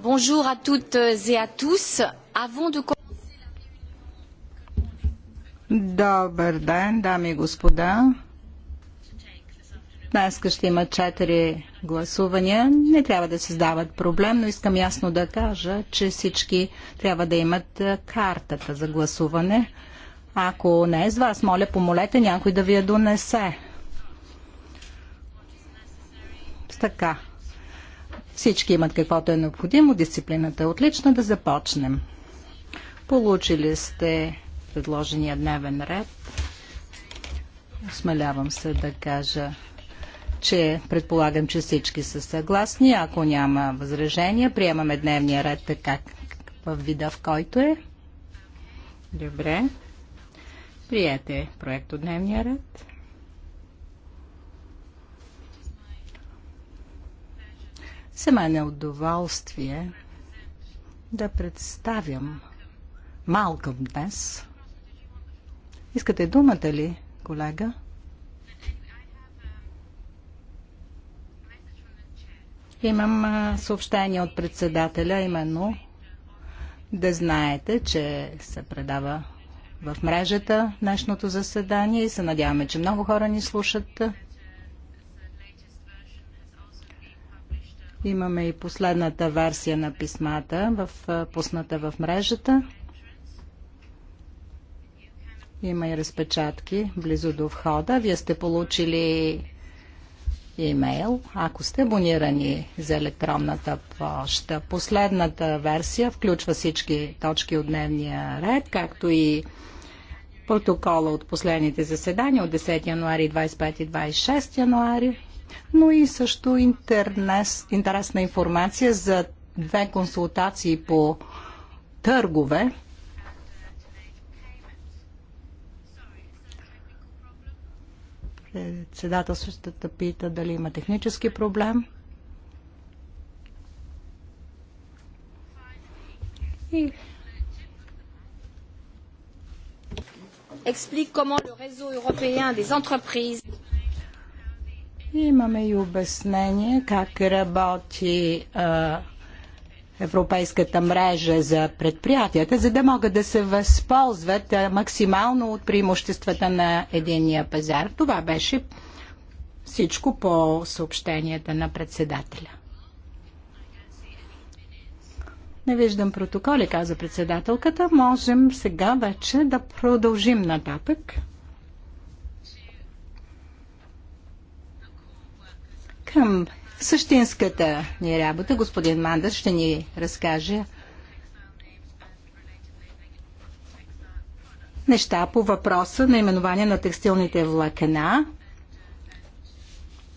Bonjour à toutes et à tous. Avant de Добър ден, дами и господа. Днес ще има четири гласувания. Не трябва да създават проблем, но искам ясно да кажа, че всички трябва да имат картата за гласуване. Ако не е с вас, моля, помолете някой да ви я донесе. Така. Всички имат каквото е необходимо. Дисциплината е отлична. Да започнем. Получили сте предложения дневен ред. Смалявам се да кажа, че предполагам, че всички са съгласни. Ако няма възражения, приемаме дневния ред така в вида, в който е. Добре. Приете от дневния ред. За мен е удоволствие да представям Малкъм днес. Искате думата ли, колега? Имам съобщение от председателя, именно да знаете, че се предава в мрежата днешното заседание и се надяваме, че много хора ни слушат. Имаме и последната версия на писмата, в, пусната в мрежата. Има и разпечатки близо до входа. Вие сте получили имейл, ако сте абонирани за електронната поща. Последната версия включва всички точки от дневния ред, както и протокола от последните заседания от 10 януари, 25 и 26 януари но и също интернес, интересна информация за две консултации по търгове. Председателствата пита дали има технически проблем. И explique comment le réseau européen des entreprises имаме и обяснение как работи а, Европейската мрежа за предприятията, за да могат да се възползват а, максимално от преимуществата на единия пазар. Това беше всичко по съобщенията на председателя. Не виждам протоколи, каза председателката. Можем сега вече да продължим нататък. Към същинската ни работа господин Мандас ще ни разкаже неща по въпроса на именование на текстилните влакна.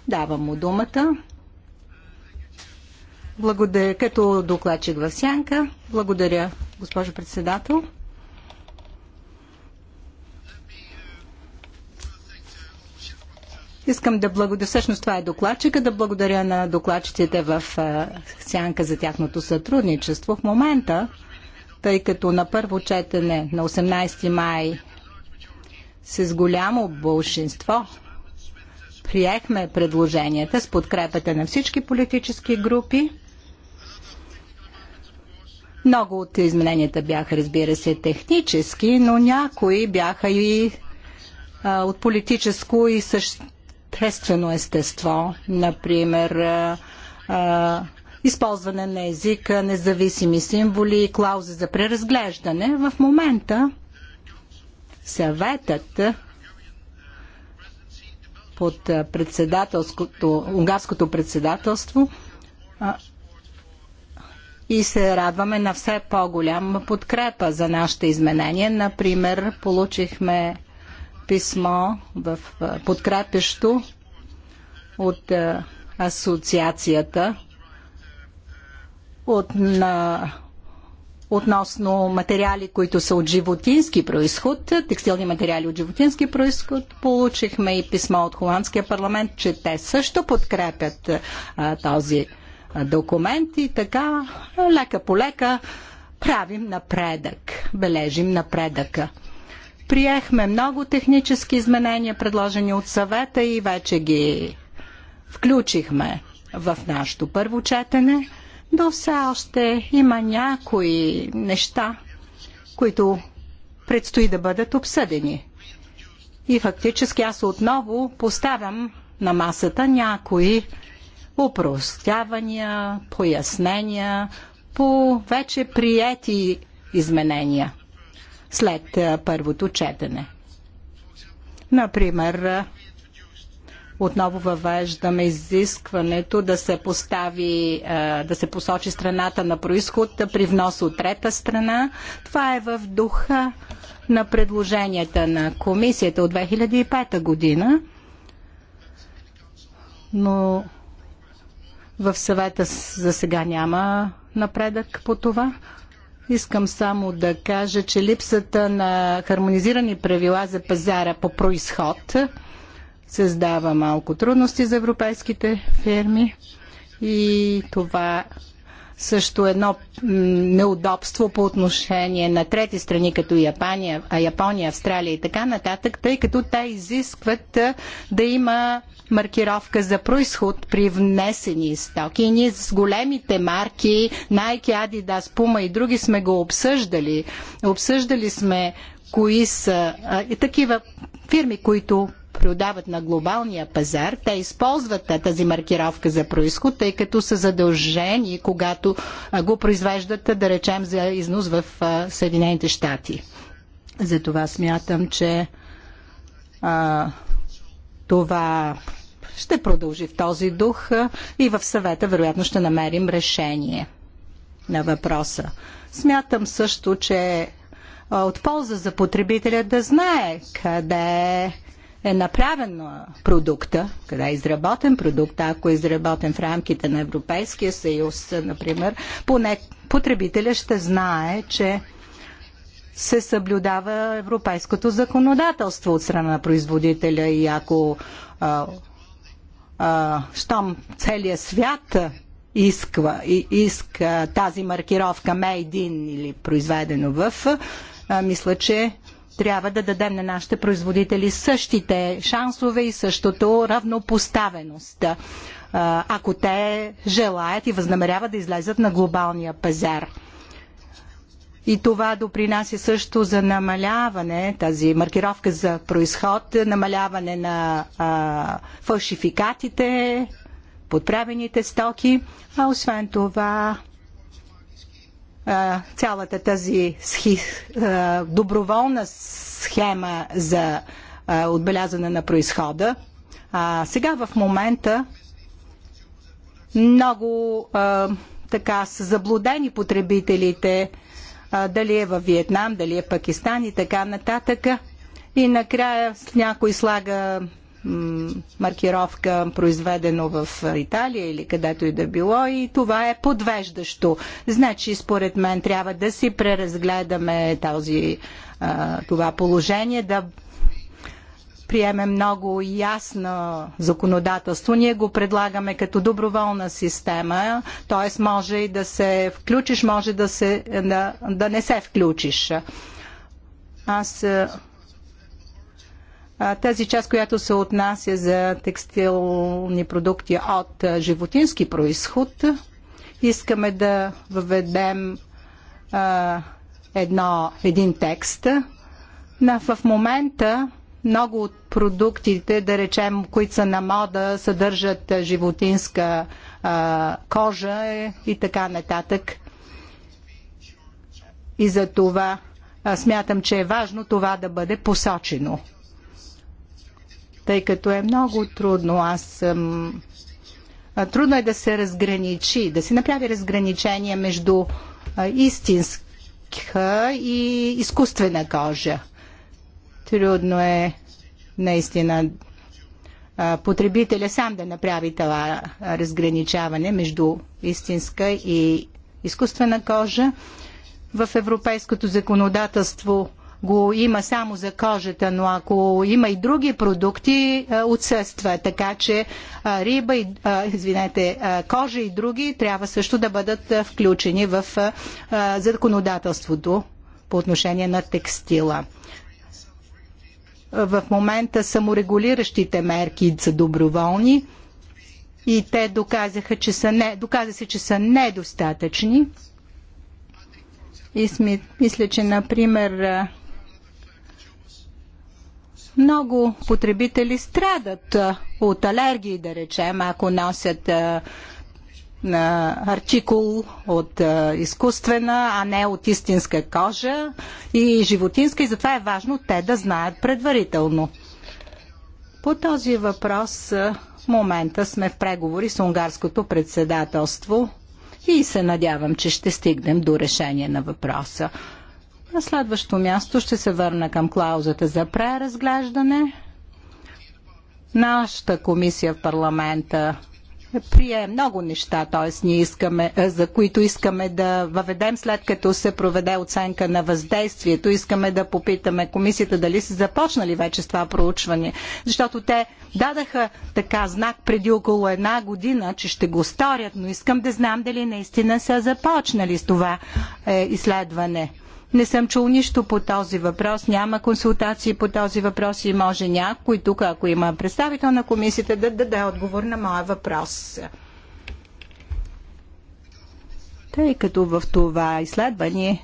Давам му думата. Благодаря, като докладчик в сянка. Благодаря, госпожо председател. Искам да благодаря, всъщност това е докладчика, да благодаря на докладчиците в Сянка за тяхното сътрудничество. В момента, тъй като на първо четене на 18 май с голямо большинство приехме предложенията с подкрепата на всички политически групи. Много от измененията бяха, разбира се, технически, но някои бяха и от политическо и същ, естествено естество, например а, използване на езика, независими символи и клаузи за преразглеждане. В момента съветът под председателското, унгарското председателство а, и се радваме на все по-голяма подкрепа за нашите изменения. Например, получихме писмо в подкрепещо от асоциацията от, на, относно материали, които са от животински происход, текстилни материали от животински происход. Получихме и писмо от Холандския парламент, че те също подкрепят а, този документ и така лека по лека правим напредък, бележим напредъка. Приехме много технически изменения, предложени от съвета и вече ги включихме в нашето първо четене, но все още има някои неща, които предстои да бъдат обсъдени. И фактически аз отново поставям на масата някои упростявания, пояснения по вече приети изменения след е, първото четене. Например, отново въвеждаме изискването да се постави, е, да се посочи страната на происход при внос от трета страна. Това е в духа на предложенията на комисията от 2005 година, но в съвета за сега няма напредък по това. Искам само да кажа, че липсата на хармонизирани правила за пазара по происход създава малко трудности за европейските фирми и това също едно неудобство по отношение на трети страни, като Япония, Япония, Австралия и така нататък, тъй като те изискват да има маркировка за происход при внесени стоки. И ние с големите марки Nike, Adidas, Puma и други сме го обсъждали. Обсъждали сме кои са а, и такива фирми, които продават на глобалния пазар, те използват тази маркировка за происход, тъй като са задължени, когато го произвеждат, да речем, за износ в Съединените щати. Затова смятам, че а, това ще продължи в този дух и в съвета вероятно ще намерим решение на въпроса. Смятам също, че от полза за потребителя да знае къде е направен продукта, къде е изработен продукт, ако е изработен в рамките на Европейския съюз, например, поне потребителя ще знае, че се съблюдава европейското законодателство от страна на производителя и ако а, а, щом целият свят иска, иска тази маркировка Made in или произведено в, а, мисля, че трябва да дадем на нашите производители същите шансове и същото равнопоставеност, ако те желаят и възнамеряват да излезат на глобалния пазар. И това допринася също за намаляване, тази маркировка за происход, намаляване на а, фалшификатите, подправените стоки, а освен това а, цялата тази схи, а, доброволна схема за а, отбелязане на происхода. А, сега в момента много а, така са заблудени потребителите дали е във Виетнам, дали е в Пакистан и така нататък. И накрая някой слага маркировка, произведено в Италия или където и да било и това е подвеждащо. Значи, според мен, трябва да си преразгледаме този, това положение, да приеме много ясно законодателство. Ние го предлагаме като доброволна система, т.е. може и да се включиш, може да, се, да, да не се включиш. Аз тази част, която се отнася за текстилни продукти от животински происход, искаме да въведем а, едно, един текст. Но в момента много от продуктите, да речем, които са на мода, съдържат животинска а, кожа е, и така нататък. И за това а, смятам, че е важно това да бъде посочено. Тъй като е много трудно. Аз съм трудно е да се разграничи, да се направи разграничение между истинска и изкуствена кожа. Трудно е наистина потребителя сам да направи това разграничаване между истинска и изкуствена кожа. В европейското законодателство го има само за кожата, но ако има и други продукти, отсъства. Така че риба и, извинете, кожа и други трябва също да бъдат включени в законодателството по отношение на текстила в момента саморегулиращите мерки са доброволни и те доказаха, че са не, доказа се, че са недостатъчни. И сме, мисля, че, например, много потребители страдат от алергии, да речем, ако носят на артикул от а, е, изкуствена, а не от истинска кожа и животинска и затова е важно те да знаят предварително. По този въпрос е, в момента сме в преговори с унгарското председателство и се надявам, че ще стигнем до решение на въпроса. На следващо място ще се върна към клаузата за преразглеждане. Нашата комисия в парламента прие много неща, т.е. ние искаме, е, за които искаме да въведем след като се проведе оценка на въздействието. Искаме да попитаме комисията дали са започнали вече с това проучване, защото те дадаха така знак преди около една година, че ще го сторят, но искам да знам дали наистина са започнали с това е, изследване. Не съм чул нищо по този въпрос, няма консултации по този въпрос и може някой тук, ако има представител на комисията, да даде отговор на моя въпрос. Тъй като в това изследване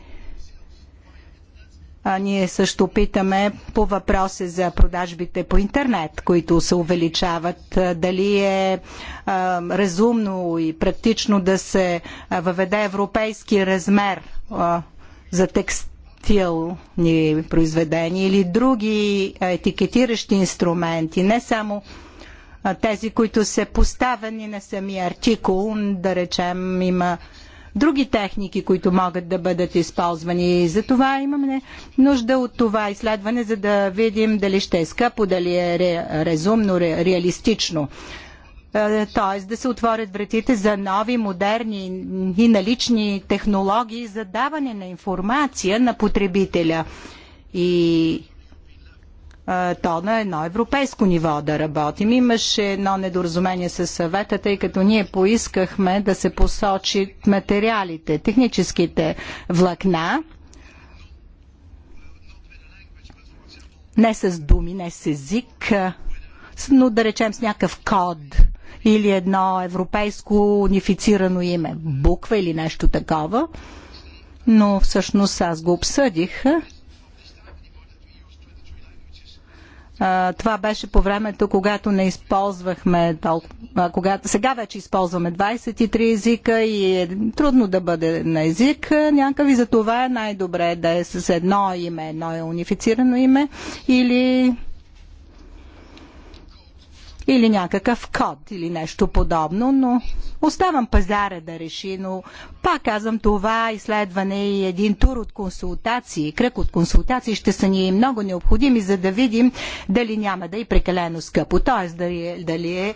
а ние също питаме по въпроси за продажбите по интернет, които се увеличават. Дали е а, разумно и практично да се въведе европейски размер а, за текстилни произведения или други етикетиращи инструменти, не само тези, които са поставени на самия артикул, да речем има други техники, които могат да бъдат използвани. И за това имаме нужда от това изследване, за да видим дали ще е скъпо, дали е ре, разумно, ре, реалистично т.е. да се отворят вратите за нови, модерни и налични технологии за даване на информация на потребителя. И е, то на едно европейско ниво да работим. Имаше едно недоразумение с съвета, тъй като ние поискахме да се посочи материалите, техническите влакна, не с думи, не с език, е, но да речем с някакъв код или едно европейско унифицирано име, буква или нещо такова. Но всъщност аз го обсъдих. Това беше по времето, когато не използвахме толкова. Когато, сега вече използваме 23 езика и е трудно да бъде на език някакви. За това е най-добре да е с едно име, едно е унифицирано име или или някакъв код или нещо подобно, но оставам пазара да реши, но пак казвам това изследване и един тур от консултации, кръг от консултации ще са ни много необходими, за да видим дали няма да е прекалено скъпо, т.е. дали, е, дали е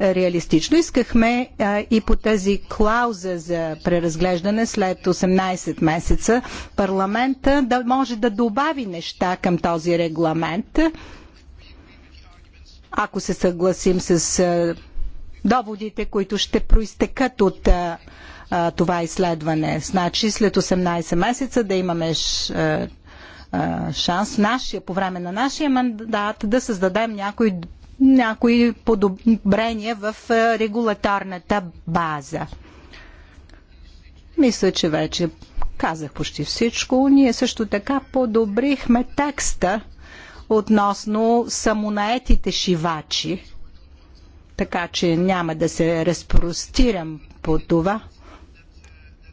реалистично. Искахме а, и по тази клауза за преразглеждане след 18 месеца парламента да може да добави неща към този регламент ако се съгласим с доводите, които ще проистекат от това изследване. Значи след 18 месеца да имаме шанс нашия, по време на нашия мандат да създадем някои някои подобрения в регулаторната база. Мисля, че вече казах почти всичко. Ние също така подобрихме текста относно самонаетите шивачи. Така че няма да се разпростирам по това,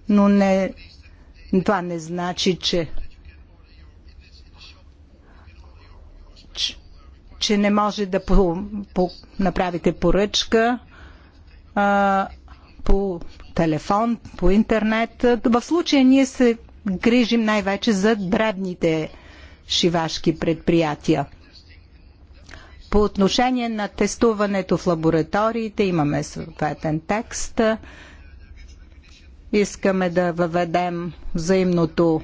но не, това не значи, че че не може да по, по, направите поръчка а, по телефон, по интернет. В случая ние се грижим най-вече за дребните шивашки предприятия. По отношение на тестуването в лабораториите имаме съответен текст. Искаме да въведем взаимното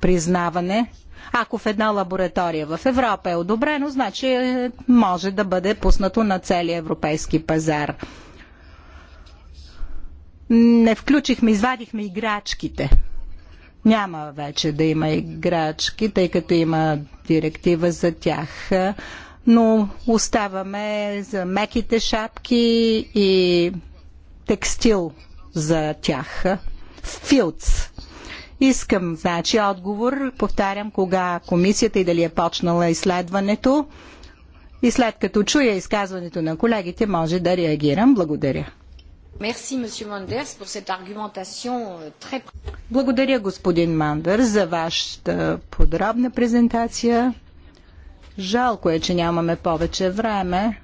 признаване. Ако в една лаборатория в Европа е одобрено, значи е, може да бъде пуснато на целия европейски пазар. Не включихме, извадихме играчките няма вече да има играчки, тъй като има директива за тях. Но оставаме за меките шапки и текстил за тях. Филц. Искам, значи, отговор, повтарям, кога комисията и дали е почнала изследването. И след като чуя изказването на колегите, може да реагирам. Благодаря. Euh, Благодаря, господин Мандър, за вашата подробна презентация. Жалко е, че нямаме повече време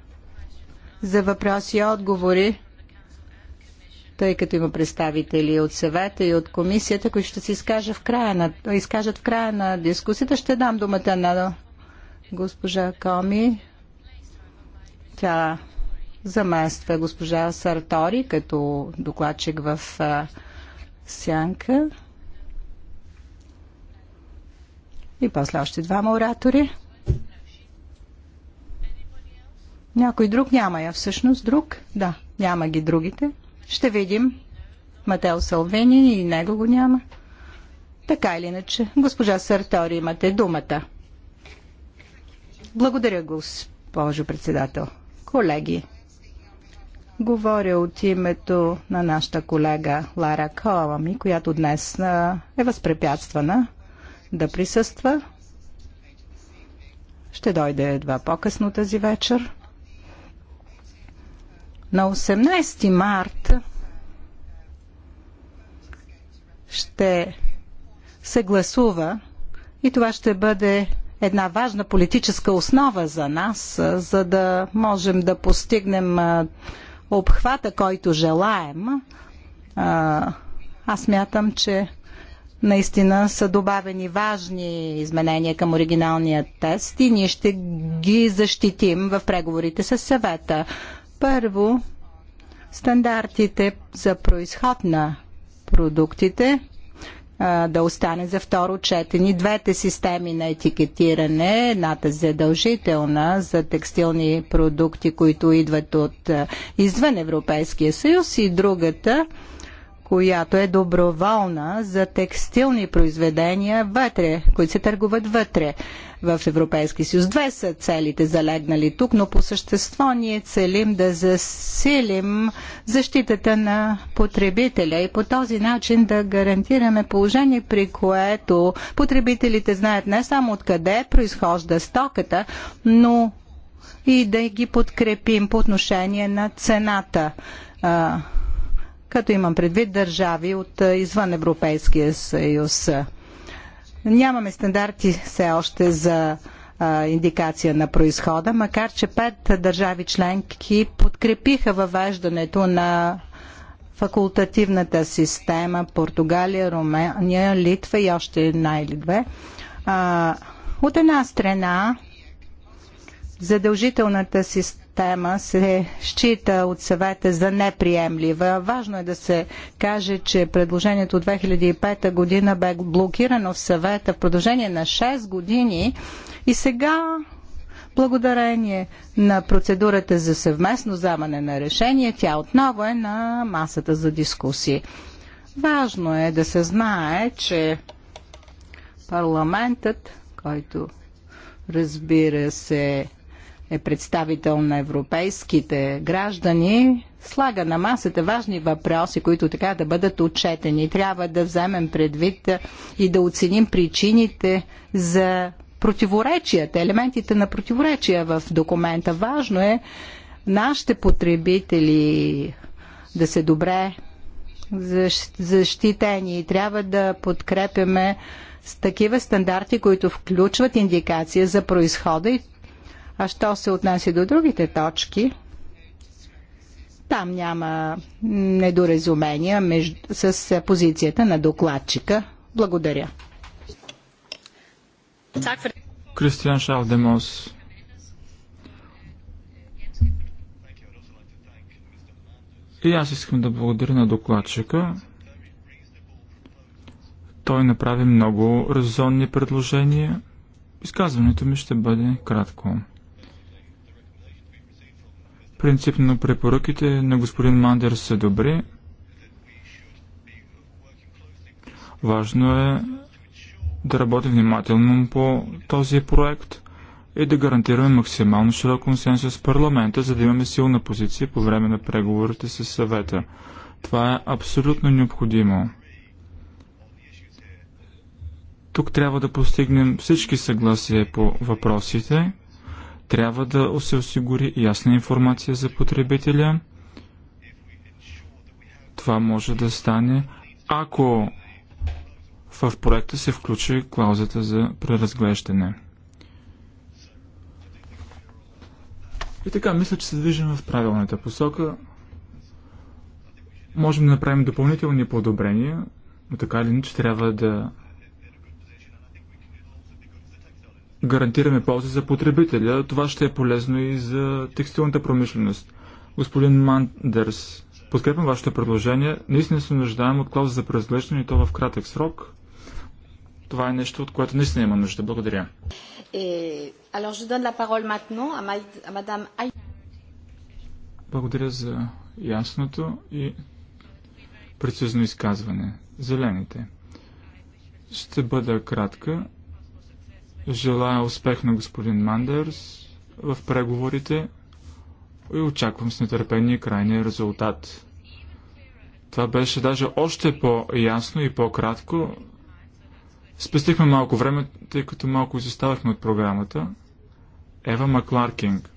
за въпроси и отговори, тъй като има представители от съвета и от комисията, които ще се изкажат в края на, дискусията. Ще дам думата на госпожа Коми. Тя замества госпожа Сартори като докладчик в Сянка. И после още двама оратори. Някой друг няма я всъщност. Друг? Да, няма ги другите. Ще видим. Матео Салвени и него го няма. Така или иначе, госпожа Сартори, имате думата. Благодаря, госпожо председател. Колеги, Говоря от името на нашата колега Лара Коалами, която днес е възпрепятствана да присъства. Ще дойде едва по-късно тази вечер. На 18 март ще се гласува и това ще бъде една важна политическа основа за нас, за да можем да постигнем обхвата, който желаем, аз мятам, че наистина са добавени важни изменения към оригиналния тест и ние ще ги защитим в преговорите с съвета. Първо, стандартите за происход на продуктите да остане за второ четени. Двете системи на етикетиране, едната задължителна за текстилни продукти, които идват от извън Европейския съюз и другата – която е доброволна за текстилни произведения вътре, които се търгуват вътре в Европейски съюз. Две са целите залегнали тук, но по същество ние целим да засилим защитата на потребителя и по този начин да гарантираме положение, при което потребителите знаят не само откъде произхожда стоката, но и да ги подкрепим по отношение на цената като имам предвид държави от извън Европейския съюз. Нямаме стандарти все още за индикация на происхода, макар че пет държави членки подкрепиха въвеждането на факултативната система Португалия, Румъния, Литва и още една или две. от една страна, задължителната система тема се счита от съвета за неприемлива. Важно е да се каже, че предложението от 2005 година бе блокирано в съвета в продължение на 6 години и сега благодарение на процедурата за съвместно вземане на решение, тя отново е на масата за дискусии. Важно е да се знае, че парламентът, който разбира се е представител на европейските граждани, слага на масата важни въпроси, които така да бъдат отчетени. Трябва да вземем предвид и да оценим причините за противоречията, елементите на противоречия в документа. Важно е нашите потребители да се добре защитени и трябва да подкрепяме с такива стандарти, които включват индикация за происхода и а що се отнася до другите точки, там няма недоразумения между, с позицията на докладчика. Благодаря. Кристиан Шалдемос. И аз искам да благодаря на докладчика. Той направи много резонни предложения. Изказването ми ще бъде кратко. Принципно препоръките на господин Мандер са добри. Важно е да работим внимателно по този проект и да гарантираме максимално широк консенсус с парламента, за да имаме силна позиция по време на преговорите с съвета. Това е абсолютно необходимо. Тук трябва да постигнем всички съгласия по въпросите – трябва да се осигури ясна информация за потребителя. Това може да стане, ако в проекта се включи клаузата за преразглеждане. И така, мисля, че се движим в правилната посока. Можем да направим допълнителни подобрения, но така или иначе трябва да гарантираме ползи за потребителя. Това ще е полезно и за текстилната промишленост. Господин Мандерс, подкрепям вашето предложение. Наистина се нуждаем от клауза за преразглеждане и то в кратък срок. Това е нещо, от което наистина има нужда. Благодаря. Е, Благодаря за ясното и прецизно изказване. Зелените. Ще бъда кратка. Желая успех на господин Мандърс в преговорите и очаквам с нетърпение крайния резултат. Това беше даже още по-ясно и по-кратко. Спестихме малко време, тъй като малко изоставахме от програмата. Ева Макларкинг.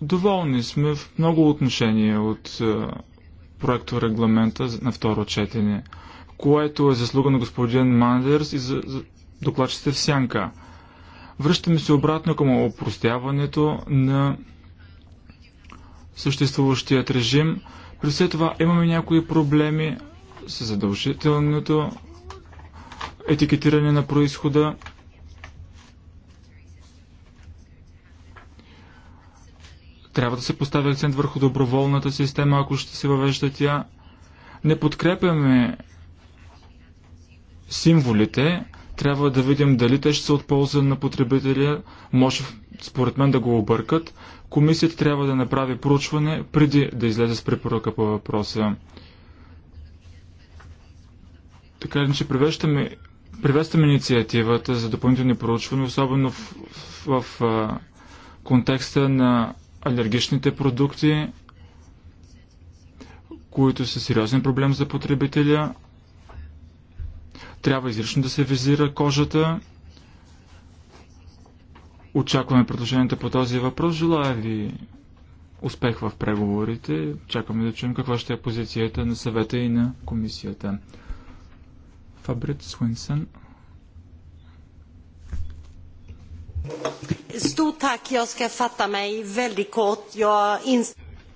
Доволни сме в много отношения от е, проекто регламента на второ четене което е заслуга на господин Мандерс и за, за докладчите в сянка. Връщаме се обратно към опростяването на съществуващият режим. При все това имаме някои проблеми с задължителното етикетиране на происхода. Трябва да се постави акцент върху доброволната система, ако ще се въвежда тя. Не подкрепяме символите, трябва да видим дали те ще са от полза на потребителя. Може, според мен, да го объркат. Комисията трябва да направи проучване преди да излезе с препоръка по въпроса. Така ли, че привещаме приветстваме инициативата за допълнителни проучвания, особено в, в, в контекста на алергичните продукти, които са сериозен проблем за потребителя. Трябва изрично да се визира кожата. Очакваме предложенията по този въпрос. Желая ви успех в преговорите. Чакаме да чуем каква ще е позицията на съвета и на комисията. Фабрит Суинсън.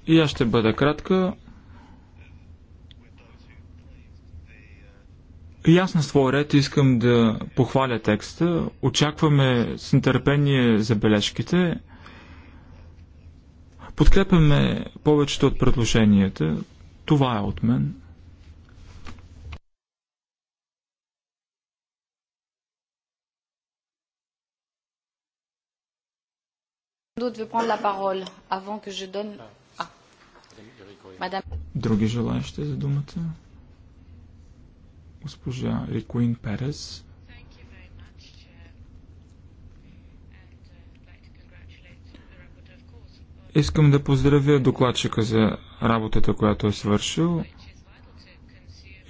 И аз ще бъда кратка. И аз на своя ред искам да похваля текста. Очакваме с нетърпение забележките. Подкрепяме повечето от предложенията. Това е от мен. Ah. Други желаящи за думата? Госпожа Рикуин Перес. Искам да поздравя докладчика за работата, която е свършил.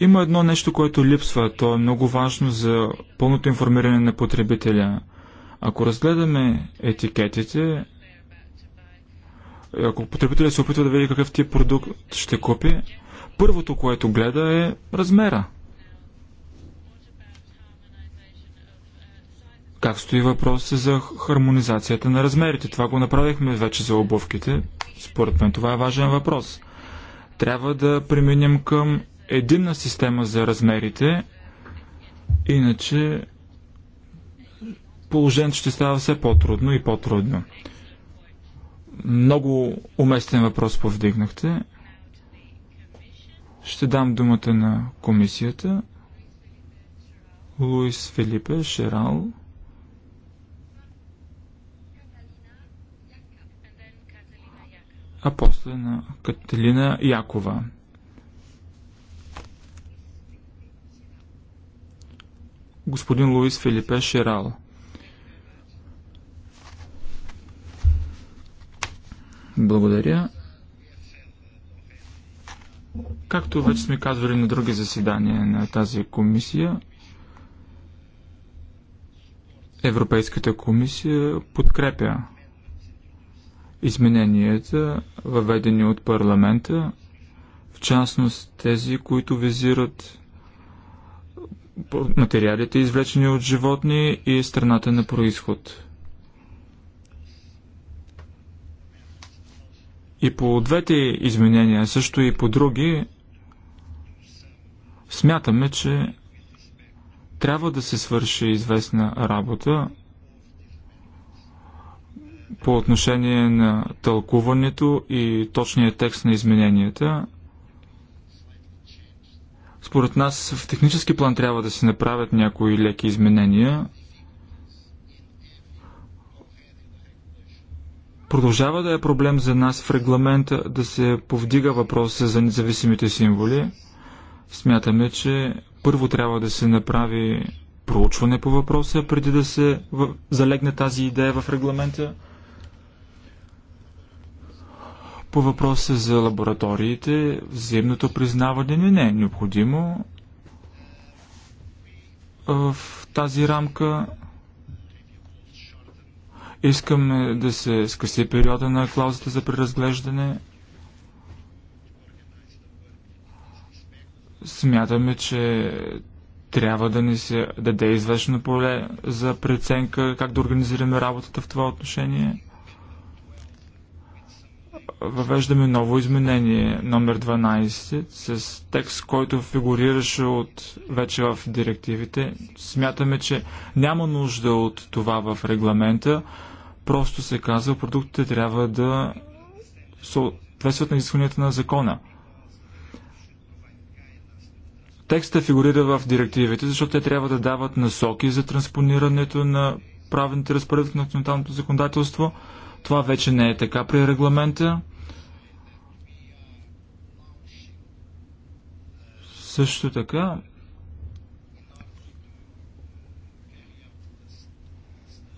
Има едно нещо, което липсва. То е много важно за пълното информиране на потребителя. Ако разгледаме етикетите, ако потребителя се опитва да види какъв тип продукт ще купи, първото, което гледа е размера. как стои въпроса за хармонизацията на размерите. Това го направихме вече за обувките. Според мен това е важен въпрос. Трябва да преминем към единна система за размерите, иначе положението ще става все по-трудно и по-трудно. Много уместен въпрос повдигнахте. Ще дам думата на комисията. Луис Филипе Шерал. а после на Кателина Якова. Господин Луис Филипе Ширал. Благодаря. Както вече сме казвали на други заседания на тази комисия, Европейската комисия подкрепя измененията, въведени от парламента, в частност тези, които визират материалите, извлечени от животни и страната на происход. И по двете изменения, също и по други, смятаме, че трябва да се свърши известна работа по отношение на тълкуването и точния текст на измененията. Според нас в технически план трябва да се направят някои леки изменения. Продължава да е проблем за нас в регламента да се повдига въпроса за независимите символи. Смятаме, че първо трябва да се направи проучване по въпроса, преди да се залегне тази идея в регламента. По въпроса за лабораториите, взаимното признаване не, не е необходимо. В тази рамка искаме да се скъси периода на клаузата за преразглеждане. Смятаме, че трябва да ни се даде известно поле за преценка как да организираме работата в това отношение въвеждаме ново изменение, номер 12, с текст, който фигурираше от, вече в директивите. Смятаме, че няма нужда от това в регламента. Просто се казва, продуктите трябва да съответстват на изискванията на закона. Текстът фигурира в директивите, защото те трябва да дават насоки за транспонирането на правените разпоредби на националното законодателство – това вече не е така при регламента. Също така,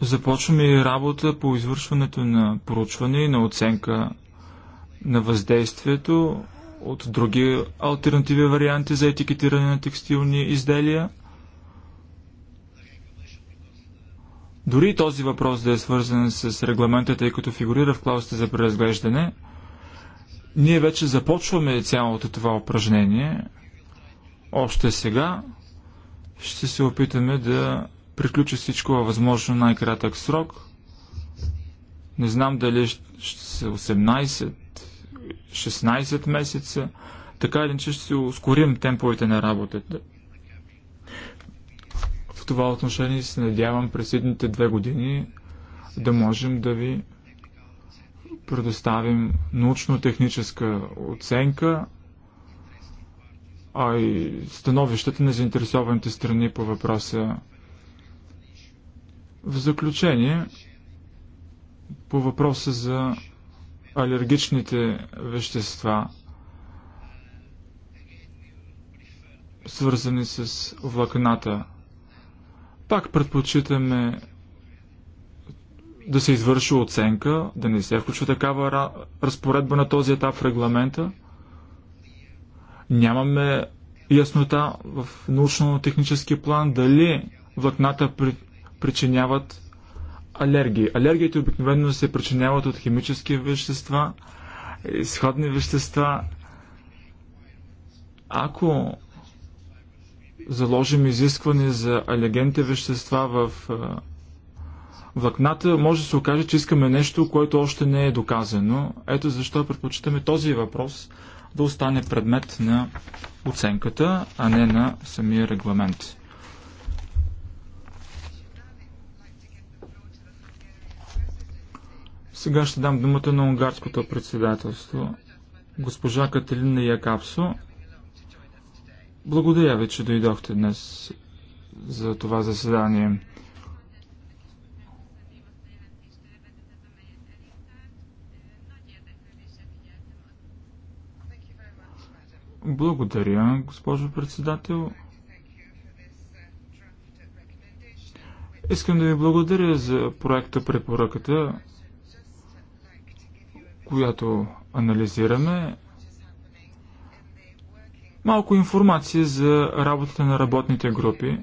започваме и работа по извършването на проучване и на оценка на въздействието от други альтернативи варианти за етикетиране на текстилни изделия. Дори този въпрос да е свързан с регламента, тъй като фигурира в клаусите за преразглеждане, ние вече започваме цялото това упражнение. Още сега ще се опитаме да приключи всичко във възможно най-кратък срок. Не знам дали ще са 18, 16 месеца. Така или че ще ускорим темповете на работата това отношение се надявам през следните две години да можем да ви предоставим научно-техническа оценка, а и становищата на заинтересованите страни по въпроса. В заключение, по въпроса за алергичните вещества, свързани с влакната пак предпочитаме да се извърши оценка, да не се включва такава разпоредба на този етап в регламента. Нямаме яснота в научно-технически план дали влакната при... причиняват алергии. Алергиите обикновено се причиняват от химически вещества, изходни вещества. Ако заложим изискване за алегентите вещества в влакната, може да се окаже, че искаме нещо, което още не е доказано. Ето защо предпочитаме този въпрос да остане предмет на оценката, а не на самия регламент. Сега ще дам думата на унгарското председателство. Госпожа Кателина Якапсо, благодаря ви, че дойдохте днес за това заседание. Благодаря, госпожо председател. Искам да ви благодаря за проекта препоръката, която анализираме. Малко информация за работата на работните групи.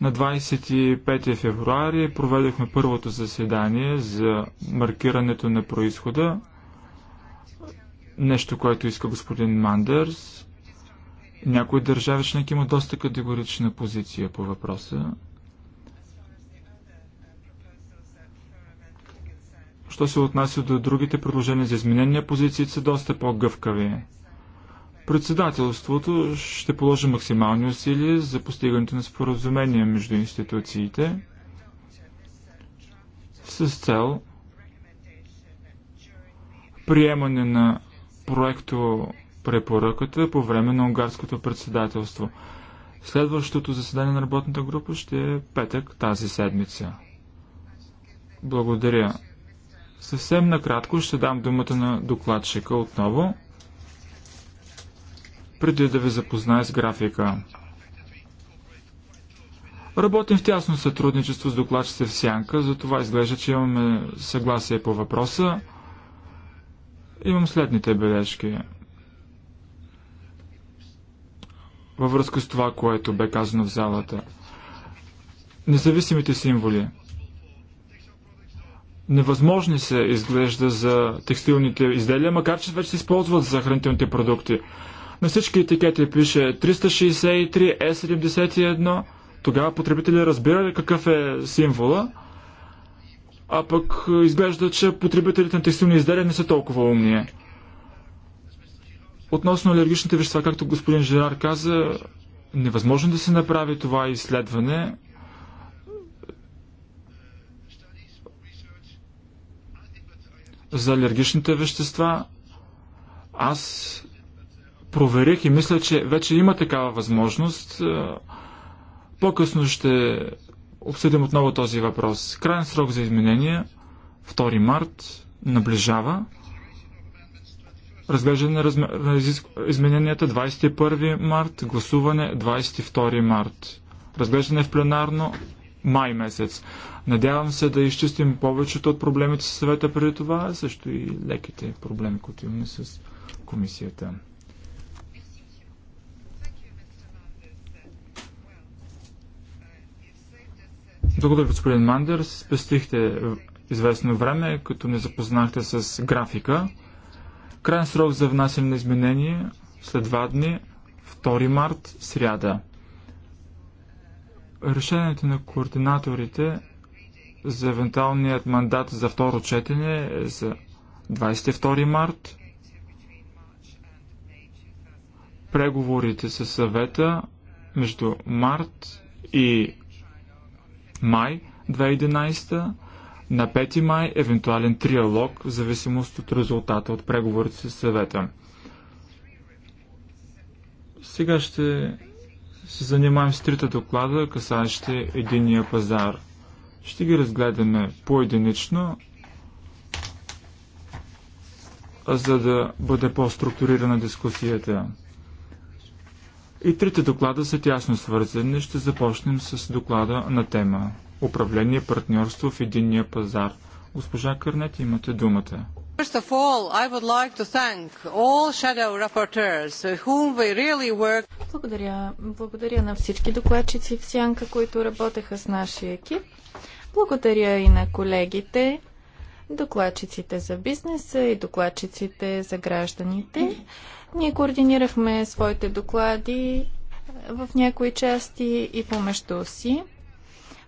На 25 февруари проведохме първото заседание за маркирането на происхода. Нещо, което иска господин Мандърс. Някои държави членки има доста категорична позиция по въпроса. Що се отнася до другите предложения за изменения, позициите са доста по-гъвкави. Председателството ще положи максимални усилия за постигането на споразумение между институциите с цел приемане на проекто препоръката по време на унгарското председателство. Следващото заседание на работната група ще е петък тази седмица. Благодаря. Съвсем накратко ще дам думата на докладчика отново преди да ви запозная с графика. Работим в тясно сътрудничество с докладчите в Сянка, затова изглежда, че имаме съгласие по въпроса. Имам следните бележки. Във връзка с това, което бе казано в залата. Независимите символи. Невъзможни се изглежда за текстилните изделия, макар че вече се използват за хранителните продукти. На всички етикети пише 363 E71. Е Тогава потребители разбира ли какъв е символа, а пък е, изглежда, че потребителите на текстилни изделия не са толкова умни. Относно алергичните вещества, както господин Жерар каза, невъзможно да се направи това изследване. За алергичните вещества аз проверих и мисля, че вече има такава възможност. Е, по-късно ще обсъдим отново този въпрос. Крайен срок за изменения 2 март наближава. Разглеждане на, на измененията 21 март, гласуване 22 март. Разглеждане в пленарно май месец. Надявам се да изчистим повечето от проблемите с съвета преди това, също и леките проблеми, които имаме с комисията. Благодаря, господин Мандерс. Спестихте известно време, като не запознахте с графика. Крайен срок за внасяне на изменение след два дни, 2 март, сряда. Решението на координаторите за евентуалният мандат за второ четене е за 22 март. Преговорите със съвета между март и май 2011, на 5 май евентуален триалог в зависимост от резултата от преговорите с съвета. Сега ще се занимаем с трите доклада, касаещи единия пазар. Ще ги разгледаме по-единично, за да бъде по-структурирана дискусията. И трите доклада са тясно свързани. Ще започнем с доклада на тема Управление партньорство в единния пазар. Госпожа Кърнет, имате думата. First of all, I would like to thank all shadow rapporteurs whom we really work. Благодаря. Благодаря на всички докладчици в Сянка, които работеха с нашия екип. Благодаря и на колегите, докладчиците за бизнеса и докладчиците за гражданите. Ние координирахме своите доклади е, в някои части и помежду си.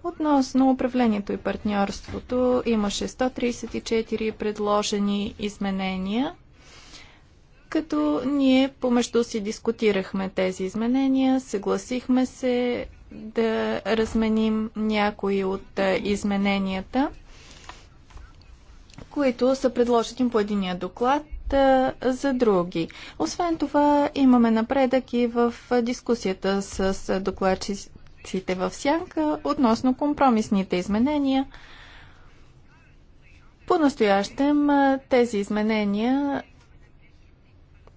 Относно управлението и партньорството имаше 134 предложени изменения, като ние помежду си дискутирахме тези изменения, съгласихме се да разменим някои от е, измененията, които са предложени по единия доклад за други. Освен това, имаме напредък и в дискусията с докладчиците в сянка относно компромисните изменения. По-настоящем тези изменения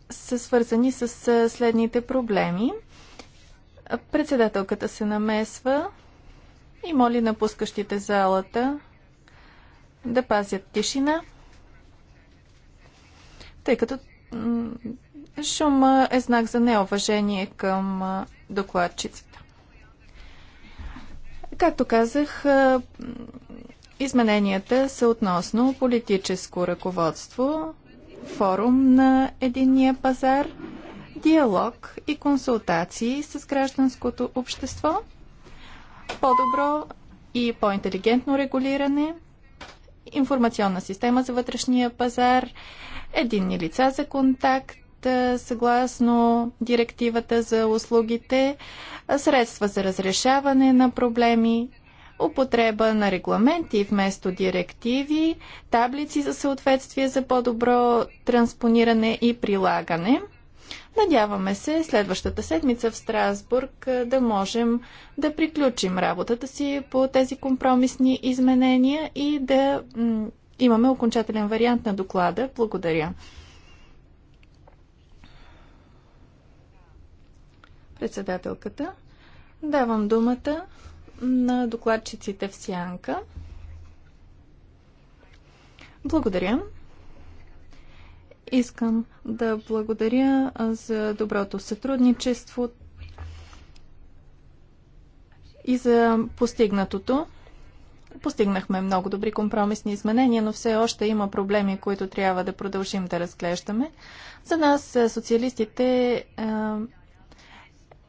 са свързани с следните проблеми. Председателката се намесва и моли напускащите залата да пазят тишина тъй като шума е знак за неуважение към докладчицата. Както казах, измененията са относно политическо ръководство, форум на единния пазар, диалог и консултации с гражданското общество, по-добро и по-интелигентно регулиране, информационна система за вътрешния пазар, единни лица за контакт, съгласно директивата за услугите, средства за разрешаване на проблеми, употреба на регламенти вместо директиви, таблици за съответствие за по-добро транспониране и прилагане. Надяваме се следващата седмица в Страсбург да можем да приключим работата си по тези компромисни изменения и да имаме окончателен вариант на доклада. Благодаря. Председателката. Давам думата на докладчиците в Сянка. Благодаря. Искам да благодаря за доброто сътрудничество и за постигнатото. Постигнахме много добри компромисни изменения, но все още има проблеми, които трябва да продължим да разглеждаме. За нас, е, социалистите, е,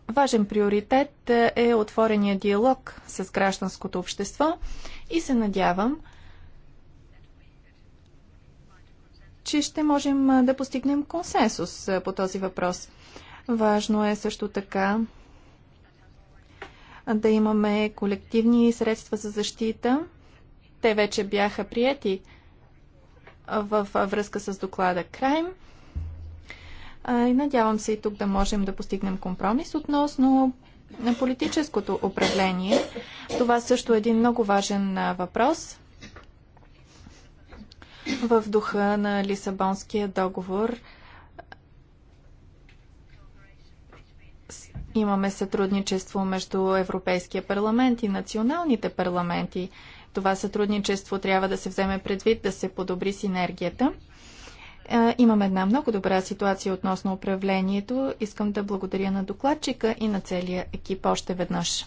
важен приоритет е отворения диалог с гражданското общество и се надявам, че ще можем е, да постигнем консенсус по този въпрос. Важно е също така да имаме колективни средства за защита. Те вече бяха прияти в връзка с доклада Крайм. И надявам се и тук да можем да постигнем компромис относно на политическото управление. Това също е един много важен въпрос в духа на Лисабонския договор – Имаме сътрудничество между Европейския парламент и националните парламенти. Това сътрудничество трябва да се вземе предвид, да се подобри синергията. Е, имаме една много добра ситуация относно управлението. Искам да благодаря на докладчика и на целия екип още веднъж.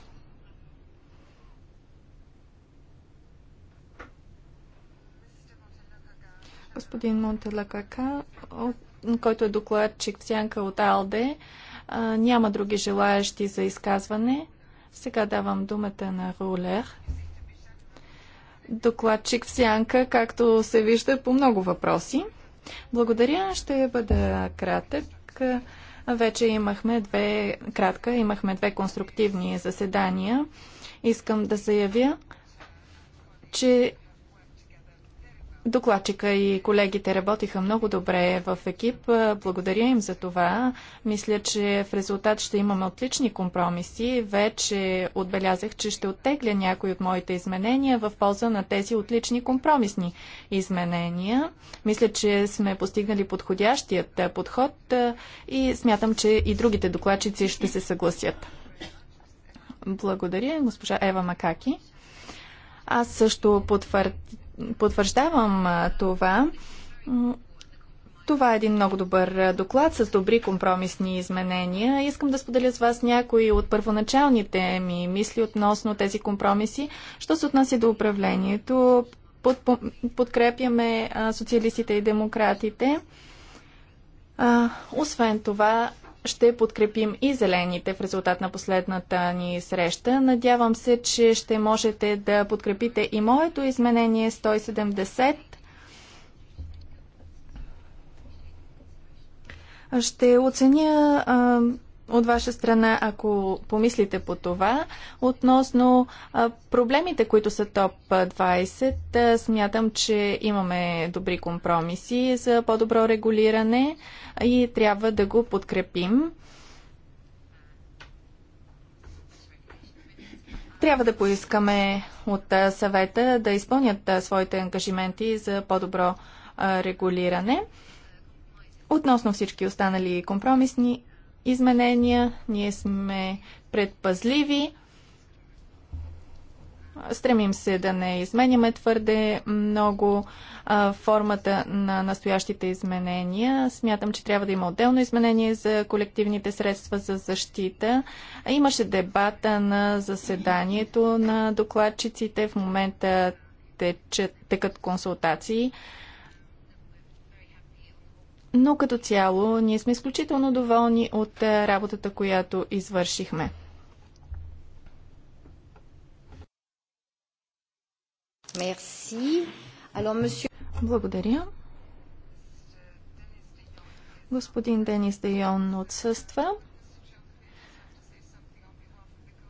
Господин Монтелакака, който е докладчик в сянка от АЛДЕ, а, няма други желаящи за изказване. Сега давам думата на Рулер. Докладчик в сянка, както се вижда, по много въпроси. Благодаря, ще бъда кратък. Вече имахме две, кратка, имахме две конструктивни заседания. Искам да заявя, че Докладчика и колегите работиха много добре в екип. Благодаря им за това. Мисля, че в резултат ще имаме отлични компромиси. Вече отбелязах, че ще оттегля някои от моите изменения в полза на тези отлични компромисни изменения. Мисля, че сме постигнали подходящият подход и смятам, че и другите докладчици ще се съгласят. Благодаря, госпожа Ева Макаки. Аз също потвърдя потвърждавам това. Това е един много добър доклад с добри компромисни изменения. Искам да споделя с вас някои от първоначалните ми мисли относно тези компромиси. Що се отнася до управлението, под, подкрепяме социалистите и демократите. А, освен това, ще подкрепим и зелените в резултат на последната ни среща. Надявам се, че ще можете да подкрепите и моето изменение 170. Ще оценя от ваша страна, ако помислите по това. Относно проблемите, които са топ 20, смятам, че имаме добри компромиси за по-добро регулиране и трябва да го подкрепим. Трябва да поискаме от съвета да изпълнят своите ангажименти за по-добро регулиране. Относно всички останали компромисни изменения, ние сме предпазливи. Стремим се да не изменяме твърде много а, формата на настоящите изменения. Смятам, че трябва да има отделно изменение за колективните средства за защита. Имаше дебата на заседанието на докладчиците. В момента текат консултации. Но като цяло ние сме изключително доволни от е, работата, която извършихме. Alors, monsieur... Благодаря. Господин Денис Дейон отсъства.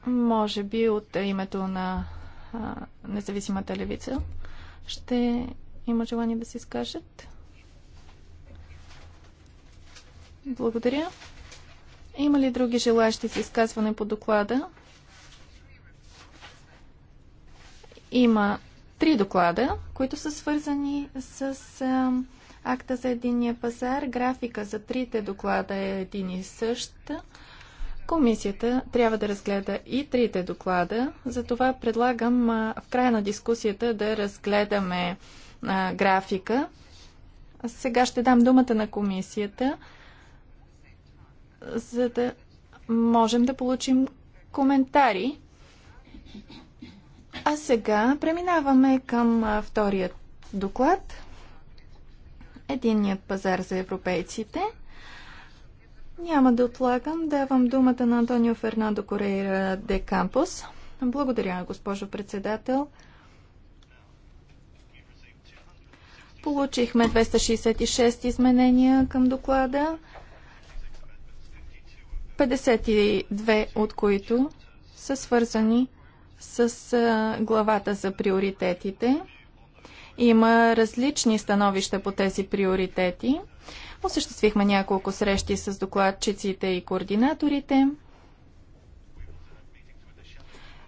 Може би от е, името на а, независимата левица ще има желание да се изкажат. Благодаря. Има ли други желащи за изказване по доклада? Има три доклада, които са свързани с а, акта за единния пазар. Графика за трите доклада е един и същ. Комисията трябва да разгледа и трите доклада, затова предлагам а, в края на дискусията да разгледаме а, графика. Сега ще дам думата на комисията за да можем да получим коментари. А сега преминаваме към втория доклад. Единният пазар за европейците. Няма да отлагам. Давам думата на Антонио Фернандо Корейра де Кампус. Благодаря, госпожо председател. Получихме 266 изменения към доклада. 52 от които са свързани с главата за приоритетите. Има различни становища по тези приоритети. Осъществихме няколко срещи с докладчиците и координаторите,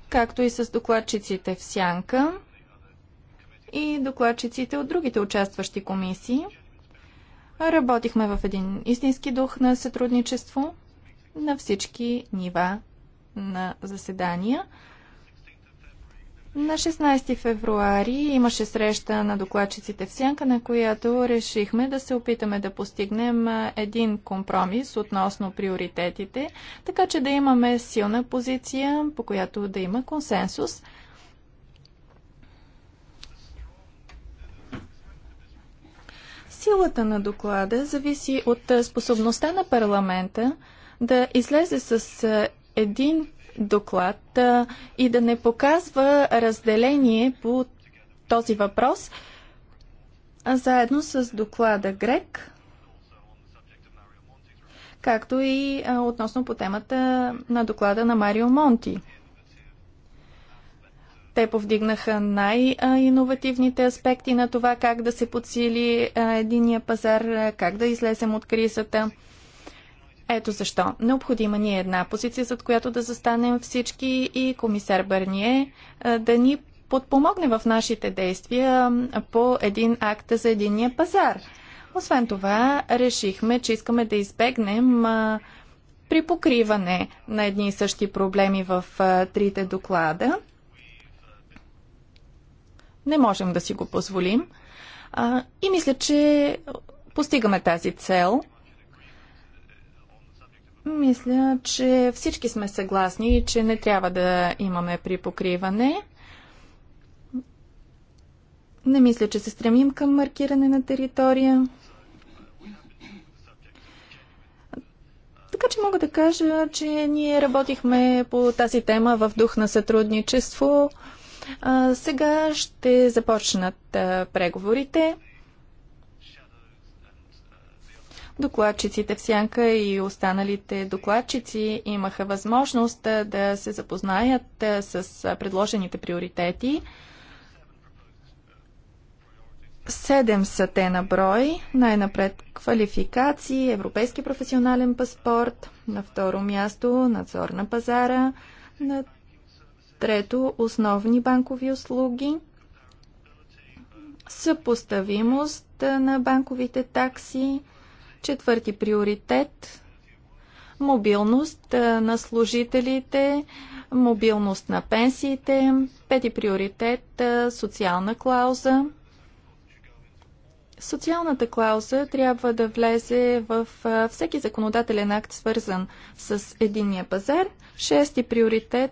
както и с докладчиците в Сянка и докладчиците от другите участващи комисии. Работихме в един истински дух на сътрудничество на всички нива на заседания. На 16 февруари имаше среща на докладчиците в Сянка, на която решихме да се опитаме да постигнем един компромис относно приоритетите, така че да имаме силна позиция, по която да има консенсус. Силата на доклада зависи от способността на парламента да излезе с един доклад и да не показва разделение по този въпрос, а заедно с доклада Грек, както и относно по темата на доклада на Марио Монти. Те повдигнаха най-инновативните аспекти на това как да се подсили единия пазар, как да излезем от кризата – ето защо. Необходима ни е една позиция, зад която да застанем всички и комисар Бърние да ни подпомогне в нашите действия по един акт за единния пазар. Освен това, решихме, че искаме да избегнем при покриване на едни и същи проблеми в трите доклада. Не можем да си го позволим. И мисля, че постигаме тази цел – мисля, че всички сме съгласни, че не трябва да имаме припокриване. Не мисля, че се стремим към маркиране на територия. Така че мога да кажа, че ние работихме по тази тема в дух на сътрудничество. Сега ще започнат преговорите. Докладчиците в Сянка и останалите докладчици имаха възможност да се запознаят с предложените приоритети. Седем са те на брой. Най-напред квалификации, европейски професионален паспорт, на второ място надзор на пазара, на трето основни банкови услуги, съпоставимост на банковите такси, Четвърти приоритет – мобилност на служителите, мобилност на пенсиите. Пети приоритет – социална клауза. Социалната клауза трябва да влезе в всеки законодателен акт, свързан с единния пазар. Шести приоритет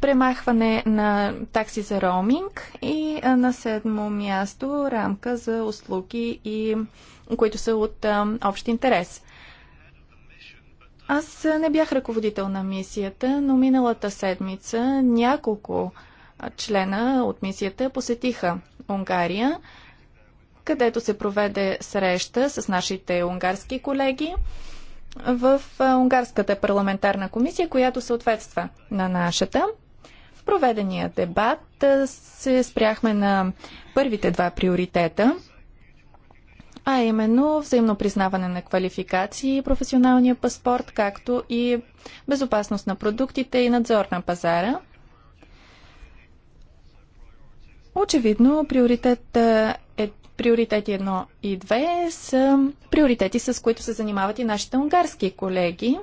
премахване на такси за роуминг и на седмо място рамка за услуги, и, които са от общ интерес. Аз не бях ръководител на мисията, но миналата седмица няколко члена от мисията посетиха Унгария, където се проведе среща с нашите унгарски колеги в Унгарската парламентарна комисия, която съответства на нашата. В проведения дебат се спряхме на първите два приоритета, а именно взаимно признаване на квалификации и професионалния паспорт, както и безопасност на продуктите и надзор на пазара. Очевидно, приоритет Приоритети 1 и 2 са приоритети, с които се занимават и нашите унгарски колеги.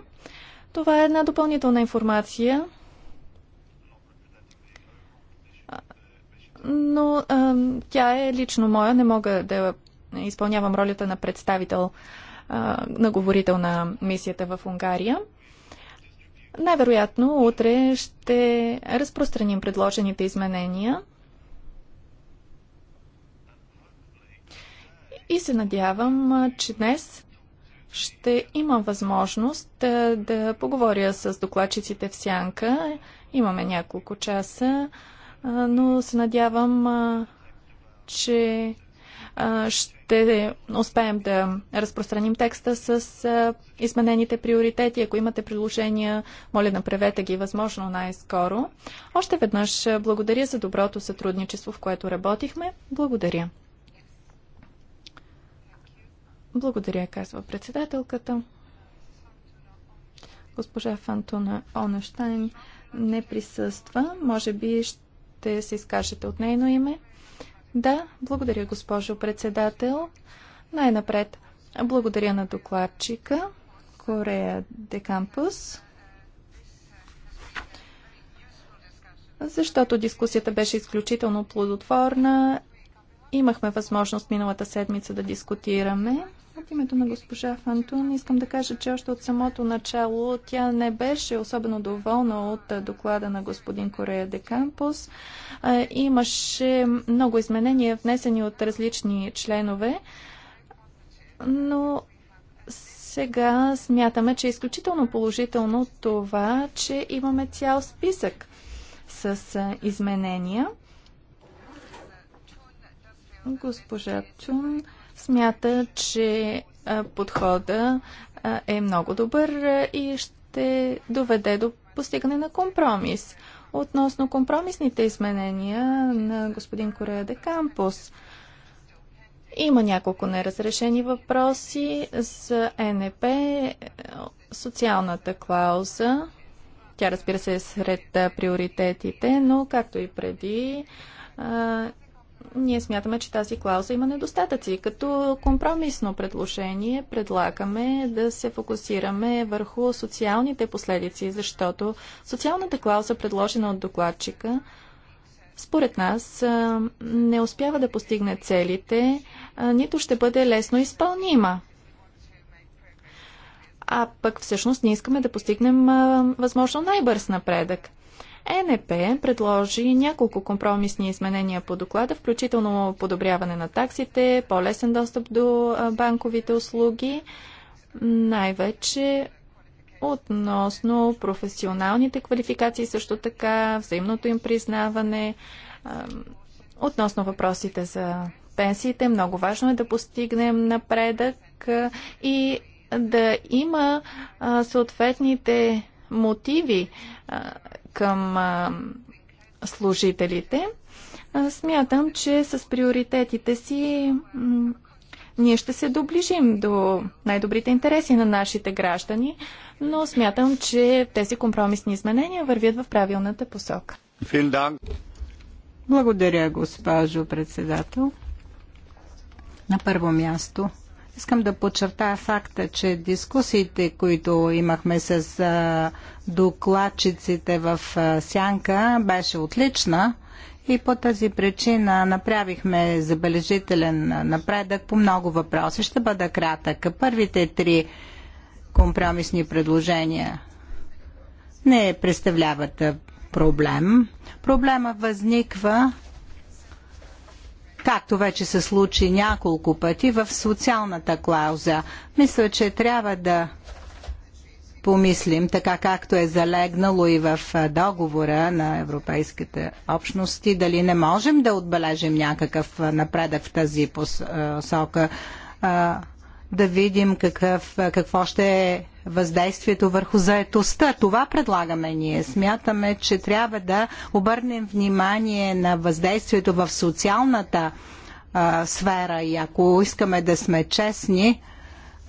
Това е една допълнителна информация, но а, тя е лично моя. Не мога да изпълнявам ролята на представител, а, на говорител на мисията в Унгария. Най-вероятно утре ще разпространим предложените изменения – и се надявам, че днес ще имам възможност да, да поговоря с докладчиците в Сянка. Имаме няколко часа, но се надявам, че ще успеем да разпространим текста с изменените приоритети. Ако имате предложения, моля направете ги възможно най-скоро. Още веднъж благодаря за доброто сътрудничество, в което работихме. Благодаря. Благодаря, казва председателката. Госпожа Фантуна Онаштайн не присъства. Може би ще се изкажете от нейно име. Да, благодаря, госпожо председател. Най-напред, благодаря на докладчика Корея де Кампус, защото дискусията беше изключително плодотворна Имахме възможност миналата седмица да дискутираме. От името на госпожа Фантун искам да кажа, че още от самото начало тя не беше особено доволна от доклада на господин Корея де Кампус. Имаше много изменения, внесени от различни членове, но сега смятаме, че е изключително положително това, че имаме цял списък с изменения – Госпожа Чун смята, че подхода е много добър и ще доведе до постигане на компромис. Относно компромисните изменения на господин Корея де Кампус, има няколко неразрешени въпроси за НП, е, социалната клауза. Тя разбира се е сред приоритетите, но както и преди, ние смятаме, че тази клауза има недостатъци. Като компромисно предложение предлагаме да се фокусираме върху социалните последици, защото социалната клауза, предложена от докладчика, според нас не успява да постигне целите, нито ще бъде лесно изпълнима. А пък всъщност ние искаме да постигнем възможно най-бърз напредък. ЕНП предложи няколко компромисни изменения по доклада, включително подобряване на таксите, по-лесен достъп до банковите услуги, най-вече относно професионалните квалификации, също така взаимното им признаване, относно въпросите за пенсиите. Много важно е да постигнем напредък и да има съответните мотиви към служителите. Смятам, че с приоритетите си ние ще се доближим до най-добрите интереси на нашите граждани, но смятам, че тези компромисни изменения вървят в правилната посока. Благодаря, госпожо председател. На първо място Искам да подчертая факта, че дискусиите, които имахме с докладчиците в Сянка, беше отлична и по тази причина направихме забележителен напредък по много въпроси. Ще бъда кратък. Първите три компромисни предложения не представляват проблем. Проблема възниква както вече се случи няколко пъти в социалната клауза. Мисля, че трябва да помислим, така както е залегнало и в договора на Европейските общности, дали не можем да отбележим някакъв напредък в тази посока да видим какъв, какво ще е въздействието върху заетостта. Това предлагаме ние. Смятаме, че трябва да обърнем внимание на въздействието в социалната а, сфера и ако искаме да сме честни,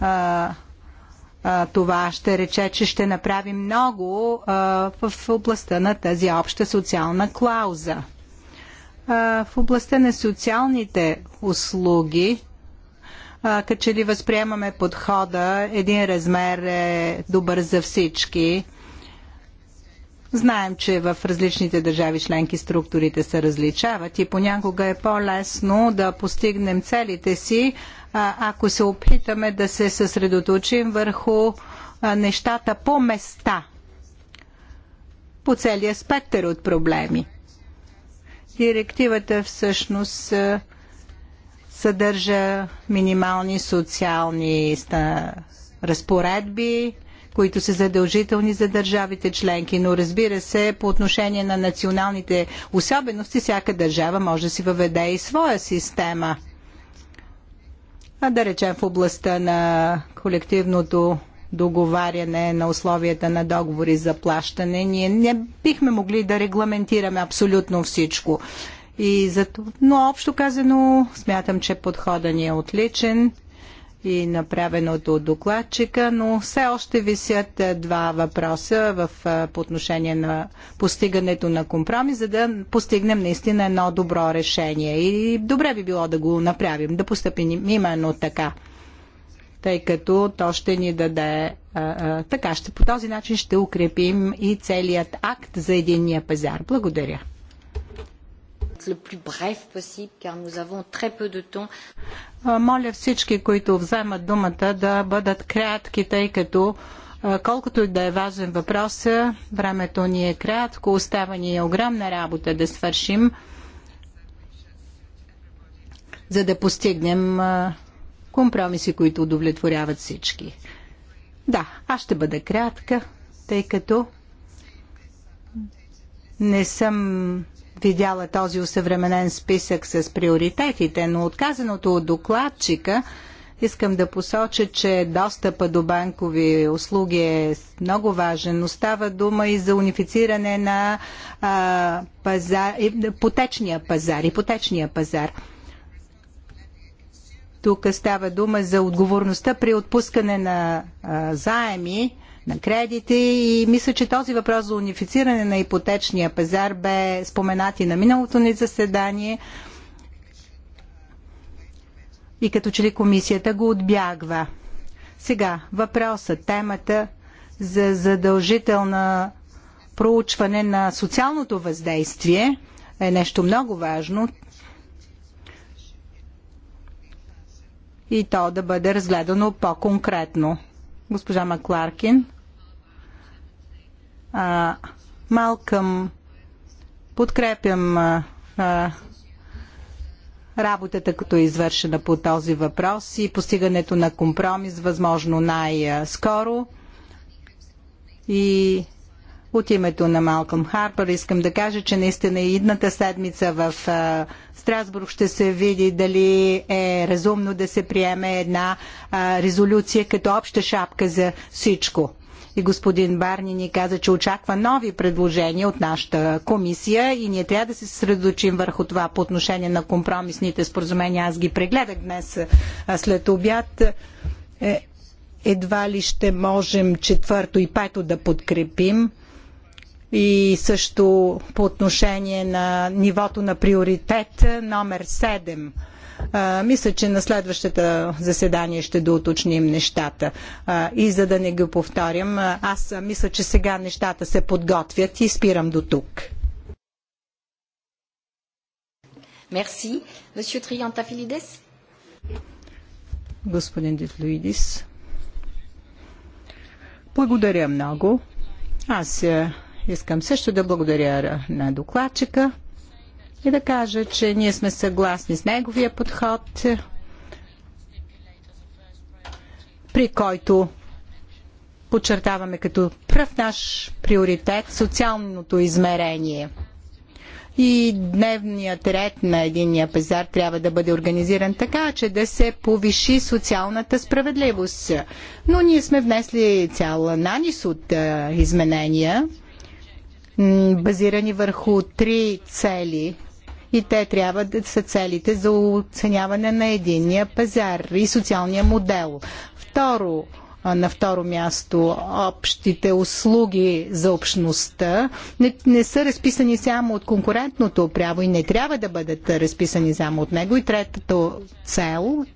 а, а, това ще рече, че ще направим много а, в областта на тази обща социална клауза. А, в областта на социалните услуги като че ли възприемаме подхода един размер е добър за всички. Знаем, че в различните държави членки структурите се различават и понякога е по-лесно да постигнем целите си, ако се опитаме да се съсредоточим върху нещата по места, по целия спектър от проблеми. Директивата всъщност съдържа минимални социални разпоредби, които са задължителни за държавите членки. Но разбира се, по отношение на националните особености, всяка държава може да си въведе и своя система. А да речем в областта на колективното договаряне на условията на договори за плащане, ние не бихме могли да регламентираме абсолютно всичко. И за това, но общо казано, смятам, че подходът ни е отличен и направеното от докладчика, но все още висят е, два въпроса в, е, по отношение на постигането на компромис, за да постигнем наистина едно добро решение. И добре би било да го направим, да постъпим именно така тъй като то ще ни даде а, е, а, така, ще по този начин ще укрепим и целият акт за единния пазар. Благодаря le plus bref possible, car nous avons très peu de temps. Моля всички, които вземат думата, да бъдат кратки, тъй като колкото и да е важен въпрос, времето ни е кратко, остава ни е огромна работа да свършим, за да постигнем компромиси, които удовлетворяват всички. Да, аз ще бъда кратка, тъй като не съм видяла този усъвременен списък с приоритетите, но отказаното от докладчика Искам да посоча, че достъпа до банкови услуги е много важен, но става дума и за унифициране на а, пазар, и потечния пазар, потечния пазар. Тук става дума за отговорността при отпускане на а, заеми на кредити и мисля, че този въпрос за унифициране на ипотечния пазар бе споменат и на миналото ни заседание и като че ли комисията го отбягва. Сега въпросът, темата за задължителна проучване на социалното въздействие е нещо много важно. И то да бъде разгледано по-конкретно. Госпожа Макларкин а, Малкъм, подкрепям а, а, работата, като е извършена по този въпрос и постигането на компромис, възможно най-скоро. И от името на Малкъм Харпър искам да кажа, че наистина идната седмица в Страсбург ще се види дали е разумно да се приеме една резолюция като обща шапка за всичко и господин Барни ни каза, че очаква нови предложения от нашата комисия и ние трябва да се съсредочим върху това по отношение на компромисните споразумения. Аз ги прегледах днес след обяд. Е, едва ли ще можем четвърто и пето да подкрепим и също по отношение на нивото на приоритет номер 7 а, мисля, че на следващата заседание ще доуточним нещата. А, и за да не го повторям, аз мисля, че сега нещата се подготвят и спирам до тук. Мерси. Monsieur Триантафилидес? Господин Дитлоидис, Благодаря много. Аз е, искам също да благодаря на докладчика и да кажа, че ние сме съгласни с неговия подход, при който подчертаваме като пръв наш приоритет социалното измерение. И дневният ред на единния пазар трябва да бъде организиран така, че да се повиши социалната справедливост. Но ние сме внесли цял анализ от изменения, базирани върху три цели и те трябва да са целите за оценяване на единния пазар и социалния модел. Второ, на второ място общите услуги за общността не, не са разписани само от конкурентното право и не трябва да бъдат разписани само от него. И третата цел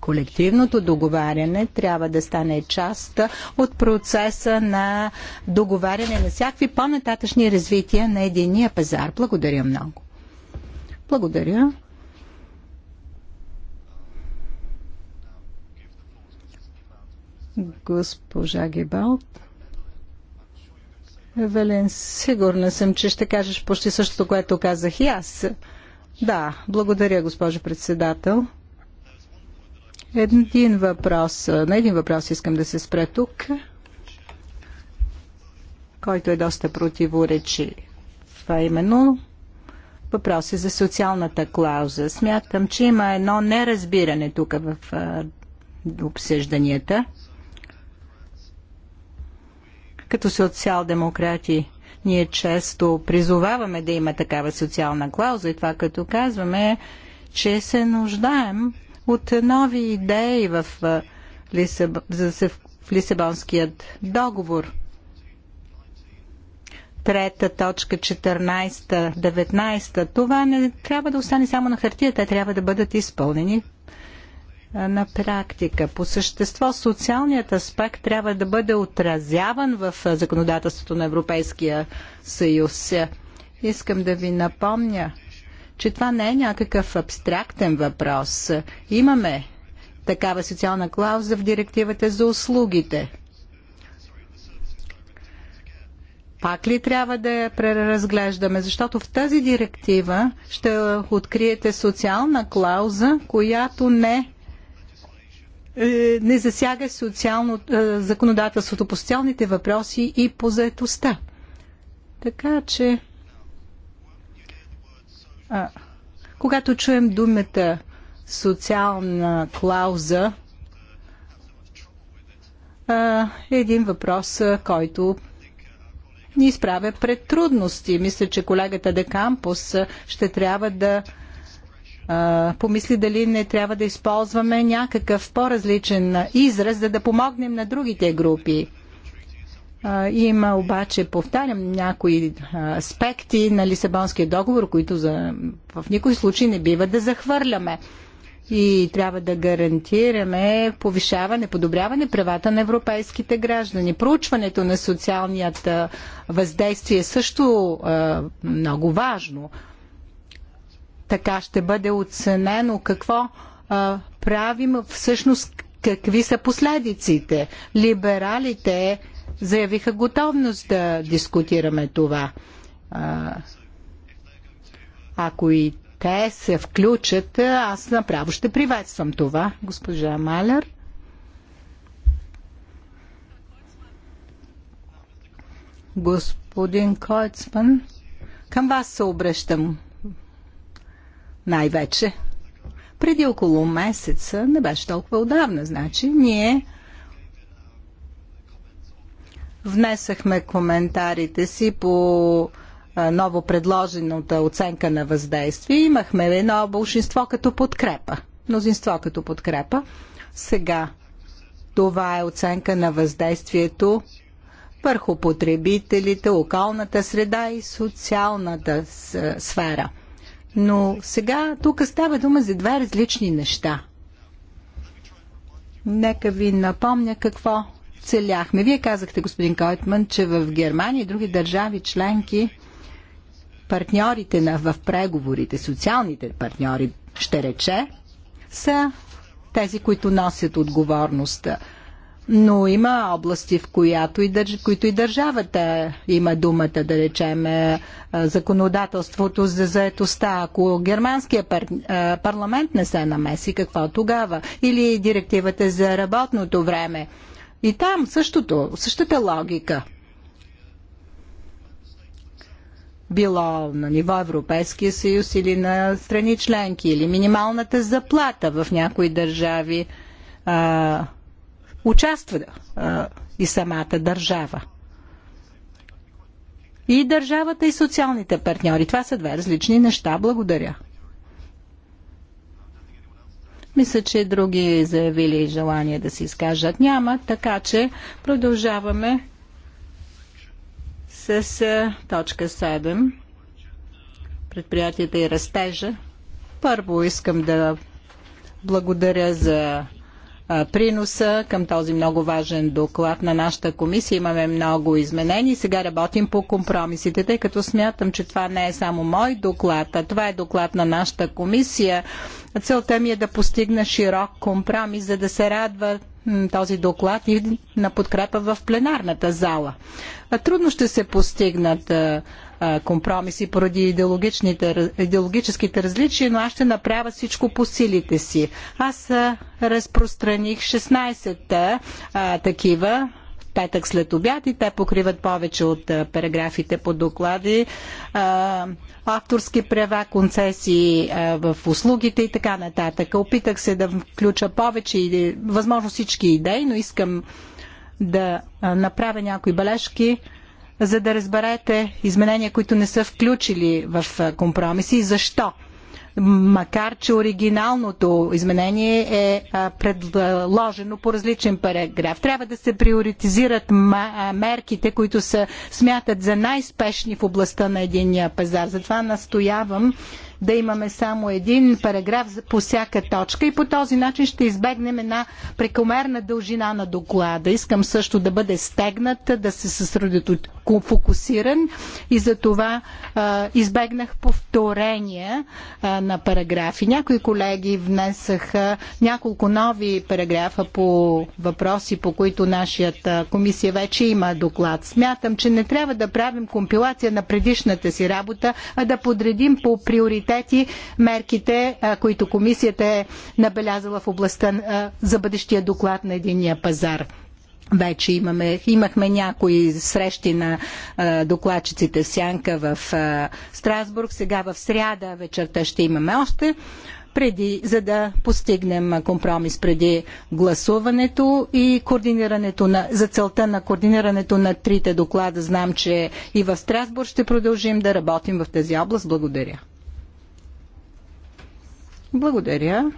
колективното договаряне трябва да стане част от процеса на договаряне на всякакви по-нататъчни развития на единия пазар. Благодаря много. Благодаря. Госпожа Гебалт. Евелин, сигурна съм, че ще кажеш почти същото, което казах и аз. Да, благодаря, госпожо председател. Един въпрос, на един въпрос искам да се спре тук, който е доста противоречи. Това именно въпроса за социалната клауза. Смятам, че има едно неразбиране тук в обсъжданията. Като социал-демократи ние често призоваваме да има такава социална клауза и това като казваме, че се нуждаем от нови идеи в, Лисаб... в Лисабонският договор трета точка, 14, 19. Това не трябва да остане само на хартия, те трябва да бъдат изпълнени на практика. По същество социалният аспект трябва да бъде отразяван в законодателството на Европейския съюз. Искам да ви напомня, че това не е някакъв абстрактен въпрос. Имаме такава социална клауза в директивата за услугите. пак ли трябва да я преразглеждаме? Защото в тази директива ще откриете социална клауза, която не е, не засяга социално, е, законодателството по социалните въпроси и по заетостта. Така че, а, когато чуем думата социална клауза, а, е един въпрос, който ни изправя пред трудности. Мисля, че колегата Де Кампус ще трябва да а, помисли дали не трябва да използваме някакъв по-различен израз, за да, да помогнем на другите групи. А, има обаче, повтарям, някои аспекти на Лисабонския договор, които за, в никой случай не бива да захвърляме и трябва да гарантираме повишаване, подобряване правата на европейските граждани. Проучването на социалният въздействие е също е, много важно. Така ще бъде оценено какво е, правим всъщност какви са последиците. Либералите заявиха готовност да дискутираме това. Ако и те се включат, аз направо ще приветствам това, госпожа Малер. Господин Койцман, към вас се обръщам най-вече. Преди около месеца, не беше толкова отдавна, значи, ние внесахме коментарите си по ново предложената оценка на въздействие, имахме едно большинство като подкрепа. Мнозинство като подкрепа. Сега това е оценка на въздействието върху потребителите, околната среда и социалната сфера. Но сега тук става дума за два различни неща. Нека ви напомня какво целяхме. Вие казахте, господин Койтман, че в Германия и други държави членки партньорите на, в преговорите, социалните партньори, ще рече, са тези, които носят отговорността. Но има области, в която и държ... които и държавата има думата, да речем, е, законодателството за заетостта. Ако германския пар... Е, парламент не се намеси, какво тогава? Или директивата за работното време. И там същото, същата логика – било на ниво Европейския съюз или на страни членки, или минималната заплата в някои държави а, участва а, и самата държава. И държавата и социалните партньори. Това са две различни неща. Благодаря. Мисля, че други заявили желание да се изкажат няма, така че продължаваме с точка 7 предприятията и растежа. Първо искам да благодаря за приноса към този много важен доклад на нашата комисия. Имаме много изменени. Сега работим по компромисите, тъй като смятам, че това не е само мой доклад, а това е доклад на нашата комисия. Целта ми е да постигна широк компромис, за да се радва този доклад и на подкрепа в пленарната зала. Трудно ще се постигнат компромиси поради идеологическите различия, но аз ще направя всичко по силите си. Аз разпространих 16 такива петък след обяд и те покриват повече от параграфите по доклади. Авторски права, концесии в услугите и така нататък. Опитах се да включа повече, и възможно всички идеи, но искам да направя някои бележки за да разберете изменения, които не са включили в компромиси и защо макар че оригиналното изменение е предложено по различен параграф. Трябва да се приоритизират мерките, които се смятат за най-спешни в областта на единния пазар. Затова настоявам да имаме само един параграф по всяка точка и по този начин ще избегнем една прекомерна дължина на доклада. Искам също да бъде стегнат, да се съсредоточи фокусиран и за това а, избегнах повторения а, на параграфи. Някои колеги внесаха няколко нови параграфа по въпроси, по които нашата комисия вече има доклад. Смятам, че не трябва да правим компилация на предишната си работа, а да подредим по приоритет приоритети, мерките, които комисията е набелязала в областта за бъдещия доклад на единия пазар. Вече имаме, имахме някои срещи на а, докладчиците в Сянка в а, Страсбург. Сега в сряда вечерта ще имаме още преди, за да постигнем компромис преди гласуването и координирането на, за целта на координирането на трите доклада. Знам, че и в Страсбург ще продължим да работим в тази област. Благодаря. Благодаря.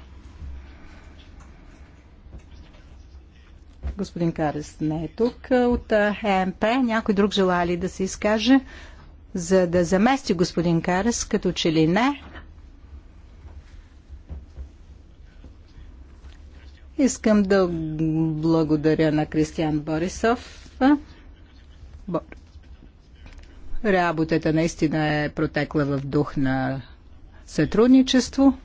Господин Карес не е тук от ХМП. Някой друг желая ли да се изкаже, за да замести господин Карес, като че ли не? Искам да благодаря на Кристиан Борисов. Работата наистина е протекла в дух на сътрудничество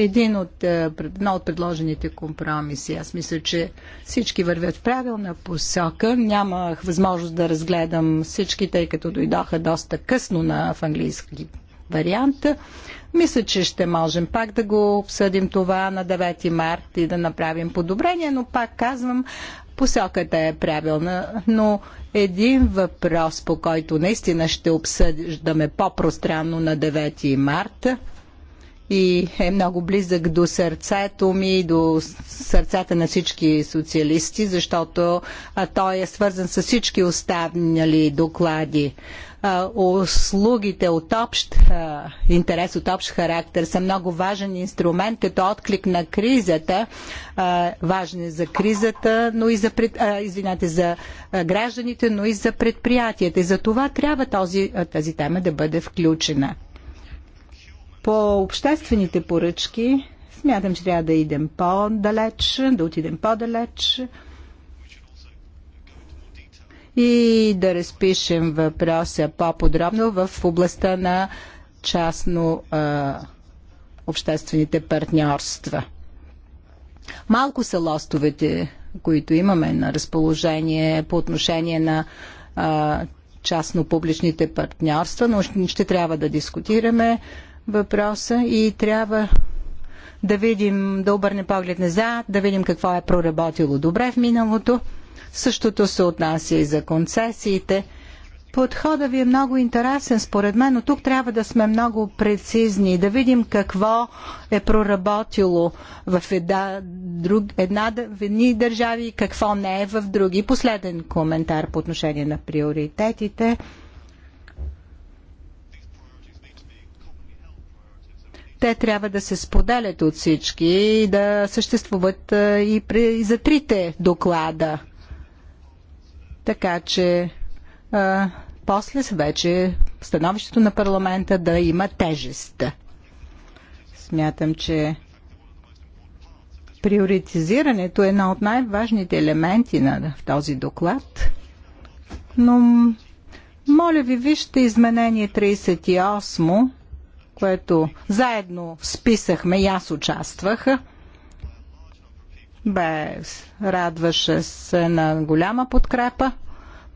един от, е, едно от предложените компромиси. Аз мисля, че всички вървят в правилна посока. Нямах възможност да разгледам всички, тъй като дойдоха доста късно на, в английски вариант. Мисля, че ще можем пак да го обсъдим това на 9 март и да направим подобрение, но пак казвам, посоката е правилна, но един въпрос, по който наистина ще обсъждаме по-пространно на 9 марта и е много близък до сърцето ми, и до сърцата на всички социалисти, защото а, той е свързан с всички останали доклади. А, услугите от общ а, интерес, от общ характер са много важен инструмент като отклик на кризата. А, важен е за кризата, но и за, пред, а, извинете, за гражданите, но и за предприятията. И за това трябва този, тази тема да бъде включена. По обществените поръчки смятам, че трябва да идем по-далеч, да отидем по-далеч и да разпишем въпроса по-подробно в областта на частно а, обществените партньорства. Малко са лостовете, които имаме на разположение по отношение на частно-публичните партньорства, но ще трябва да дискутираме въпроса и трябва да видим, да обърнем поглед назад, да видим какво е проработило добре в миналото. Същото се отнася и за концесиите. Подходът ви е много интересен според мен, но тук трябва да сме много прецизни и да видим какво е проработило в една, друг, една, в едни държави и какво не е в други. Последен коментар по отношение на приоритетите. Те трябва да се споделят от всички и да съществуват и, при, и за трите доклада. Така че а, после вече становището на парламента да има тежест. Смятам, че приоритизирането е една от най-важните елементи на, в този доклад. Но моля ви, вижте изменение 38 което заедно списахме и аз участвах, бе, радваше се на голяма подкрепа.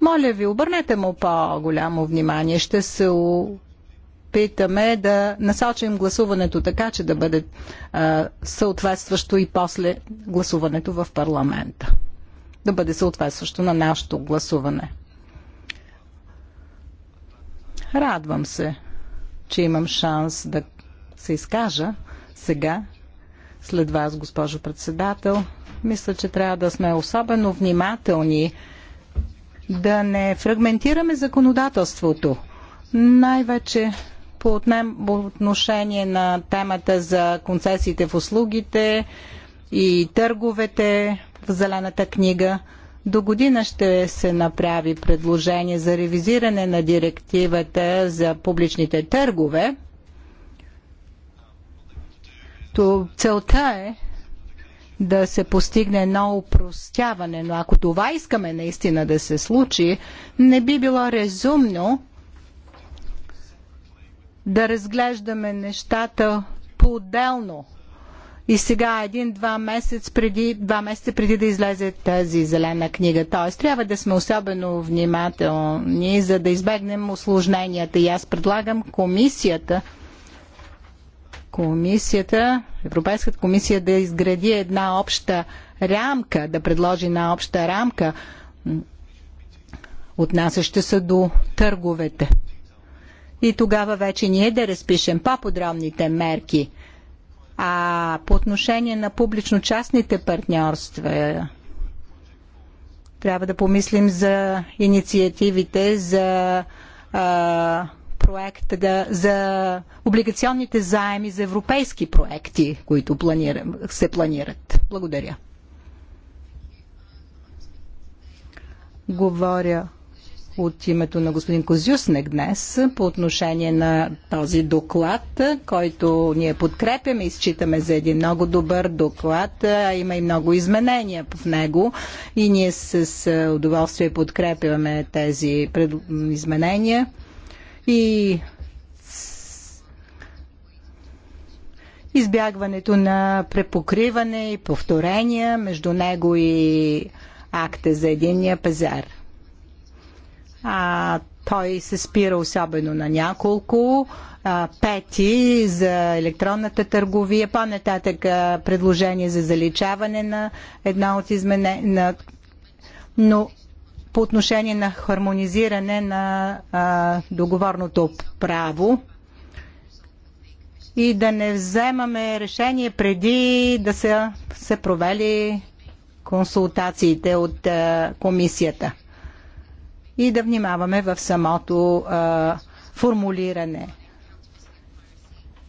Моля ви, обърнете му по-голямо внимание. Ще се опитаме да насочим гласуването така, че да бъде а, съответстващо и после гласуването в парламента. Да бъде съответстващо на нашето гласуване. Радвам се, че имам шанс да се изкажа сега, след вас, госпожо председател. Мисля, че трябва да сме особено внимателни да не фрагментираме законодателството. Най-вече по отношение на темата за концесиите в услугите и търговете в Зелената книга – до година ще се направи предложение за ревизиране на директивата за публичните търгове. То целта е да се постигне едно упростяване, но ако това искаме наистина да се случи, не би било разумно да разглеждаме нещата по-отделно и сега един-два месец преди, два месеца преди да излезе тази зелена книга. Т.е. трябва да сме особено внимателни, за да избегнем осложненията. И аз предлагам комисията комисията, Европейската комисия да изгради една обща рамка, да предложи една обща рамка, отнасяща се до търговете. И тогава вече ние да разпишем по-подробните мерки а по отношение на публично-частните партньорства, трябва да помислим за инициативите, за а, проекта, да, за облигационните заеми, за европейски проекти, които планира, се планират. Благодаря. Говоря от името на господин Козюснек днес по отношение на този доклад, който ние подкрепяме и считаме за един много добър доклад. Има и много изменения в него и ние с удоволствие подкрепяме тези изменения. И избягването на препокриване и повторения между него и акта за единния пазар – а, той се спира особено на няколко. А, пети за електронната търговия, по-нататък предложение за заличаване на една от изменения, На... Но по отношение на хармонизиране на а, договорното право, и да не вземаме решение преди да се, се провели консултациите от комисията и да внимаваме в самото а, формулиране.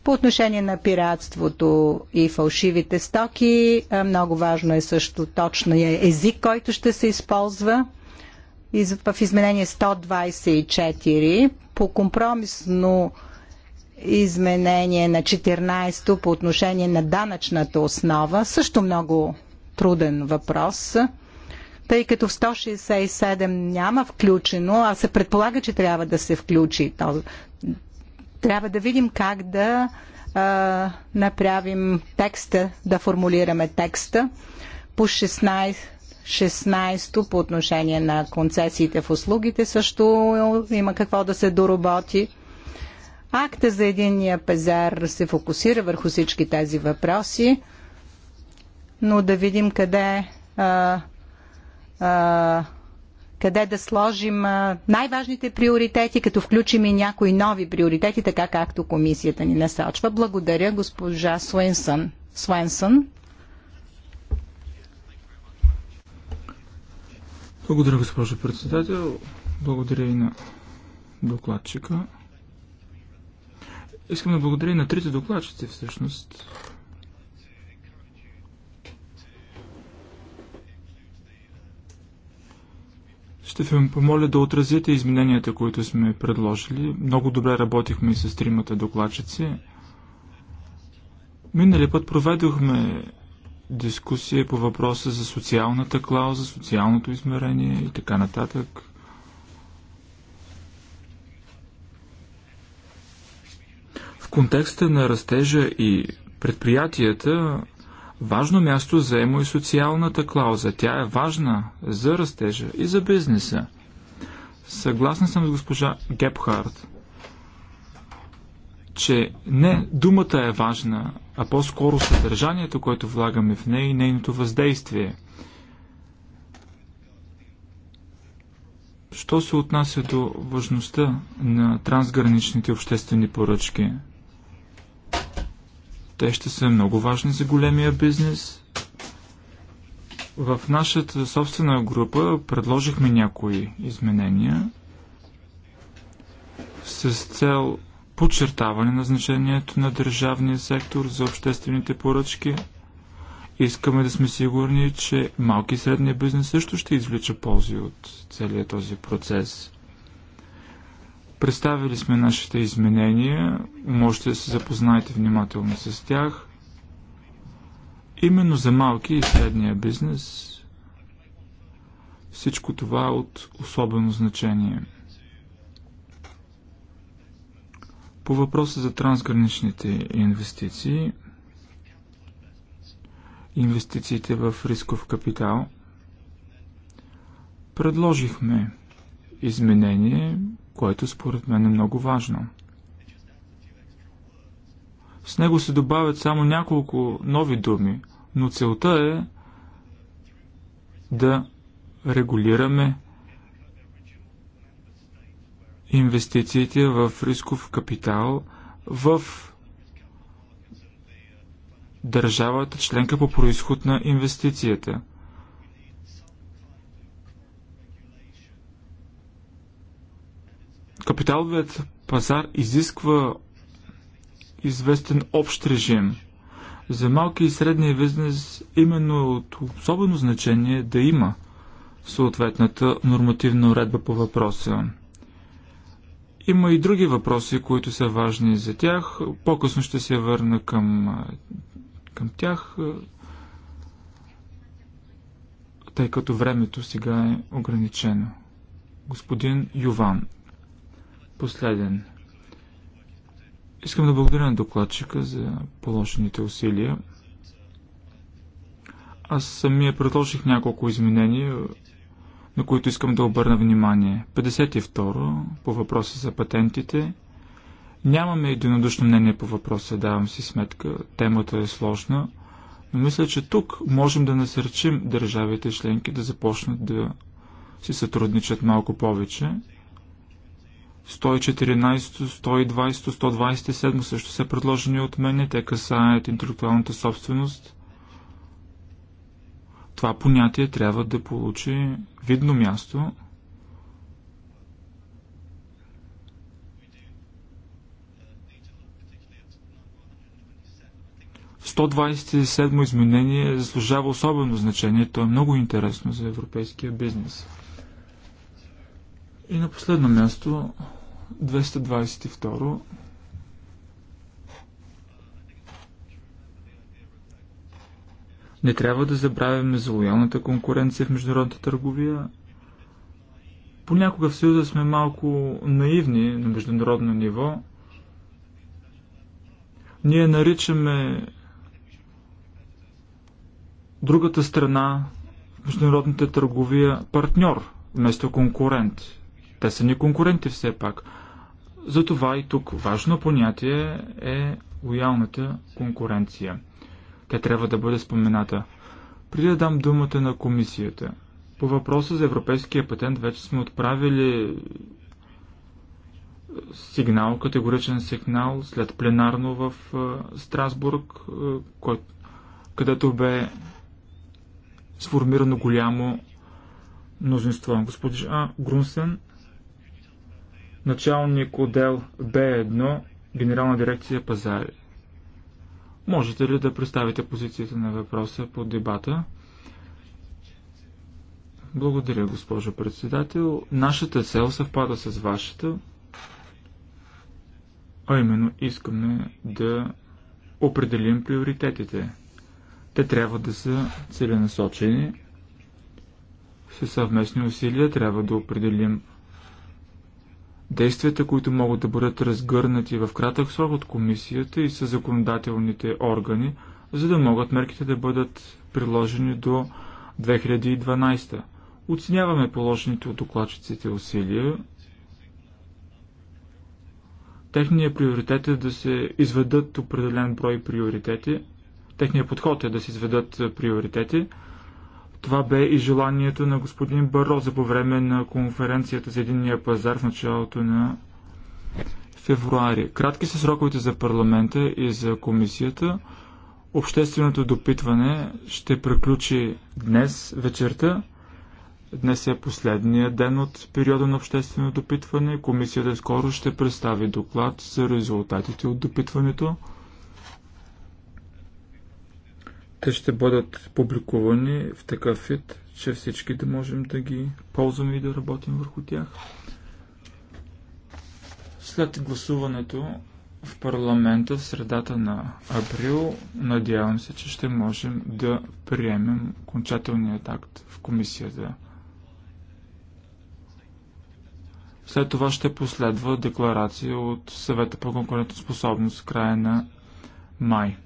По отношение на пиратството и фалшивите стоки, много важно е също е език, който ще се използва. В изменение 124 по компромисно изменение на 14 по отношение на данъчната основа, също много труден въпрос – тъй като в 167 няма включено, а се предполага, че трябва да се включи. Трябва да видим как да а, направим текста, да формулираме текста по 16 16 по отношение на концесиите в услугите също има какво да се доработи. Акта за единния пазар се фокусира върху всички тези въпроси, но да видим къде а, къде да сложим най-важните приоритети, като включим и някои нови приоритети, така както комисията ни насочва. Благодаря, госпожа Суенсън. Суенсън. Благодаря, госпожо председател. Благодаря и на докладчика. Искам да благодаря и на трите докладчици, всъщност, Ще ви помоля да отразите измененията, които сме предложили. Много добре работихме и с тримата докладчици. Минали път проведохме дискусия по въпроса за социалната клауза, социалното измерение и така нататък. В контекста на растежа и предприятията Важно място заема и социалната клауза. Тя е важна за растежа и за бизнеса. Съгласна съм с госпожа Гепхард, че не думата е важна, а по-скоро съдържанието, което влагаме в нея и нейното въздействие. Що се отнася до важността на трансграничните обществени поръчки – те ще са много важни за големия бизнес. В нашата собствена група предложихме някои изменения с цел подчертаване на значението на държавния сектор за обществените поръчки. Искаме да сме сигурни, че малки и средния бизнес също ще извлича ползи от целият този процес. Представили сме нашите изменения, можете да се запознаете внимателно с тях. Именно за малки и средния бизнес всичко това е от особено значение. По въпроса за трансграничните инвестиции, инвестициите в рисков капитал, предложихме изменение, което според мен е много важно. С него се добавят само няколко нови думи, но целта е да регулираме инвестициите в рисков капитал в държавата членка по происход на инвестицията. Капиталовият пазар изисква известен общ режим. За малки и средния бизнес именно от особено значение е да има съответната нормативна уредба по въпроса. Има и други въпроси, които са важни за тях. По-късно ще се върна към, към тях, тъй като времето сега е ограничено. Господин Юван, Последен. Искам да благодаря на докладчика за положените усилия. Аз самия предложих няколко изменения, на които искам да обърна внимание. 52 по въпроса за патентите. Нямаме единодушно мнение по въпроса, давам си сметка. Темата е сложна, но мисля, че тук можем да насърчим държавите членки да започнат да си сътрудничат малко повече. 114, 120, 127 също са предложени от мен. Те касаят интелектуалната собственост. Това понятие трябва да получи видно място. 127 изменение заслужава особено значение. То е много интересно за европейския бизнес. И на последно място 222 Не трябва да забравяме за лоялната конкуренция в международната търговия. Понякога в Съюза сме малко наивни на международно ниво. Ние наричаме другата страна в международната търговия партньор вместо конкурент. Те са ни конкуренти все пак. Затова и тук важно понятие е лоялната конкуренция. Тя трябва да бъде спомената. Преди да дам думата на комисията, по въпроса за европейския патент вече сме отправили сигнал, категоричен сигнал след пленарно в Страсбург, където бе сформирано голямо мнозинство. Господин Грунсен началник отдел Б1, Генерална дирекция пазари. Можете ли да представите позицията на въпроса по дебата? Благодаря, госпожо председател. Нашата цел съвпада с вашата, а именно искаме да определим приоритетите. Те трябва да са целенасочени. с съвместни усилия трябва да определим Действията, които могат да бъдат разгърнати в кратък срок от комисията и със законодателните органи, за да могат мерките да бъдат приложени до 2012. Оценяваме положените от докладчиците усилия. Техният приоритет е да се изведат определен брой приоритети. Техният подход е да се изведат приоритети, това бе и желанието на господин Бароза по време на конференцията за единния пазар в началото на февруари. Кратки са сроковете за парламента и за комисията. Общественото допитване ще приключи днес вечерта. Днес е последния ден от периода на обществено допитване. Комисията скоро ще представи доклад за резултатите от допитването. Те ще бъдат публикувани в такъв вид, че всички да можем да ги ползваме и да работим върху тях. След гласуването в парламента в средата на април, надявам се, че ще можем да приемем окончателният акт в комисията. След това ще последва декларация от съвета по конкурентоспособност в края на май.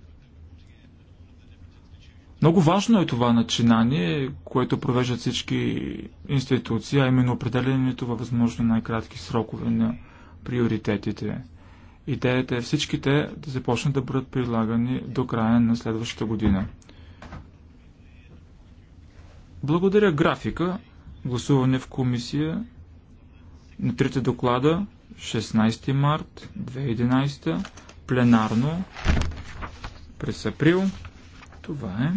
Много важно е това начинание, което провеждат всички институции, а именно определенето във възможно най-кратки срокове на приоритетите. Идеята е всичките да започнат да бъдат прилагани до края на следващата година. Благодаря графика, гласуване в комисия на трите доклада 16 март 2011, пленарно през април. Това е.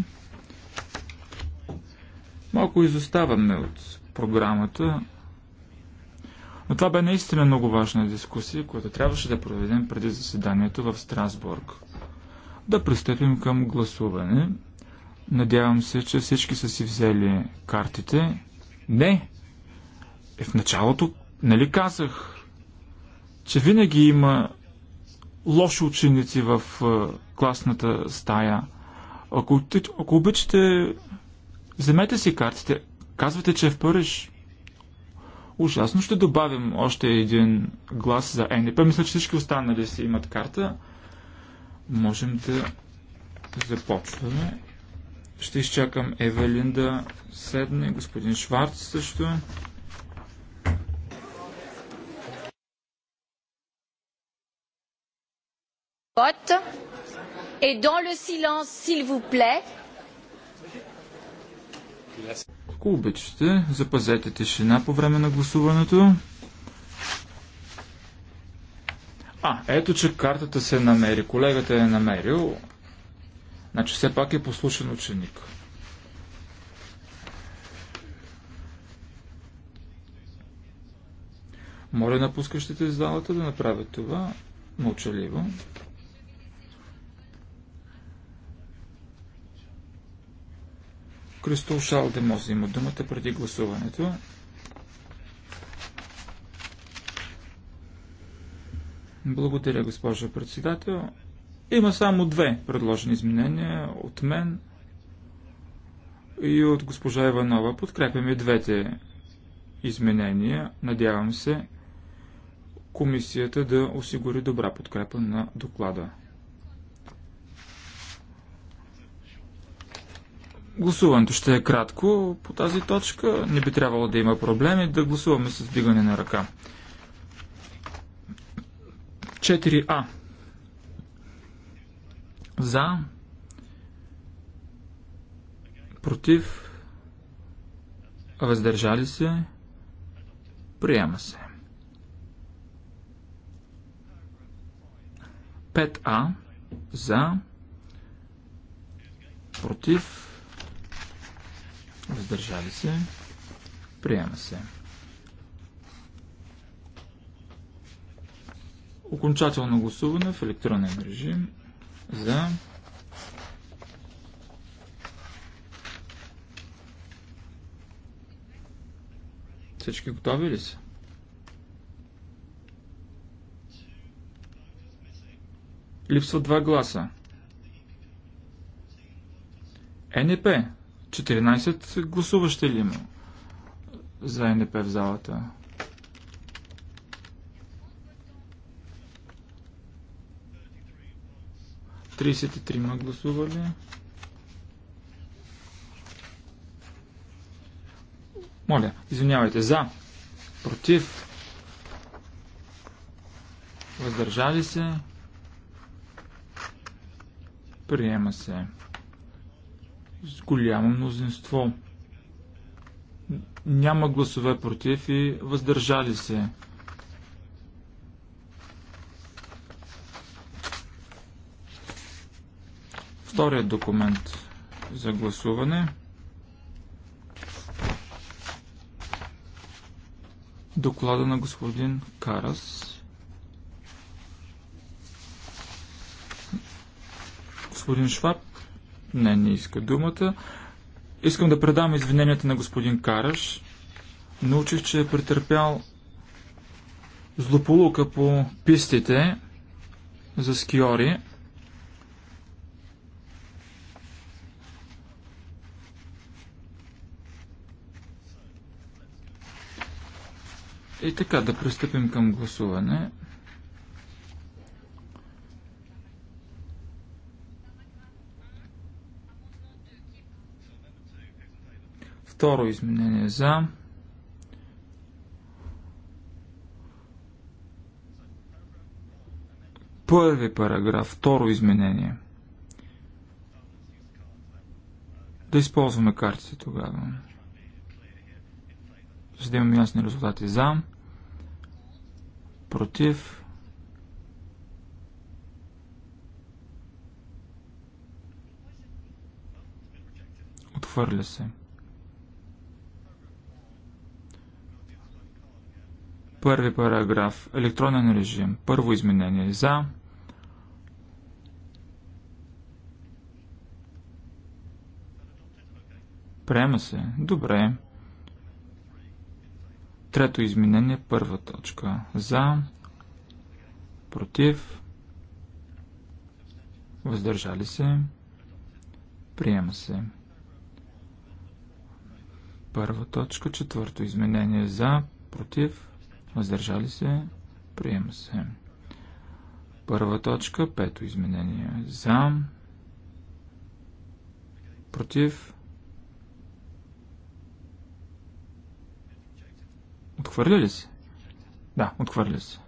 Малко изоставаме от програмата, но това бе наистина много важна дискусия, която трябваше да проведем преди заседанието в Страсбург. Да пристъпим към гласуване. Надявам се, че всички са си взели картите. Не! Е, в началото, нали казах, че винаги има лоши ученици в е, класната стая. Ако, ако обичате, Вземете си картите. Казвате, че е в Париж. Ужасно ще добавим още един глас за НДП. Мисля, че всички останали си имат карта. Можем да започваме. Ще изчакам Евелин да седне, господин Шварц също. vote et dans le silence s'il vous plaît ако обичате, запазете тишина по време на гласуването. А, ето, че картата се намери. Колегата е намерил. Значи все пак е послушен ученик. Моля напускащите издалата залата да направят това мълчаливо. Кристол Шалдемоз има думата преди гласуването. Благодаря, госпожо председател. Има само две предложени изменения от мен и от госпожа Иванова. Подкрепяме двете изменения. Надявам се комисията да осигури добра подкрепа на доклада. Гласуването ще е кратко по тази точка. Не би трябвало да има проблеми. Да гласуваме с вдигане на ръка. 4А. За. Против. Въздържали се. Приема се. 5А. За. Против Въздържали се. Приема се. Окончателно гласуване в електронен режим за Всички готови ли са? Липсват два гласа. Е, НП 14 гласуващи ли има за НДП в залата? Тридесет и трима гласували. Моля, извинявайте, за, против, въздържали се, приема се с голямо мнозинство. Няма гласове против и въздържали се. Вторият документ за гласуване. Доклада на господин Карас. Господин Шваб, не, не иска думата. Искам да предам извиненията на господин Караш. Научих, че е претърпял злополука по пистите за скиори. И така, да пристъпим към гласуване. Второ изменение за. Първи параграф, второ изменение. Да използваме картите тогава. За да имаме ясни резултати за, против, отхвърля се. Първи параграф. Електронен режим. Първо изменение. За. Приема се. Добре. Трето изменение. Първа точка. За. Против. Въздържали се. Приема се. Първа точка. Четвърто изменение. За. Против въздържали се, приема се. Първа точка, пето изменение. За, против, отхвърля ли се? Да, отхвърля се.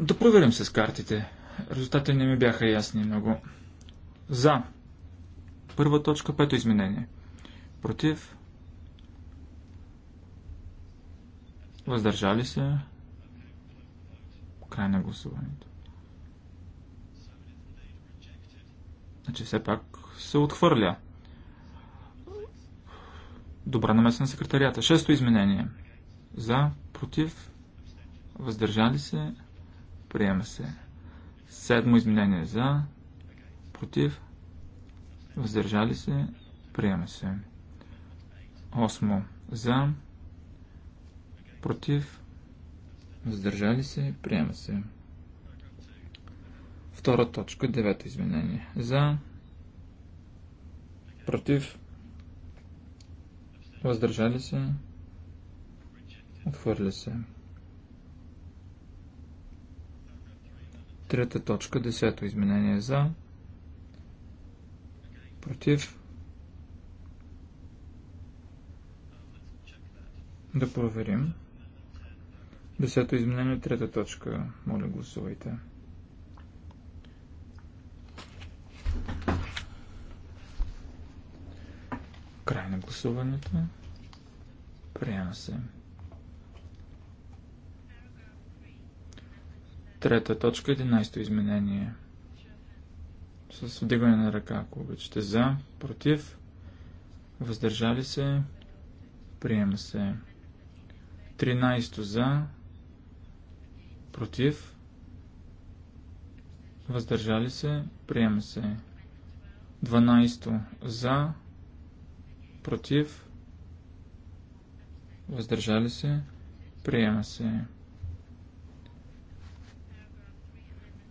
Да проверим с картите. Резултатите не ми бяха ясни много. За. Първа точка, пето изменение. Против. Въздържали се. Край на гласуването. Значи все пак се отхвърля. Добра намеса на секретарията. Шесто изменение. За, против, въздържали се, приема се. Седмо изменение. За, против, въздържали се, приема се. Осмо. За, против, въздържали се, приема се. Втора точка, девето изменение. За, против, въздържали се, отхвърля се. Трета точка, десето изменение за, против, да проверим. Десето изменение, трета точка. Моля, гласувайте. Край на гласуването. Приема се. Трета точка, 11 изменение. С вдигане на ръка, ако обичате. За, против, въздържали се, приема се. 13 за, против, въздържали се, приема се. 12 за, против, въздържали се, приема се.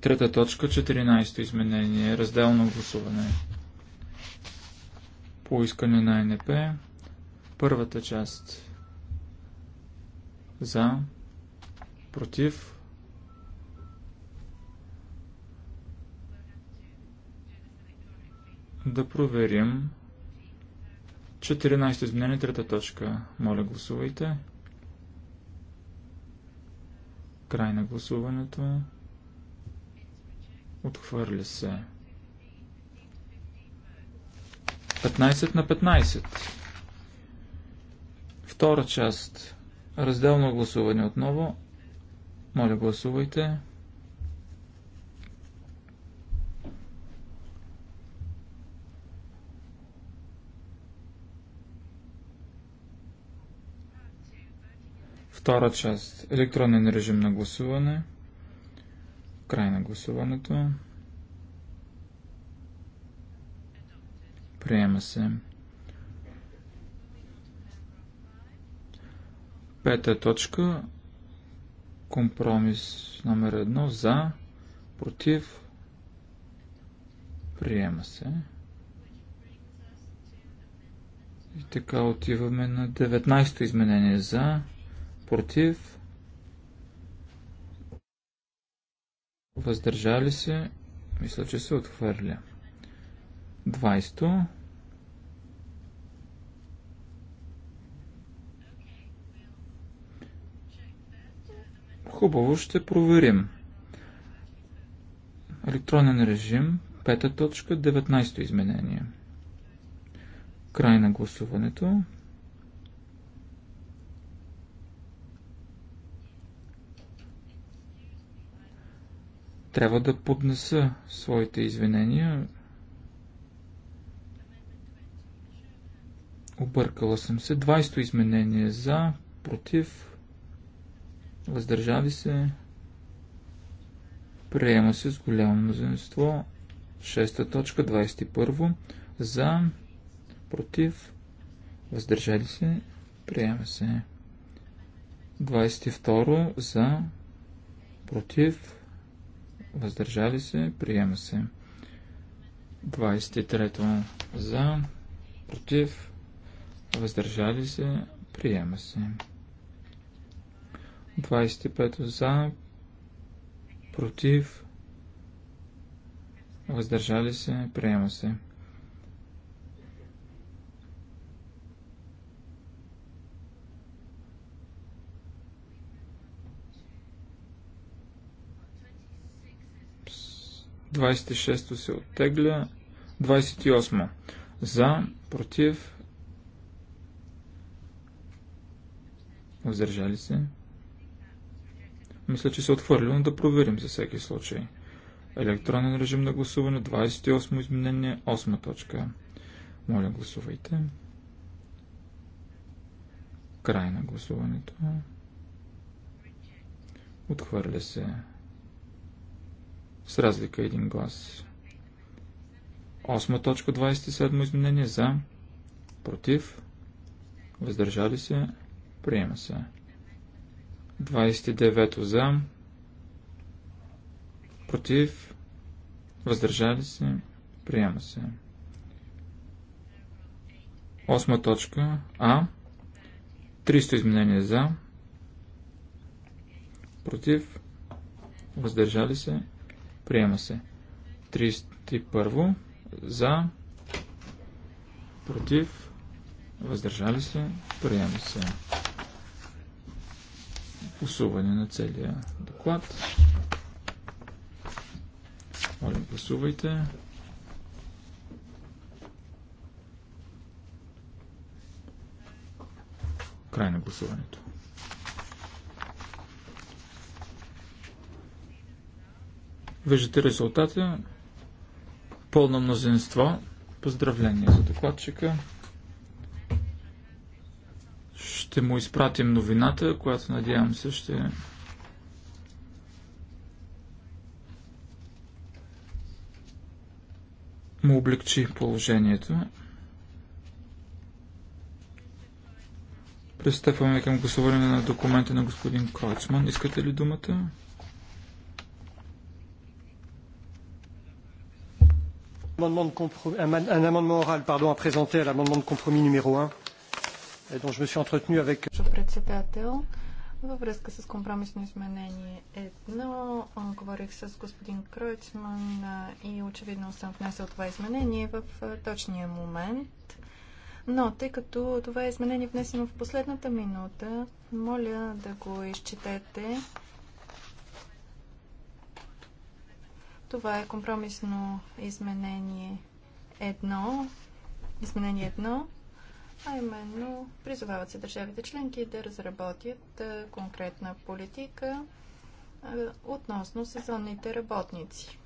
Трета точка, 14 изменение, разделно гласуване. Поискане на НП, първата част за, против, да проверим 14 изменение, трета точка. Моля, гласувайте. Край на гласуването. Отхвърля се. 15 на 15. Втора част. Разделно гласуване отново. Моля, гласувайте. Втора част. Електронен режим на гласуване. Край на гласуването. Приема се. Пета точка. Компромис номер едно. За. Против. Приема се. И така отиваме на 19-то изменение за против, въздържали се, мисля, че се отхвърля. 20. Хубаво, ще проверим. Електронен режим, пета точка, 19 то изменение. Край на гласуването. Трябва да поднеса своите извинения. Объркала съм се. 20 изменение за, против, въздържали се. Приема се с голямо мнозинство. 6 точка, 21. За, против, въздържали се. Приема се. 22. За, против, въздържали се, приема се. 23 за, против, въздържали се, приема се. 25 за, против, въздържали се, приема се. 26 се оттегля. 28. За, против, въздържали се. Мисля, че се е отхвърли, но да проверим за всеки случай. Електронен режим на гласуване, 28 изменение, 8 точка. Моля, гласувайте. Край на гласуването. Отхвърля се с разлика един глас. 8 точка 27 изменение за, против, въздържали се, приема се. 29 за, против, въздържали се, приема се. Осма точка А. 300 изменения за, против, въздържали се, Приема се. 31. За. Против. Въздържали се. Приема се. Гласуване на целия доклад. Моля, гласувайте. Край на гласуването. Виждате резултата. Пълно мнозинство. Поздравление за докладчика. Ще му изпратим новината, която надявам се ще му облегчи положението. Пристъпваме към гласуване на документа на господин Кройцман. Искате ли думата? Un amendement oral pardon, à présenter à l'amendement de compromis numéro 1, dont je me suis entretenu avec... Председател, във връзка с компромисно изменение едно, говорих с господин Кройцман и очевидно съм внесъл това изменение в точния момент. Но тъй като това е изменение внесено в последната минута, моля да го изчетете Това е компромисно изменение едно, изменение едно, а именно призовават се държавите членки да разработят конкретна политика относно сезонните работници.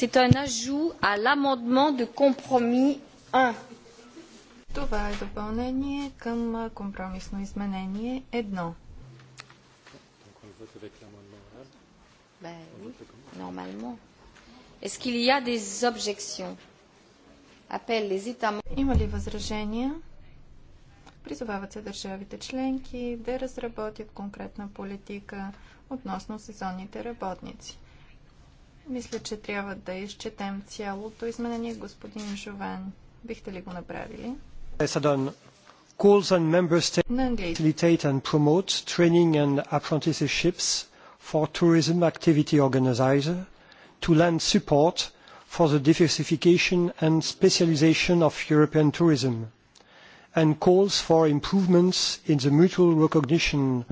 C'est un ajout à l'amendement de compromis 1. Това е допълнение към компромисно изменение 1. Ben oui, normalement. Est-ce qu'il y a des objections Appelle les États Има ли възражения? Призовават се държавите членки да разработят конкретна политика относно сезонните работници. Мисля, че трябва да изчетем цялото изменение, господин Жован. Бихте ли го направили? Calls on member states to facilitate and promote training and apprenticeships for tourism activity organisers to lend support for the diversification and specialisation of European tourism and calls for improvements in the mutual recognition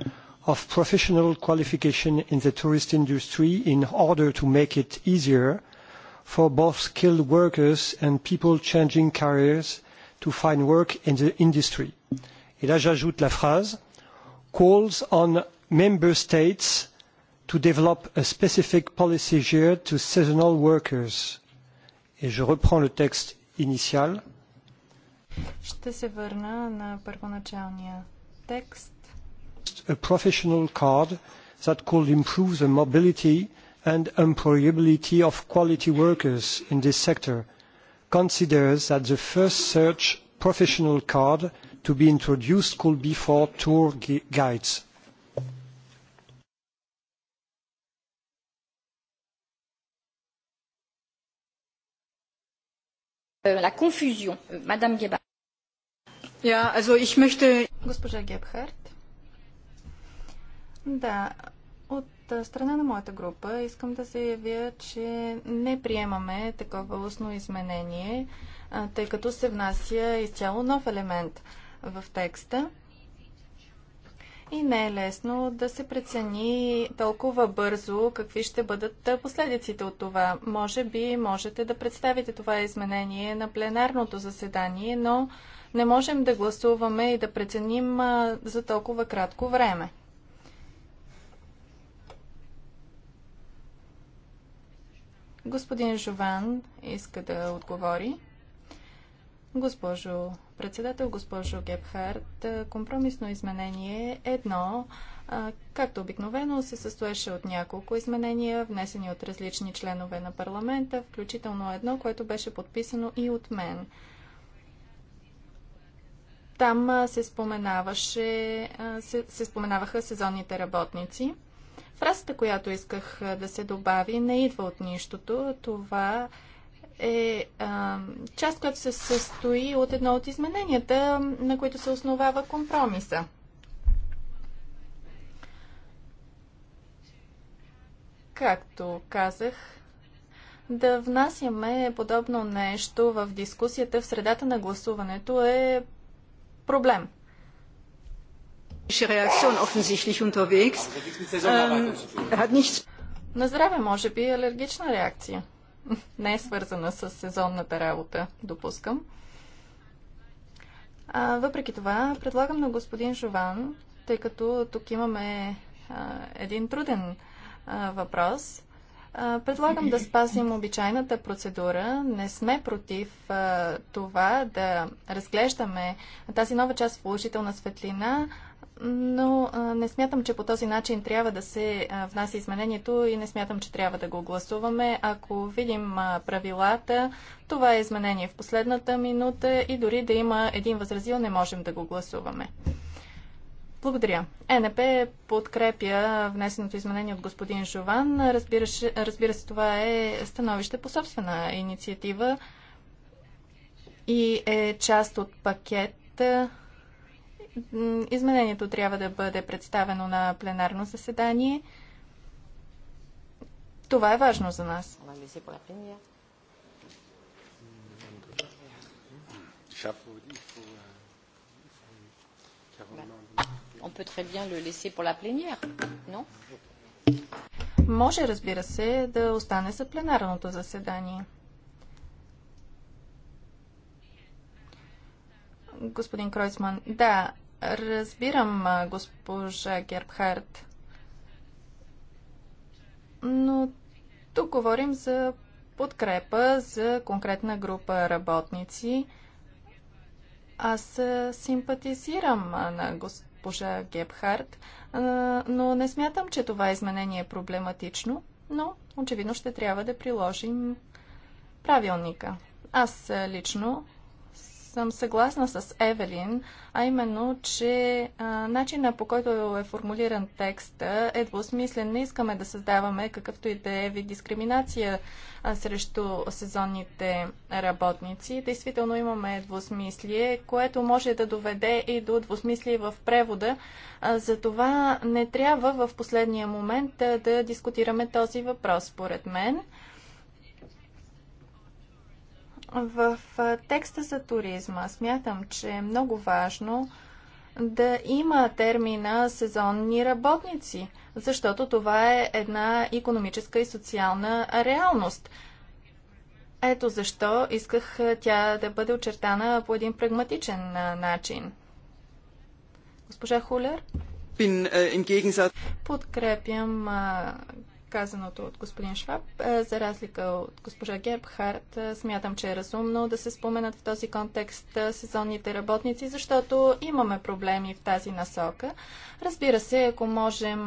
of professional qualification in the tourist industry in order to make it easier for both skilled workers and people changing careers to find work in the industry. Et là, j'ajoute la phrase calls on member states to develop a specific policy geared to seasonal workers. Et je reprends le texte initial. Ще се върна на първоначалния текст. A professional card that could improve the mobility and employability of quality workers in this sector – considers that the first search professional card to be introduced could be for tour guides. La confusion. Madame Gebhardt. Ja, also ich möchte... Госпожа Гебхарт. Да, от страна на моята група искам да заявя, че не приемаме такова устно изменение, тъй като се внася изцяло нов елемент в текста. И не е лесно да се прецени толкова бързо какви ще бъдат последиците от това. Може би можете да представите това изменение на пленарното заседание, но не можем да гласуваме и да преценим за толкова кратко време. Господин Жован иска да отговори. Госпожо председател, госпожо Гебхарт, компромисно изменение едно, както обикновено, се състоеше от няколко изменения, внесени от различни членове на парламента, включително едно, което беше подписано и от мен. Там се, споменаваше, се, се споменаваха сезонните работници. Фразата, която исках да се добави, не идва от нищото. Това е а, част, която се състои от едно от измененията, на които се основава компромиса. Както казах, да внасяме подобно нещо в дискусията в средата на гласуването е проблем offensichtlich unterwegs. Ähm, на здраве, може би, алергична реакция. Не е свързана с сезонната работа, допускам. А, въпреки това, предлагам на господин Жован, тъй като тук имаме а, един труден а, въпрос. А, предлагам да спазим обичайната процедура. Не сме против а, това да разглеждаме тази нова част в положителна светлина, но не смятам, че по този начин трябва да се внася изменението и не смятам, че трябва да го гласуваме. Ако видим правилата, това е изменение в последната минута и дори да има един възразил, не можем да го гласуваме. Благодаря. ЕНП подкрепя внесеното изменение от господин Жован. Разбира, разбира се, това е становище по собствена инициатива и е част от пакет изменението трябва да бъде представено на пленарно заседание. Това е важно за нас. On peut très bien le laisser pour la plénière, non Може, разбира се, да остане за пленарното заседание. Господин Кройсман, да, разбирам госпожа Гербхарт, но тук говорим за подкрепа за конкретна група работници. Аз симпатизирам на госпожа Гебхарт, но не смятам, че това изменение е проблематично, но очевидно ще трябва да приложим правилника. Аз лично съм съгласна с Евелин, а именно, че а, начина по който е формулиран текст е двусмислен. Не искаме да създаваме какъвто и да е вид дискриминация а, срещу сезонните работници. Действително имаме двусмислие, което може да доведе и до двусмислие в превода. А, затова не трябва в последния момент а, да дискутираме този въпрос, според мен. В текста за туризма смятам, че е много важно да има термина сезонни работници, защото това е една економическа и социална реалност. Ето защо исках тя да бъде очертана по един прагматичен начин. Госпожа Хулер? Е, Подкрепям казаното от господин Шваб. Е, за разлика от госпожа Гербхарт, е, смятам, че е разумно да се споменат в този контекст е, сезонните работници, защото имаме проблеми в тази насока. Разбира се, ако можем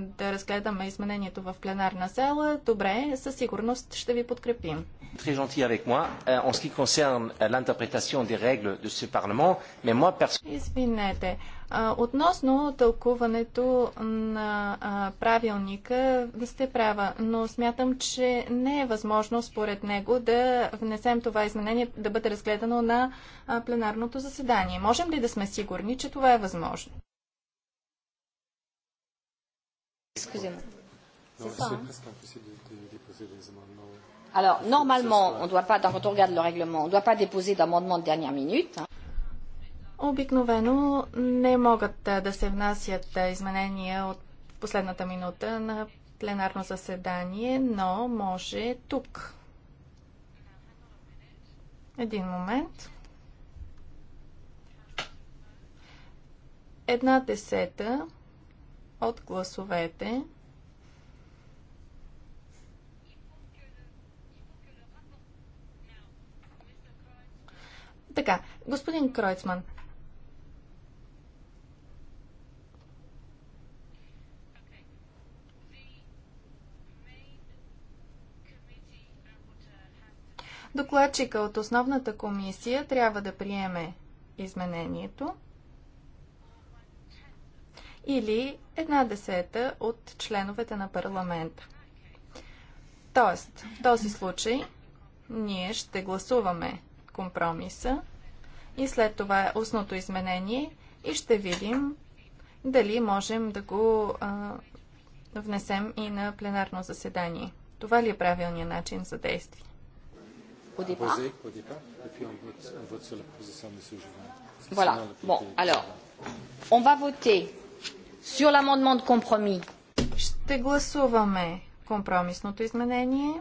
да разгледаме изменението в пленарна зала, добре, със сигурност ще ви подкрепим. Très gentil avec moi en ce qui concerne l'interprétation des règles de ce Parlement, mais moi Извинете. Относно тълкуването на правилника, да сте права, но смятам, че не е възможно според него да внесем това изменение да бъде разгледано на пленарното заседание. Можем ли да сме сигурни, че това е възможно? Alors, normalement, on ne doit pas, quand on regarde le règlement, on ne doit pas déposer d'amendement de dernière minute. Hein. Обикновено не могат да се внасят изменения от последната минута на пленарно заседание, но може тук. Един момент. Една десета от гласовете Така, господин Кройцман, Докладчика от основната комисия трябва да приеме изменението или една десета от членовете на парламента. Тоест, в този случай ние ще гласуваме компромиса и след това устното изменение и ще видим дали можем да го а, внесем и на пленарно заседание. Това ли е правилният начин за действие? au départ. au départ, et puis on vote, on vote sur la proposition de M. Juvin. Voilà. Bon, alors, on va voter sur l'amendement de compromis. Ще гласуваме компромисното изменение,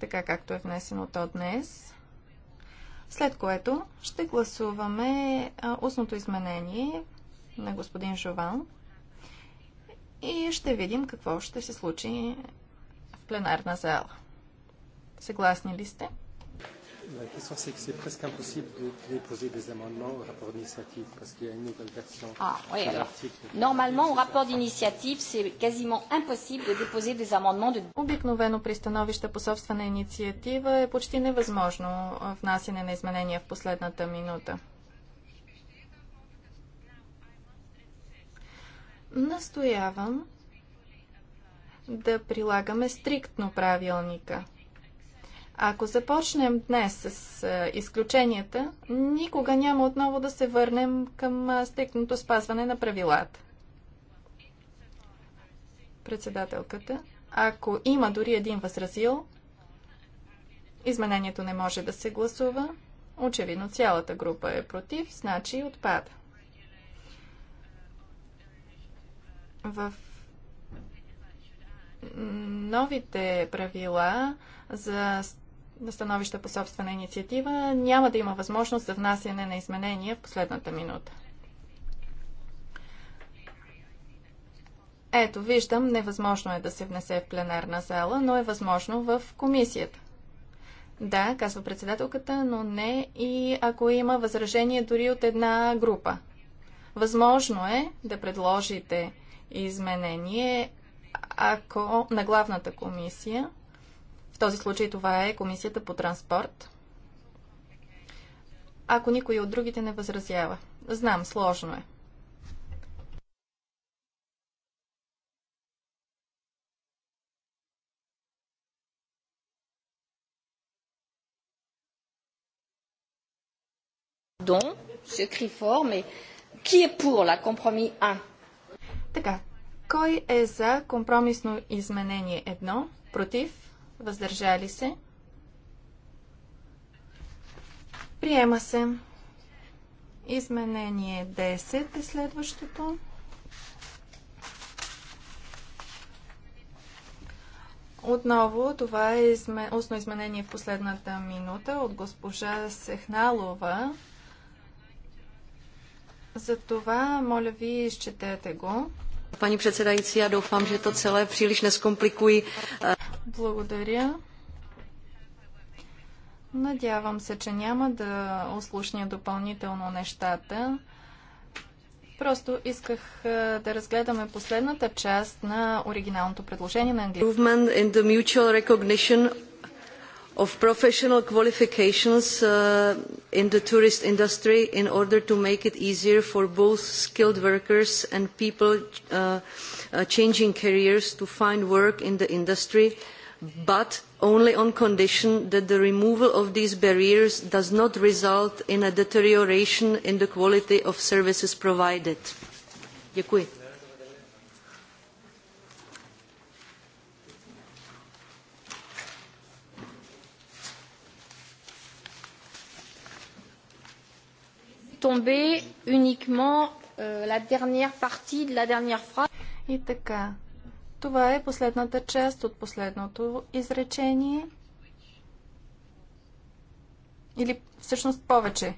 така както е внесено то днес. След което ще гласуваме устното изменение на господин Жован и ще видим какво ще се случи в пленарна зала. Съгласни ли сте? Обикновено при становища по собствена инициатива е почти невъзможно внасяне на изменения в последната минута. Настоявам да прилагаме стриктно правилника. Ако започнем днес с изключенията, никога няма отново да се върнем към стикното спазване на правилата. Председателката, ако има дори един възразил, изменението не може да се гласува. Очевидно цялата група е против, значи отпада. В новите правила за на становища по собствена инициатива, няма да има възможност за внасяне на изменения в последната минута. Ето, виждам, невъзможно е да се внесе в пленарна зала, но е възможно в комисията. Да, казва председателката, но не и ако има възражение дори от една група. Възможно е да предложите изменение ако на главната комисия, в този случай това е Комисията по транспорт. Ако никой от другите не възразява. Знам, сложно е. je crie fort, mais qui est pour la compromis 1 Така, кой е за компромисно изменение 1? Против? въздържали се. Приема се. Изменение 10 е следващото. Отново, това е устно изменение в последната минута от госпожа Сехналова. За това, моля ви, изчетете го. Пани председající, я доufám, že to celé příliš neskomplikuji. Благодаря. Надявам се, че няма да услушня допълнително нещата. Просто исках да разгледаме последната част на оригиналното предложение на английски of professional qualifications in the tourist industry in order to make it easier for both skilled workers and people changing careers to find work in the industry, but only on condition that the removal of these barriers does not result in a deterioration in the quality of services provided. Děkuji. tomber uniquement euh, la dernière partie de la dernière phrase. И така. Това е последната част от последното изречение. Или всъщност повече.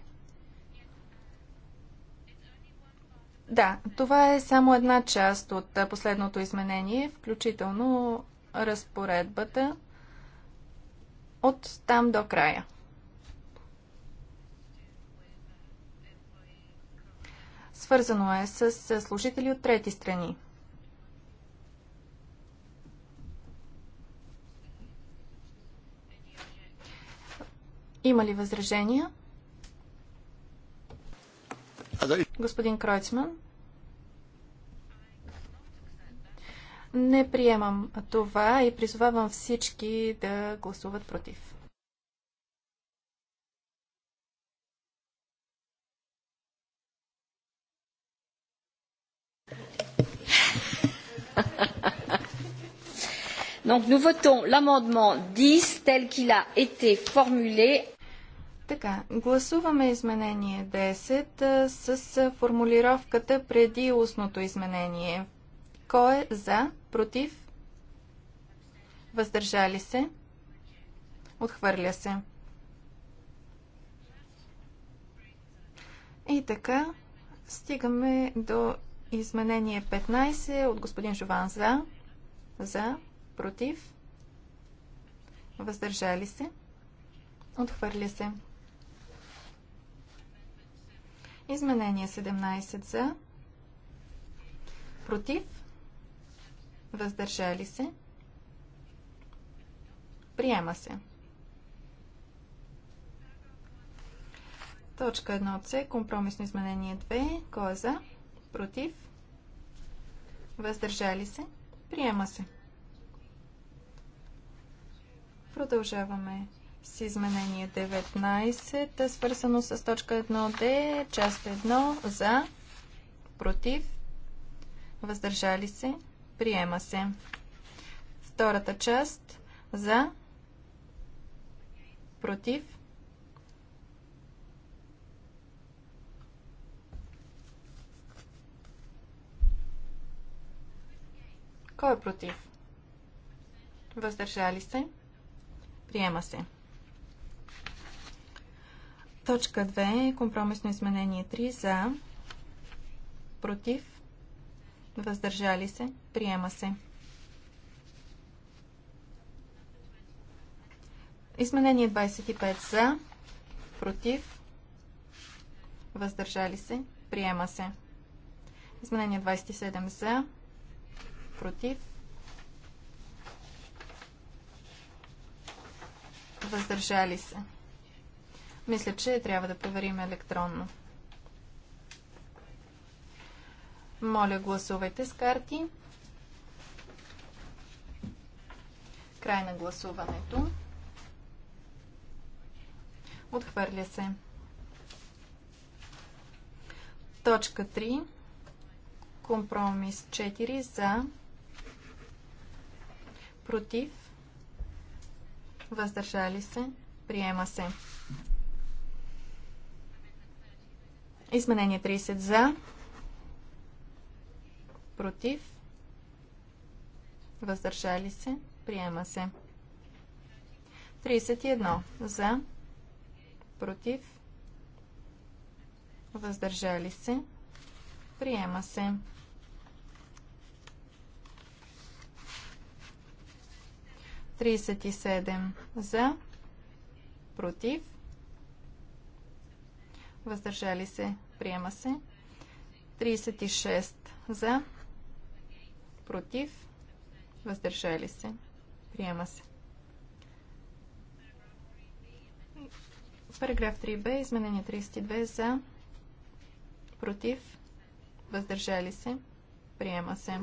Да, това е само една част от последното изменение, включително разпоредбата от там до края. Свързано е с служители от трети страни. Има ли възражения? Господин Кройцман. Не приемам това и призовавам всички да гласуват против. Donc nous votons l'amendement 10 tel qu'il a été formulé. Така, гласуваме изменение 10 с формулировката преди устното изменение. Кой е за, против, въздържали се, отхвърля се. И така, стигаме до Изменение 15 от господин Жован за. За. Против. Въздържали се. Отхвърля се. Изменение 17 за. Против. Въздържали се. Приема се. Точка 1 С. Компромисно изменение 2. Кой е за? против, въздържали се, приема се. Продължаваме с изменение 19, свързано с точка 1D, част 1, за, против, въздържали се, приема се. Втората част, за, против, Кой е против? Въздържали се? Приема се. Точка 2. Компромисно изменение 3. За. Против. Въздържали се. Приема се. Изменение 25. За. Против. Въздържали се. Приема се. Изменение 27. За против, въздържали се. Мисля, че трябва да проверим електронно. Моля, гласувайте с карти. Край на гласуването. Отхвърля се. Точка 3. Компромис 4 за против, въздържали се, приема се. Изменение 30 за, против, въздържали се, приема се. 31 за, против, въздържали се, приема се. 37 за, против, въздържали се, приема се. 36 за, против, въздържали се, приема се. Параграф 3б, изменение 32 за, против, въздържали се, приема се.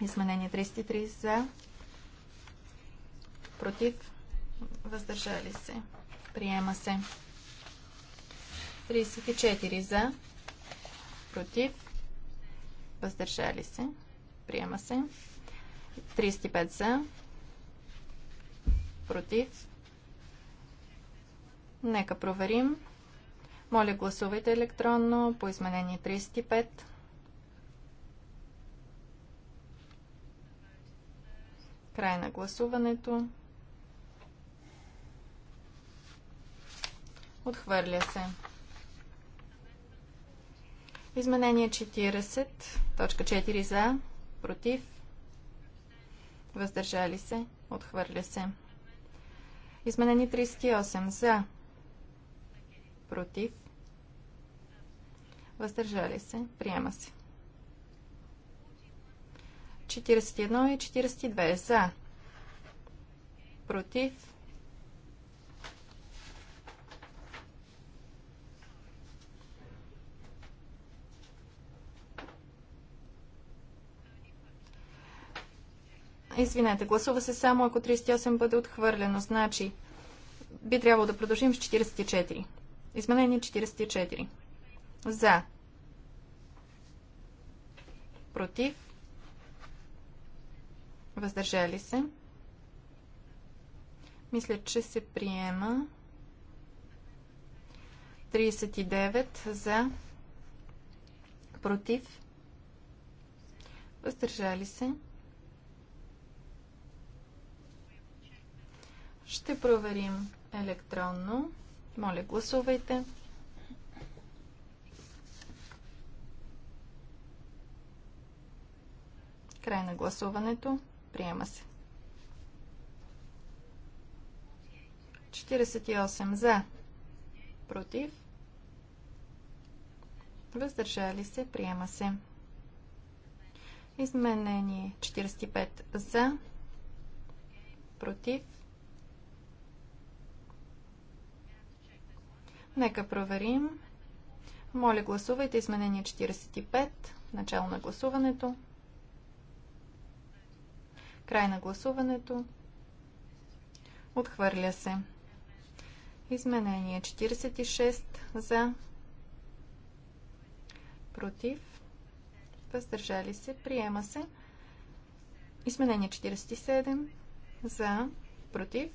Изменение 33 за, против, въздържали се, приема се. 34 за, против, въздържали се, приема се. 35 за, против. Нека проверим. Моля, гласувайте електронно по изменение 35. Край на гласуването. Отхвърля се. Изменение 40, точка 4 за, против, въздържали се, отхвърля се. Изменение 38 за, против, въздържали се, приема се. 41 и 42 за, против, извинете, гласува се само ако 38 бъде отхвърлено. Значи, би трябвало да продължим с 44. Изменение 44. За. Против. Въздържали се. Мисля, че се приема. 39 за. Против. Въздържали се. Ще проверим електронно. Моля, гласувайте. Край на гласуването. Приема се. 48 за. Против. Въздържали се. Приема се. Изменение 45 за. Против. Нека проверим. Моля, гласувайте изменение 45. Начало на гласуването. Край на гласуването. Отхвърля се. Изменение 46 за. Против. Въздържали се. Приема се. Изменение 47 за. Против.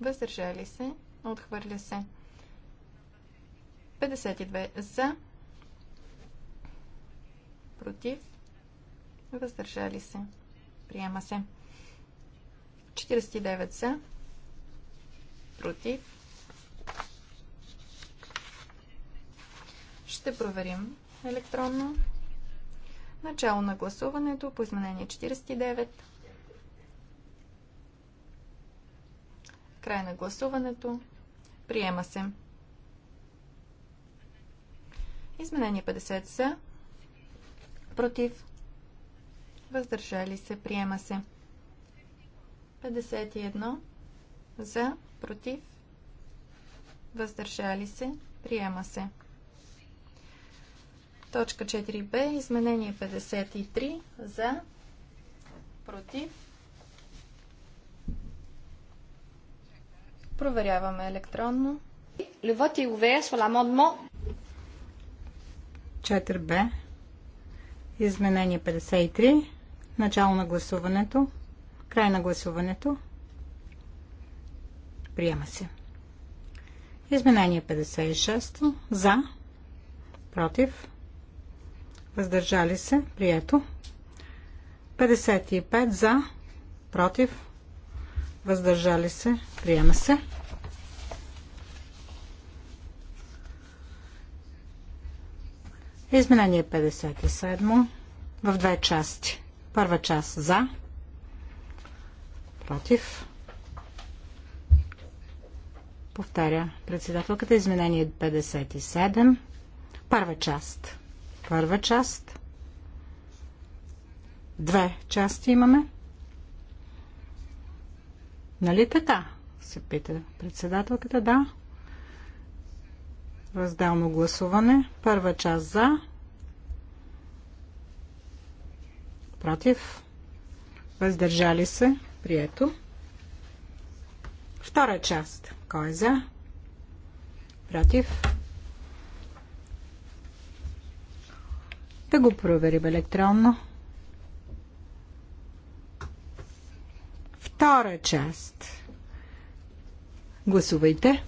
Въздържали се. Отхвърля се. 52 за, против, въздържали се, приема се. 49 за, против. Ще проверим електронно. Начало на гласуването по изменение 49. Край на гласуването. Приема се. Изменение 50 за, против, въздържали се, приема се. 51 за, против, въздържали се, приема се. Точка 4б, изменение 53 за, против. Проверяваме електронно. Le vote est ouvert sur l'amendement 4 b Изменение 53. Начало на гласуването. Край на гласуването. Приема се. Изменение 56. За. Против. Въздържали се. Прието. 55. За. Против. Въздържали се. Приема се. Изменение 57 в две части. Първа част за, против. Повтаря председателката. Изменение 57. Първа част. Първа част. Две части имаме. Нали така? Се пита председателката. Да разделно гласуване. Първа част за, против, въздържали се, прието. Втора част. Кой е за? Против. Да го проверим електронно. Втора част. Гласувайте.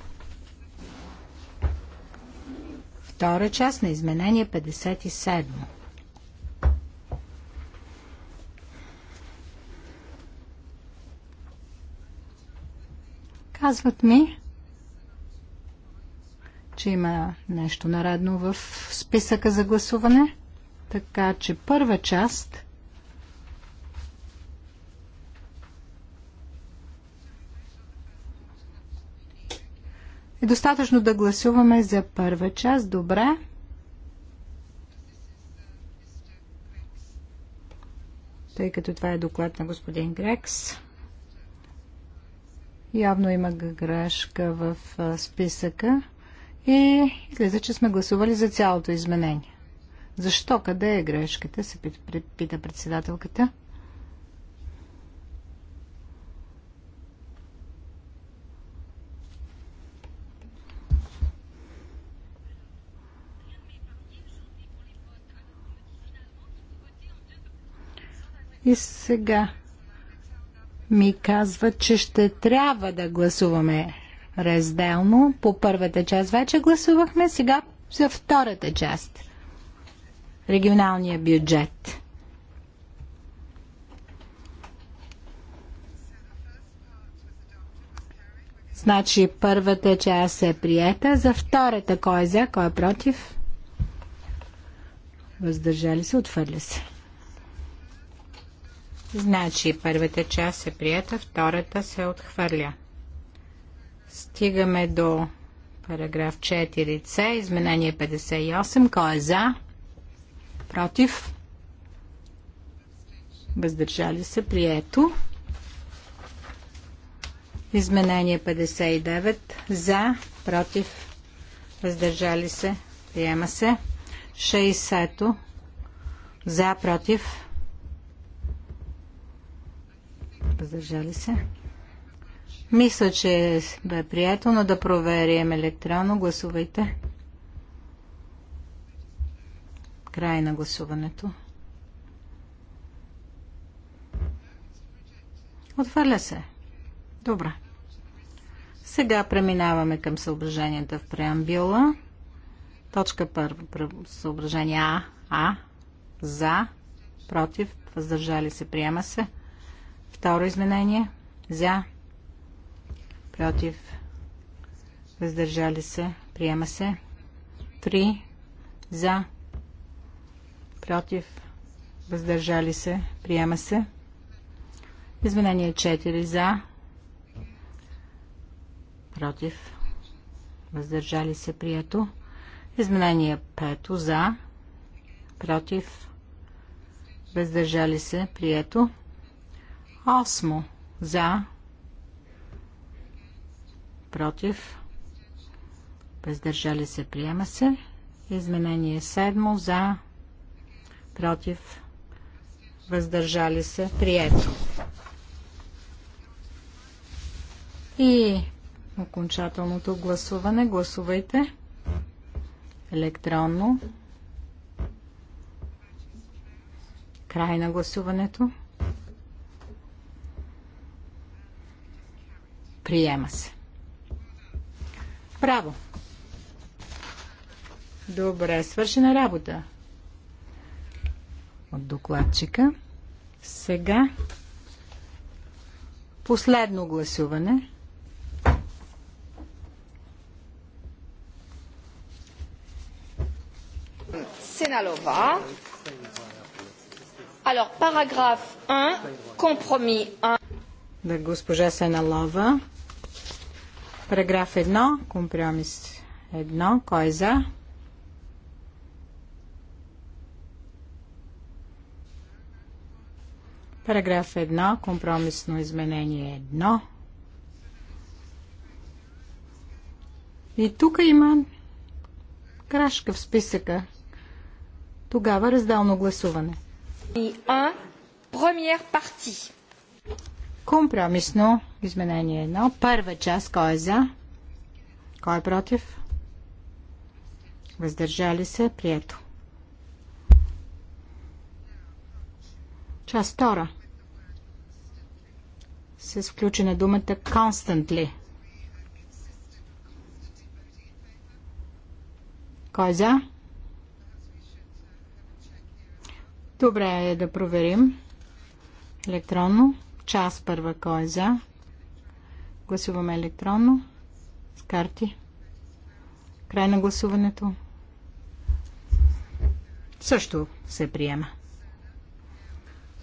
втора част на изменение 57. Казват ми, че има нещо наредно в списъка за гласуване, така че първа част – е достатъчно да гласуваме за първа част. Добре. Тъй като това е доклад на господин Грекс. Явно има грешка в списъка и излиза, че сме гласували за цялото изменение. Защо? Къде е грешката? се пита председателката. И сега ми казва, че ще трябва да гласуваме разделно. По първата част вече гласувахме, сега за втората част. Регионалния бюджет. Значи първата част е приета. За втората кой е за, кой е против? Въздържали се, отвърля се. Значи първата част е прията, втората се отхвърля. Стигаме до параграф 4c, изменение 58. Кой е за? Против? Въздържали се, прието. Изменение 59. За, против, въздържали се, приема се. 60. За, против, въздържали се. Мисля, че бе приятелно но да проверим електронно. Гласувайте. Край на гласуването. Отвърля се. Добре. Сега преминаваме към съображенията в преамбюла. Точка първа. Съображение А. А. За. Против. Въздържали се. Приема се. Второ изменение. За. Против. Въздържали се. Приема се. 3. За. Против. Въздържали се. Приема се. Изменение 4. За. Против. Въздържали се. Прието. Изменение 5. За. Против. Въздържали се. Прието. Осмо. За. Против. Въздържали се. Приема се. Изменение седмо. За. Против. Въздържали се. Прието. И окончателното гласуване. Гласувайте електронно. Край на гласуването. Приема се. Право. Добре, свършена работа от докладчика. Сега последно гласуване. Сеналова. Alors, параграф 1, компромис 1. Да, госпожа Сеналова. Параграф 1, компромис 1, кой е за? Параграф 1, компромисно изменение 1. И тук има крашка в списъка. Тогава разделно гласуване. И 1, премьер партия. Компромисно изменение едно. Първа част. Кой е за? Кой е против? Въздържали се. Прието. Част втора. С включена думата constantly. Кой е за? Добре е да проверим електронно. Час, първа. Кой е за? Гласуваме електронно. С карти. Край на гласуването. Също се приема.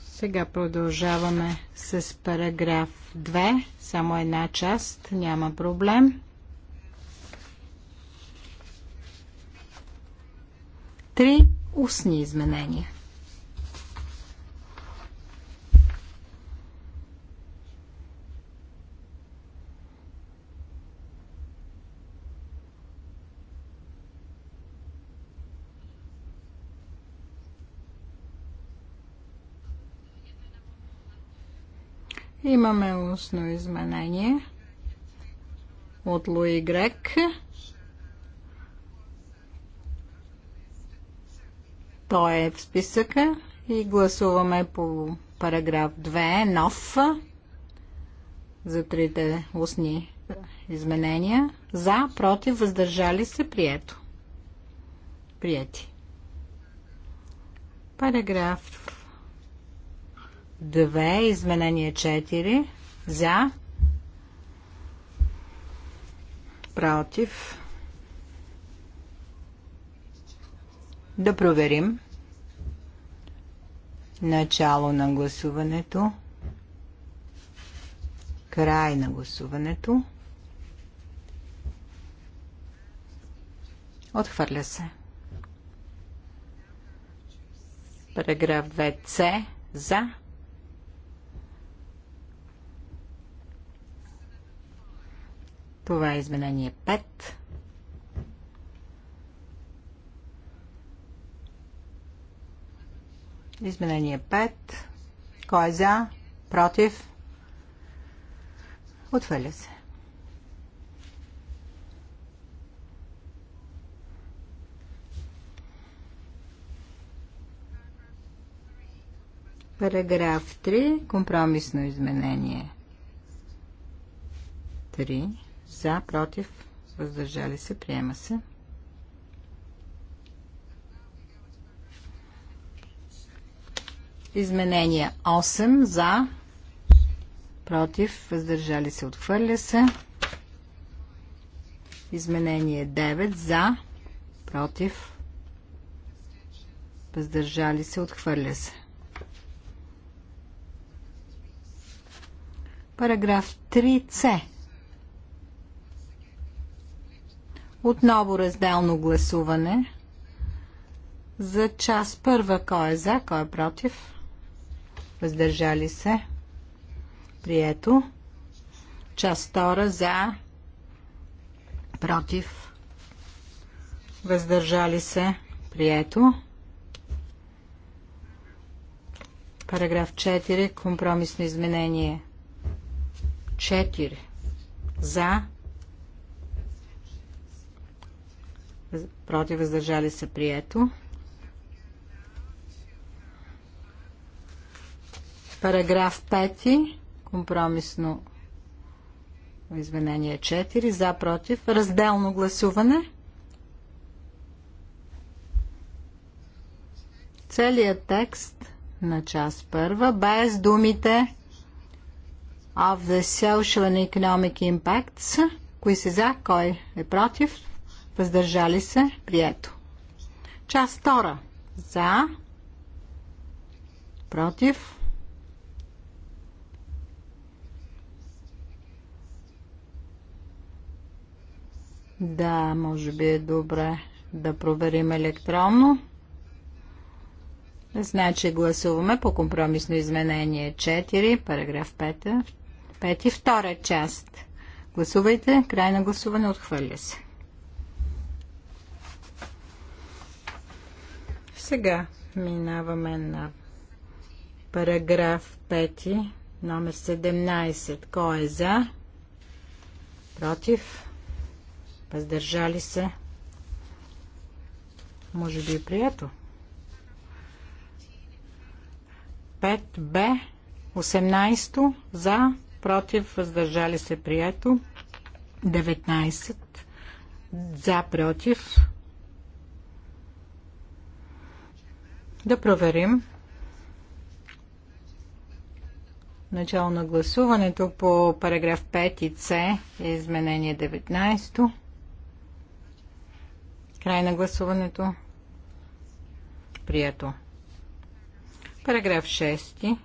Сега продължаваме с параграф 2. Само една част. Няма проблем. Три устни изменения. Имаме устно изменение от Луи Грек. Той е в списъка и гласуваме по параграф 2, нов, за трите устни изменения. За, против, въздържали се, прието. Прияти. Параграф 2, изменение 4, за, против. Да проверим. Начало на гласуването. Край на гласуването. Отхвърля се. Параграф 2c за Това е изменение 5. Изменение 5. Кой е за? Против? Отвърля се. Параграф 3. Компромисно изменение. 3. За, против, въздържали се, приема се. Изменение 8 за, против, въздържали се, отхвърля се. Изменение 9 за, против, въздържали се, отхвърля се. Параграф 3c. Отново разделно гласуване за част първа. Кой е за, кой е против? Въздържали се. Прието. Част втора за, против. Въздържали се. Прието. Параграф 4. Компромисно изменение. 4. За. против, въздържали се, прието. Параграф 5, компромисно изменение 4, за, против, разделно гласуване. Целият текст на част първа, без думите of the social and economic impacts. Кои са за, кой е против? въздържали се, прието. Част втора. За, против, Да, може би е добре да проверим електронно. Значи гласуваме по компромисно изменение 4, параграф 5, 5 и втора част. Гласувайте, край на гласуване, отхвърля се. Сега минаваме на параграф 5, номер 17. Кой е за? Против? Въздържали се? Може би е прието. 5Б, 18 за, против, въздържали се, прието. 19 за, против, Да проверим. Начало на гласуването по параграф 5 и С е изменение 19. Край на гласуването. Прието. Параграф 6.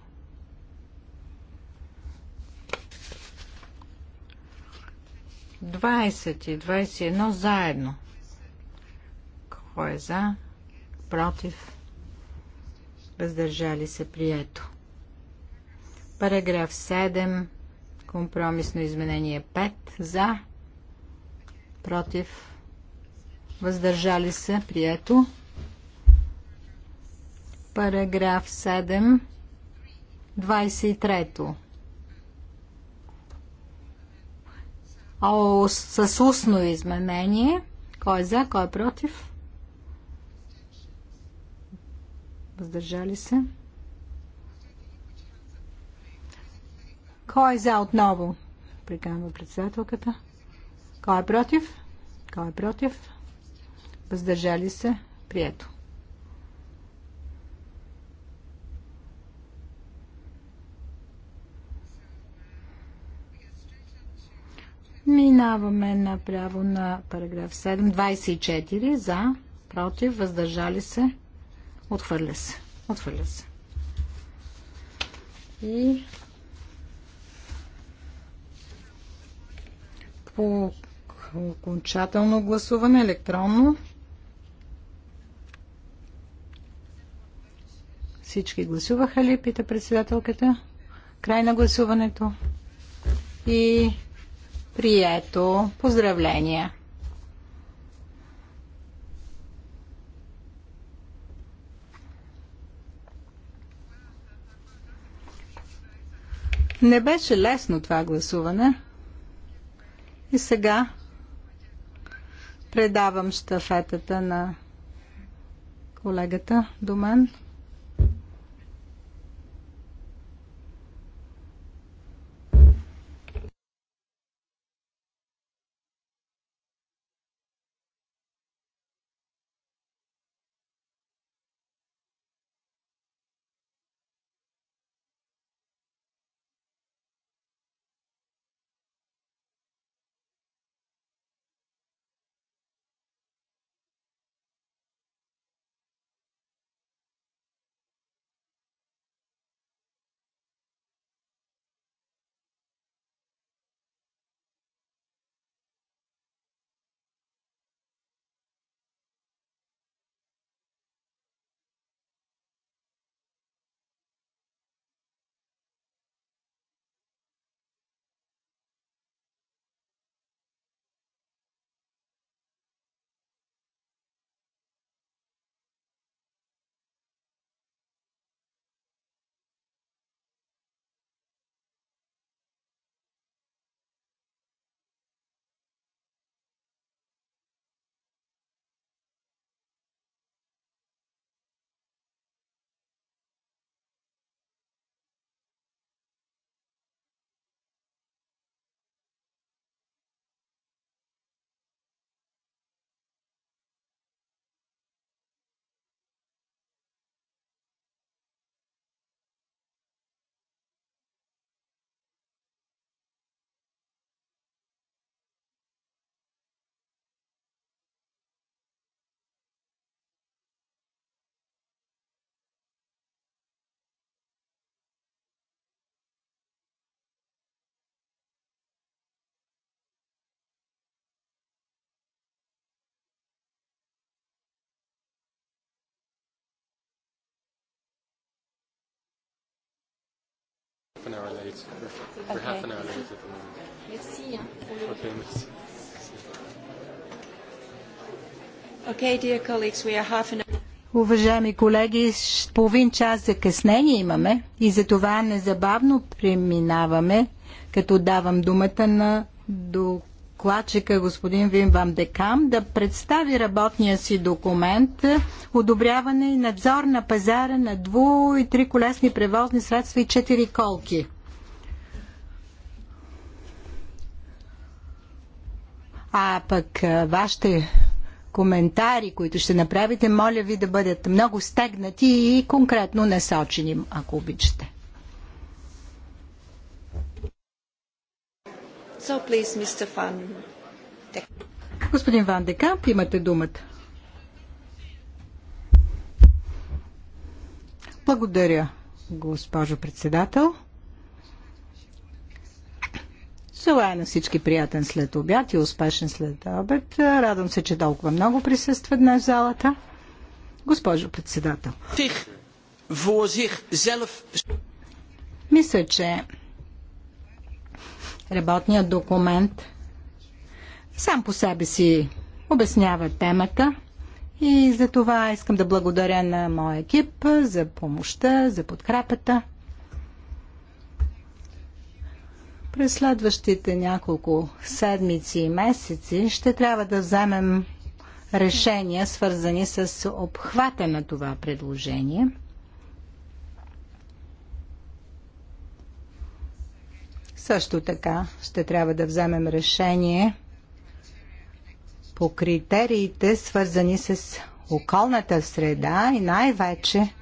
20 и 21 заедно. Кой е за? Против? въздържали се, прието. Параграф 7, компромисно изменение 5, за, против, въздържали се, прието. Параграф 7, 23. О, с устно изменение. Кой е за, кой е против? Въздържали се. Кой е за отново? Приканва председателката. Кой е против? Кой е против? Въздържали се. Прието. Минаваме направо на параграф 7. 24 за, против, въздържали се. Отхвърля се. Отхвърля се. И по окончателно гласуване електронно. Всички гласуваха ли, пита председателката. Край на гласуването. И прието. Поздравления! Не беше лесно това гласуване. И сега предавам штафетата на колегата до мен. half an hour late. We're, okay. half an hour late at the moment. Merci. Hein, Okay, merci. Okay, dear colleagues, we are half an hour. Уважаеми колеги, половин час закъснение имаме и за това незабавно преминаваме, като давам думата на докладчика докладчика господин Вим Ван Декам да представи работния си документ одобряване и надзор на пазара на дву- и три колесни превозни средства и четири колки. А пък вашите коментари, които ще направите, моля ви да бъдат много стегнати и конкретно насочени, ако обичате. So please, Mr. Van. Господин Ван Декамп, имате думата. Благодаря, госпожо председател. Желая на всички приятен след обяд и успешен след обед. Радвам се, че толкова много присъства днес в залата. Госпожо председател. Мисля, че работният документ сам по себе си обяснява темата и за това искам да благодаря на моя екип за помощта, за подкрепата. През следващите няколко седмици и месеци ще трябва да вземем решения, свързани с обхвата на това предложение – Също така ще трябва да вземем решение по критериите, свързани с околната среда и най-вече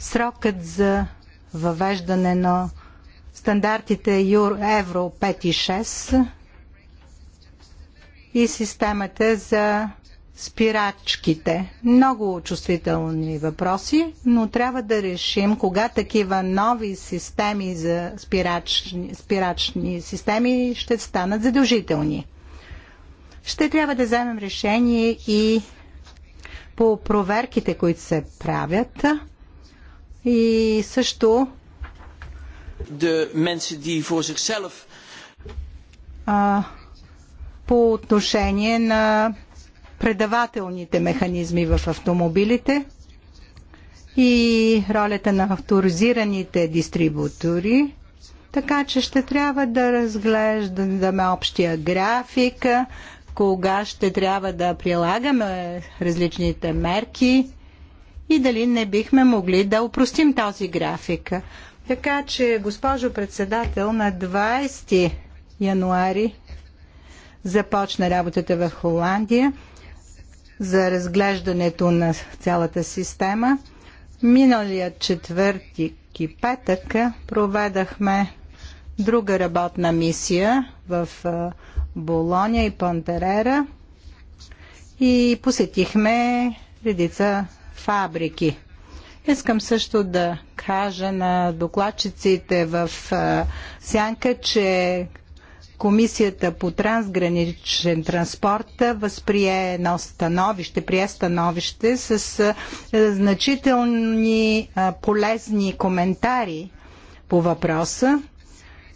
срокът за въвеждане на стандартите Евро 5 и 6 и системата за спирачките. Много чувствителни въпроси, но трябва да решим кога такива нови системи за спирачни, спирачни системи ще станат задължителни. Ще трябва да вземем решение и по проверките, които се правят и също de mensen die voor zichzelf по отношение на предавателните механизми в автомобилите и ролята на авторизираните дистрибутори. Така че ще трябва да разглеждаме общия график, кога ще трябва да прилагаме различните мерки и дали не бихме могли да упростим този график. Така че, госпожо председател, на 20 януари започна работата в Холандия за разглеждането на цялата система. миналия четвърти и петък проведахме друга работна мисия в Болония и Пантерера и посетихме редица фабрики. Искам също да кажа на докладчиците в Сянка, че Комисията по трансграничен транспорт възприе едно становище, прие становище с значителни полезни коментари по въпроса,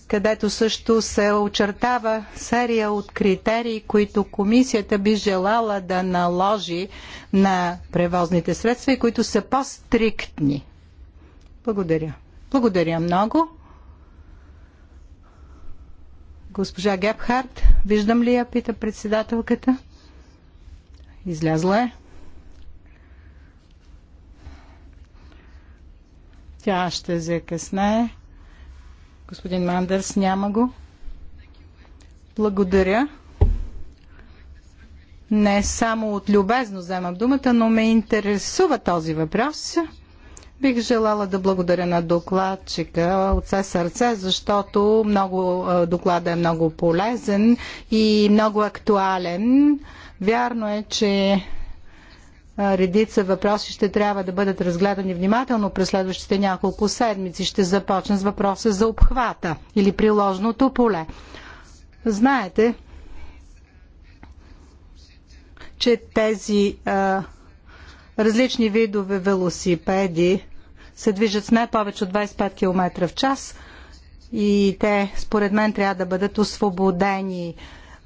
където също се очертава серия от критерии, които комисията би желала да наложи на превозните средства и които са по-стриктни. Благодаря. Благодаря много. Госпожа Гепхард, виждам ли я, пита председателката. Излязла е. Тя ще закъснее. Господин Мандърс няма го. Благодаря. Не само от любезно вземам думата, но ме интересува този въпрос. Бих желала да благодаря на докладчика от все сърце, защото много, доклада е много полезен и много актуален. Вярно е, че редица въпроси ще трябва да бъдат разгледани внимателно през следващите няколко седмици. Ще започна с въпроса за обхвата или приложното поле. Знаете, че тези а, различни видове велосипеди се движат с не повече от 25 км в час и те според мен трябва да бъдат освободени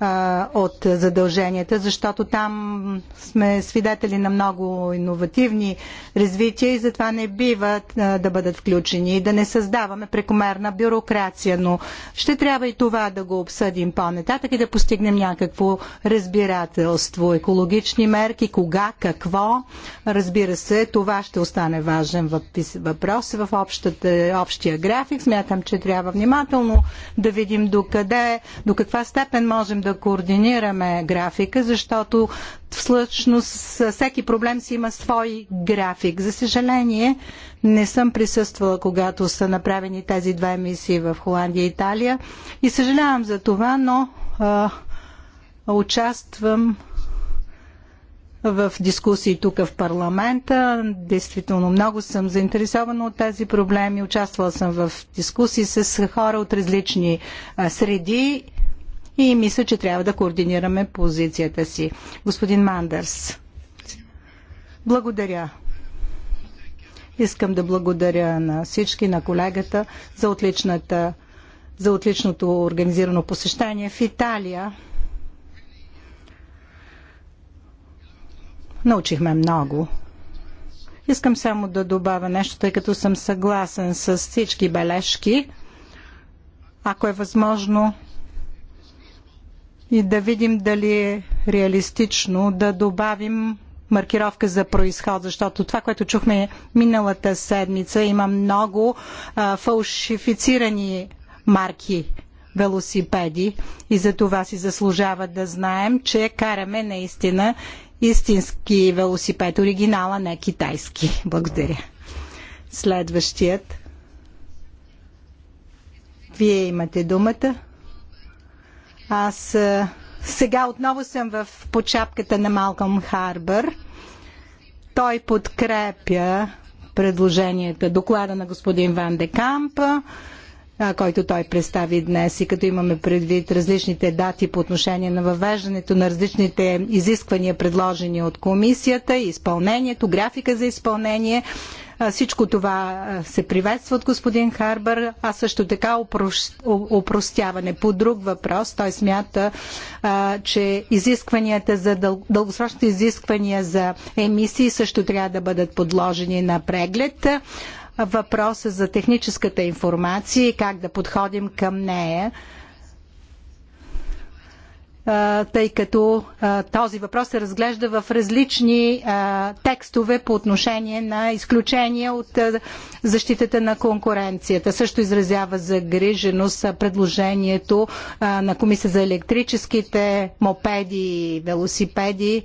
а, от задълженията, защото там сме свидетели на много иновативни развития и затова не биват а, да бъдат включени и да не създаваме прекомерна бюрокрация, но ще трябва и това да го обсъдим по-нататък и да постигнем някакво разбирателство. Екологични мерки, кога, какво, разбира се, това ще остане важен въпрос в общата, общия график. Смятам, че трябва внимателно да видим до къде, до каква степен можем да координираме графика, защото всъщност всеки проблем си има свой график. За съжаление, не съм присъствала, когато са направени тези две мисии в Холандия и Италия и съжалявам за това, но а, участвам в дискусии тук в парламента. Действително много съм заинтересована от тези проблеми. Участвала съм в дискусии с хора от различни среди и мисля, че трябва да координираме позицията си. Господин Мандърс. Благодаря. Искам да благодаря на всички, на колегата за, отличната, за отличното организирано посещание в Италия. Научихме много. Искам само да добавя нещо, тъй като съм съгласен с всички бележки. Ако е възможно, и да видим дали е реалистично да добавим маркировка за происход, защото това, което чухме миналата седмица, има много а, фалшифицирани марки велосипеди и за това си заслужава да знаем, че караме наистина истински велосипед, оригинала, не китайски. Благодаря. Следващият. Вие имате думата. Аз е, сега отново съм в почапката на Малком Харбър. Той подкрепя предложенията, доклада на господин Ван де Камп, е, който той представи днес и като имаме предвид различните дати по отношение на въвеждането на различните изисквания, предложени от комисията, изпълнението, графика за изпълнение, всичко това се приветства от господин Харбър, а също така упростяване. По друг въпрос, той смята, че изискванията за дългосрочните изисквания за емисии също трябва да бъдат подложени на преглед Въпросът за техническата информация и как да подходим към нея тъй като този въпрос се разглежда в различни текстове по отношение на изключения от защитата на конкуренцията. Също изразява загриженост предложението на Комисия за електрическите мопеди и велосипеди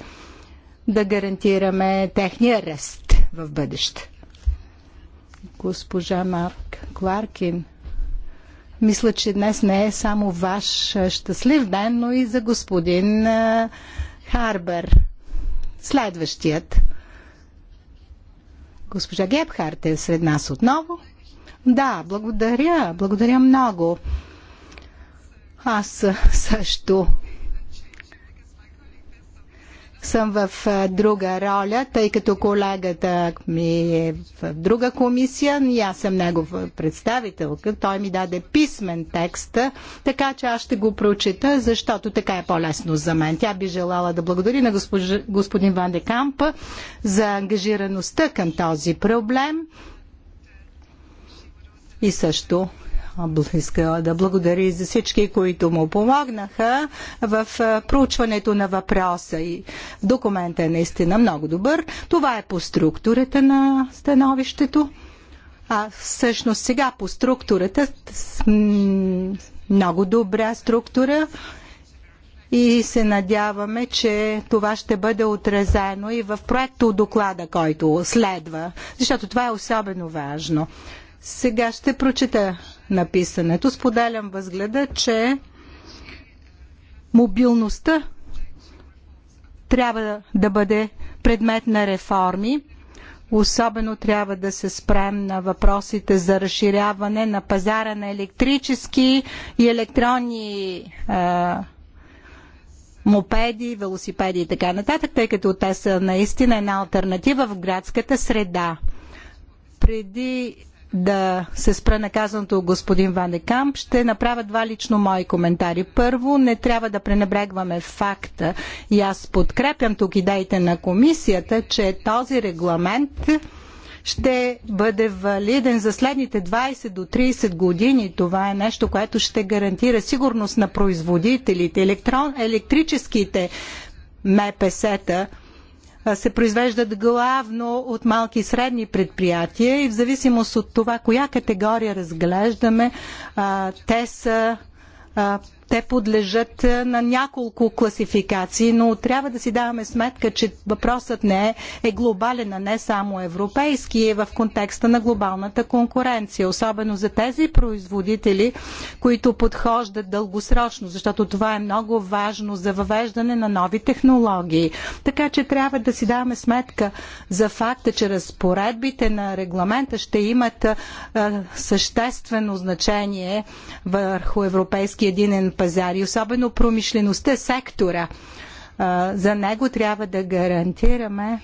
да гарантираме техния арест в бъдеще. Госпожа Марк Кларкин мисля, че днес не е само ваш щастлив ден, но и за господин Харбер. Следващият. Госпожа Гебхарт е сред нас отново. Да, благодаря. Благодаря много. Аз също съм в друга роля, тъй като колегата ми е в друга комисия, и аз съм негов представителка. Той ми даде писмен текст, така че аз ще го прочета, защото така е по-лесно за мен. Тя би желала да благодари на господин Ван Декамп за ангажираността към този проблем и също искала да и за всички, които му помогнаха в проучването на въпроса. И документът е наистина много добър. Това е по структурата на становището. А всъщност сега по структурата много добра структура и се надяваме, че това ще бъде отразено и в проекто доклада, който следва, защото това е особено важно. Сега ще прочета на писането. Споделям възгледа, че мобилността трябва да бъде предмет на реформи. Особено трябва да се спрем на въпросите за разширяване на пазара на електрически и електронни е, мопеди, велосипеди и така нататък, тъй като те са наистина една альтернатива в градската среда. Преди да се спра на казаното господин Ван Камп, ще направя два лично мои коментари. Първо, не трябва да пренебрегваме факта и аз подкрепям тук идеите на комисията, че този регламент ще бъде валиден за следните 20 до 30 години. Това е нещо, което ще гарантира сигурност на производителите, електрон, електрическите МПС-та, се произвеждат главно от малки и средни предприятия и в зависимост от това коя категория разглеждаме, те са те подлежат е, на няколко класификации, но трябва да си даваме сметка, че въпросът не е, е глобален, а не само европейски, е в контекста на глобалната конкуренция, особено за тези производители, които подхождат дългосрочно, защото това е много важно за въвеждане на нови технологии. Така че трябва да си даваме сметка за факта, че разпоредбите на регламента ще имат е, съществено значение върху европейски единен пазари, особено промишлеността, сектора. За него трябва да гарантираме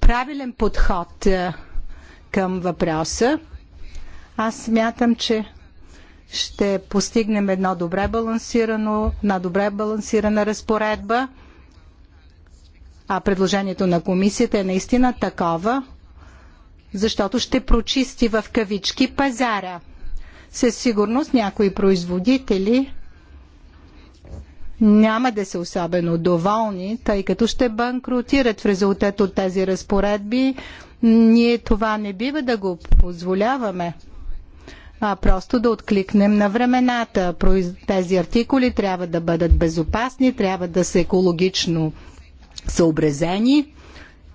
правилен подход към въпроса. Аз смятам, че ще постигнем едно добре балансирано, една добре балансирана разпоредба. А предложението на комисията е наистина такова, защото ще прочисти в кавички пазара. Със сигурност някои производители няма да са особено доволни, тъй като ще банкротират в резултат от тези разпоредби. Ние това не бива да го позволяваме, а просто да откликнем на времената. Тези артикули трябва да бъдат безопасни, трябва да са екологично съобразени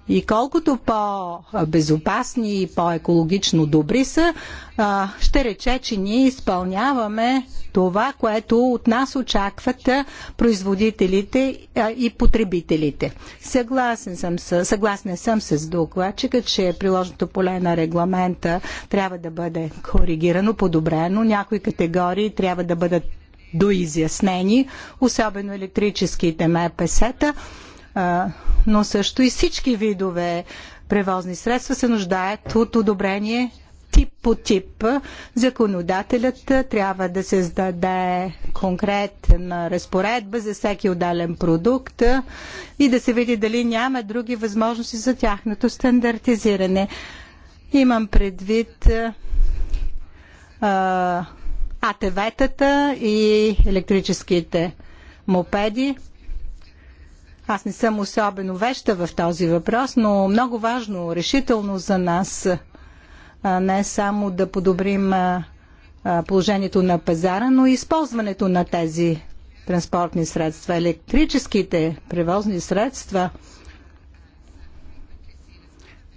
и колкото по-безопасни и по-екологично добри са, ще рече, че ние изпълняваме това, което от нас очакват производителите и потребителите. Съгласен съм с, съгласен съм с докладчика, че приложното поле на регламента трябва да бъде коригирано, подобрено. Някои категории трябва да бъдат доизяснени, особено електрическите МПС-та но също и всички видове превозни средства се нуждаят от одобрение тип по тип. Законодателят трябва да се зададе конкретна разпоредба за всеки отделен продукт и да се види дали няма други възможности за тяхното стандартизиране. Имам предвид АТВ-тата и електрическите мопеди. Аз не съм особено веща в този въпрос, но много важно, решително за нас не само да подобрим положението на пазара, но и използването на тези транспортни средства. Електрическите превозни средства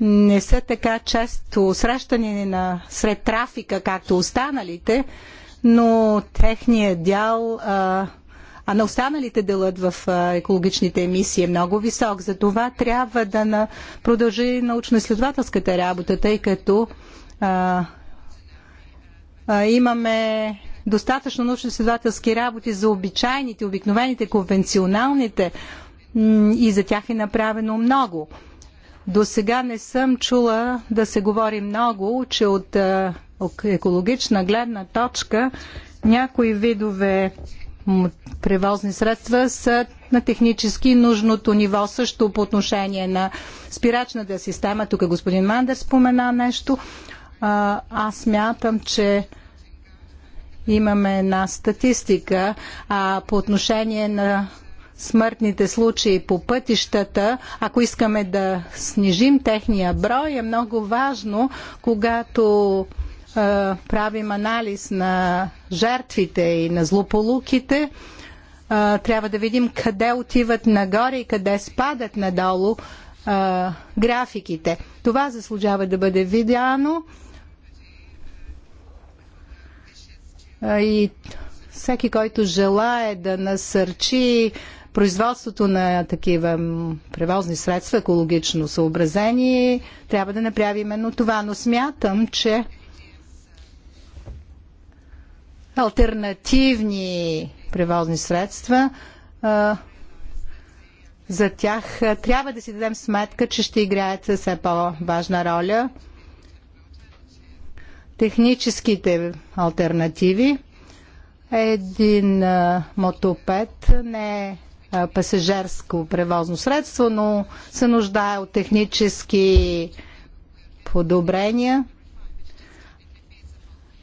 не са така често срещани на, сред трафика, както останалите, но техният дял а, а на останалите делът в екологичните емисии е много висок. За това трябва да на... продължи научно-изследователската работа, тъй като а, а, имаме достатъчно научно-изследователски работи за обичайните, обикновените, конвенционалните и за тях е направено много. До сега не съм чула да се говори много, че от екологична гледна точка някои видове превозни средства са на технически нужното ниво също по отношение на спирачната система. Тук господин Мандер спомена нещо. Аз мятам, че имаме една статистика а, по отношение на смъртните случаи по пътищата, ако искаме да снижим техния брой, е много важно, когато правим анализ на жертвите и на злополуките, трябва да видим къде отиват нагоре и къде спадат надолу графиките. Това заслужава да бъде видяно. И всеки, който желае да насърчи производството на такива превозни средства, екологично съобразени, трябва да направи именно това. Но смятам, че альтернативни превозни средства, за тях трябва да си дадем сметка, че ще играят все по-важна роля техническите альтернативи. Един мотопед не е пасажерско превозно средство, но се нуждае от технически подобрения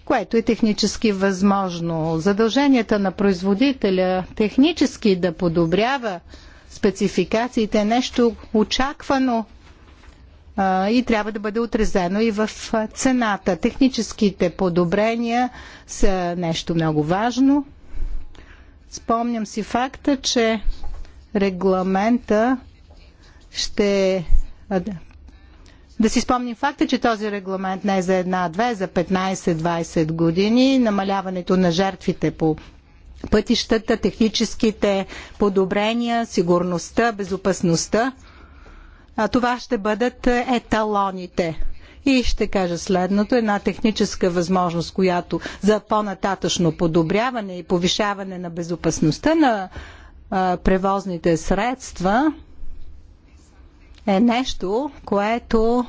което е технически възможно. Задълженията на производителя технически да подобрява спецификациите е нещо очаквано а, и трябва да бъде отрезено и в цената. Техническите подобрения са нещо много важно. Спомням си факта, че регламента ще да си спомним факта, че този регламент не е за една-две, за 15-20 години. Намаляването на жертвите по пътищата, техническите подобрения, сигурността, безопасността. А това ще бъдат еталоните. И ще кажа следното. Една техническа възможност, която за по-нататъчно подобряване и повишаване на безопасността на а, превозните средства е нещо, което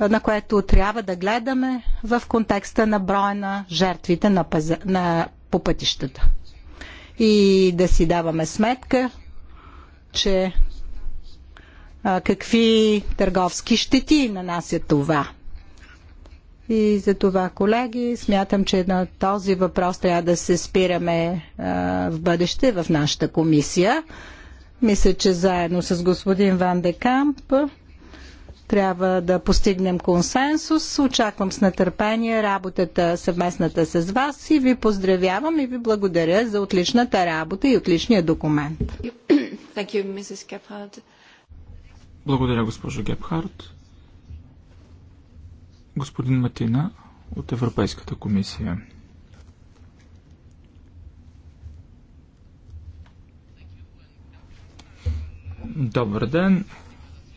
на което трябва да гледаме в контекста на броя на жертвите на, паза, на, по пътищата. И да си даваме сметка, че а, какви търговски щети нанася това. И за това, колеги, смятам, че на този въпрос трябва да се спираме а, в бъдеще в нашата комисия. Мисля, че заедно с господин Ван де Камп трябва да постигнем консенсус. Очаквам с нетърпение работата съвместната с вас и ви поздравявам и ви благодаря за отличната работа и отличния документ. Благодаря, госпожо Гепхард. Господин Матина от Европейската комисия. Добър ден.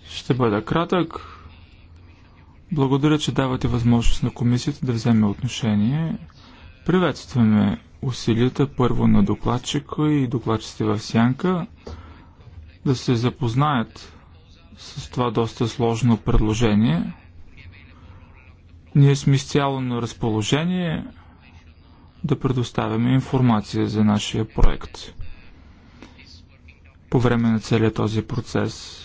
Ще бъда кратък. Благодаря, че давате възможност на комисията да вземе отношение. Приветстваме усилията първо на докладчика и докладчите в сянка да се запознаят с това доста сложно предложение. Ние сме изцяло на разположение да предоставяме информация за нашия проект по време на целия този процес.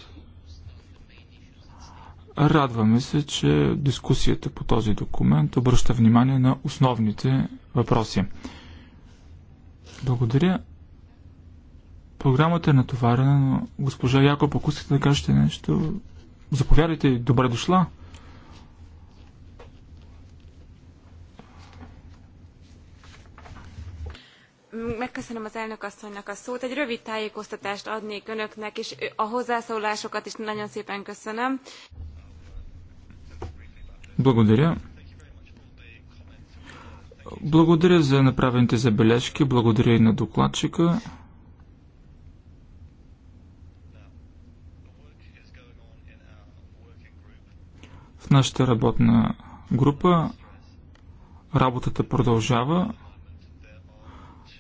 Радваме се, че дискусията по този документ обръща внимание на основните въпроси. Благодаря. Програмата е натоварена, но госпожа Якоб, ако искате да кажете нещо, заповядайте, добре дошла. Megköszönöm az elnök asszonynak a szót. Egy rövid tájékoztatást adnék önöknek, és a hozzászólásokat is nagyon szépen köszönöm. Благодаря. Благодаря за направените забележки, благодаря и на докладчика. В нашата работна група работата продължава.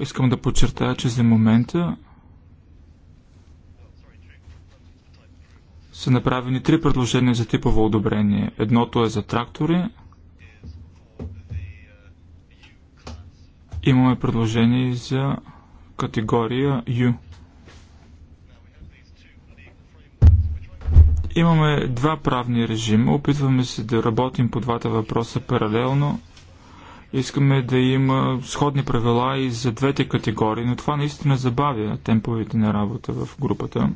Искам да подчертая, че за момента са направени три предложения за типово одобрение. Едното е за трактори. Имаме предложение за категория U. Имаме два правни режима. Опитваме се да работим по двата въпроса паралелно. Искаме да има сходни правила и за двете категории, но това наистина забавя темповете на работа в групата.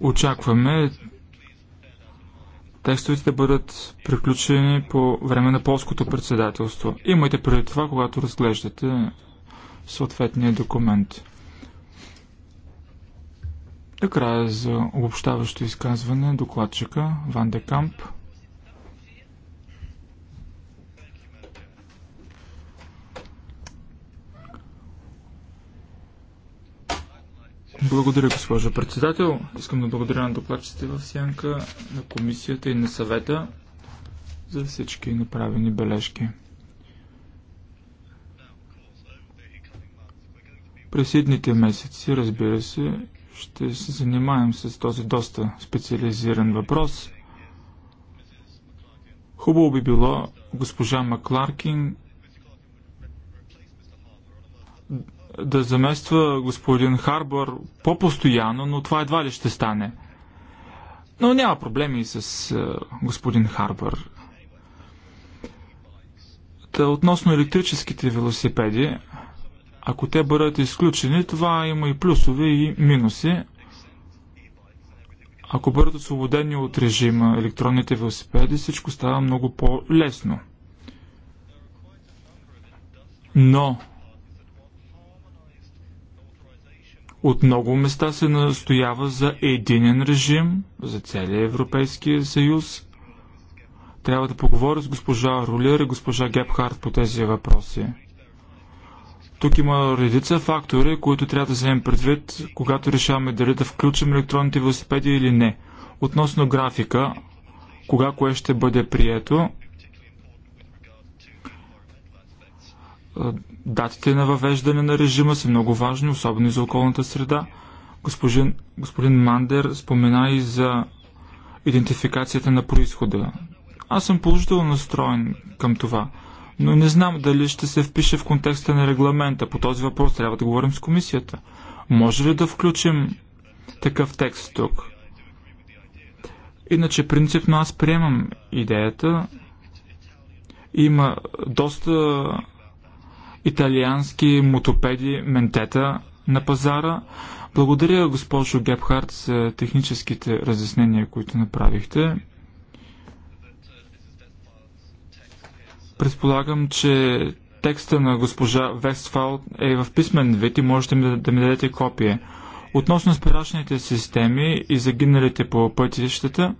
Очакваме текстовете да бъдат приключени по време на полското председателство. Имайте преди това, когато разглеждате съответния документ. Накрая за обобщаващо изказване докладчика Ван де Камп. Благодаря, госпожо председател. Искам да благодаря на докладчите в Сянка, на комисията и на съвета за всички направени бележки. През едните месеци, разбира се, ще се занимаем с този доста специализиран въпрос. Хубаво би било госпожа Макларкин да замества господин Харбър по-постоянно, но това едва ли ще стане. Но няма проблеми с е, господин Харбър. Та, относно електрическите велосипеди, ако те бъдат изключени, това има и плюсове и минуси. Ако бъдат освободени от режима електронните велосипеди, всичко става много по-лесно. Но от много места се настоява за единен режим за целия Европейския съюз. Трябва да поговоря с госпожа Рулер и госпожа Гепхарт по тези въпроси. Тук има редица фактори, които трябва да вземем предвид, когато решаваме дали да включим електронните велосипеди или не. Относно графика, кога кое ще бъде прието, датите на въвеждане на режима са много важни, особено и за околната среда. Госпожин, господин Мандер спомена и за идентификацията на происхода. Аз съм положително настроен към това но не знам дали ще се впише в контекста на регламента. По този въпрос трябва да говорим с комисията. Може ли да включим такъв текст тук? Иначе принципно аз приемам идеята. Има доста италиански мотопеди, ментета на пазара. Благодаря, госпожо Гепхарт, за техническите разяснения, които направихте. Предполагам, че текста на госпожа Вестфал е в писмен вид и можете да, ми дадете копие. Относно спирачните системи и загиналите по пътищата,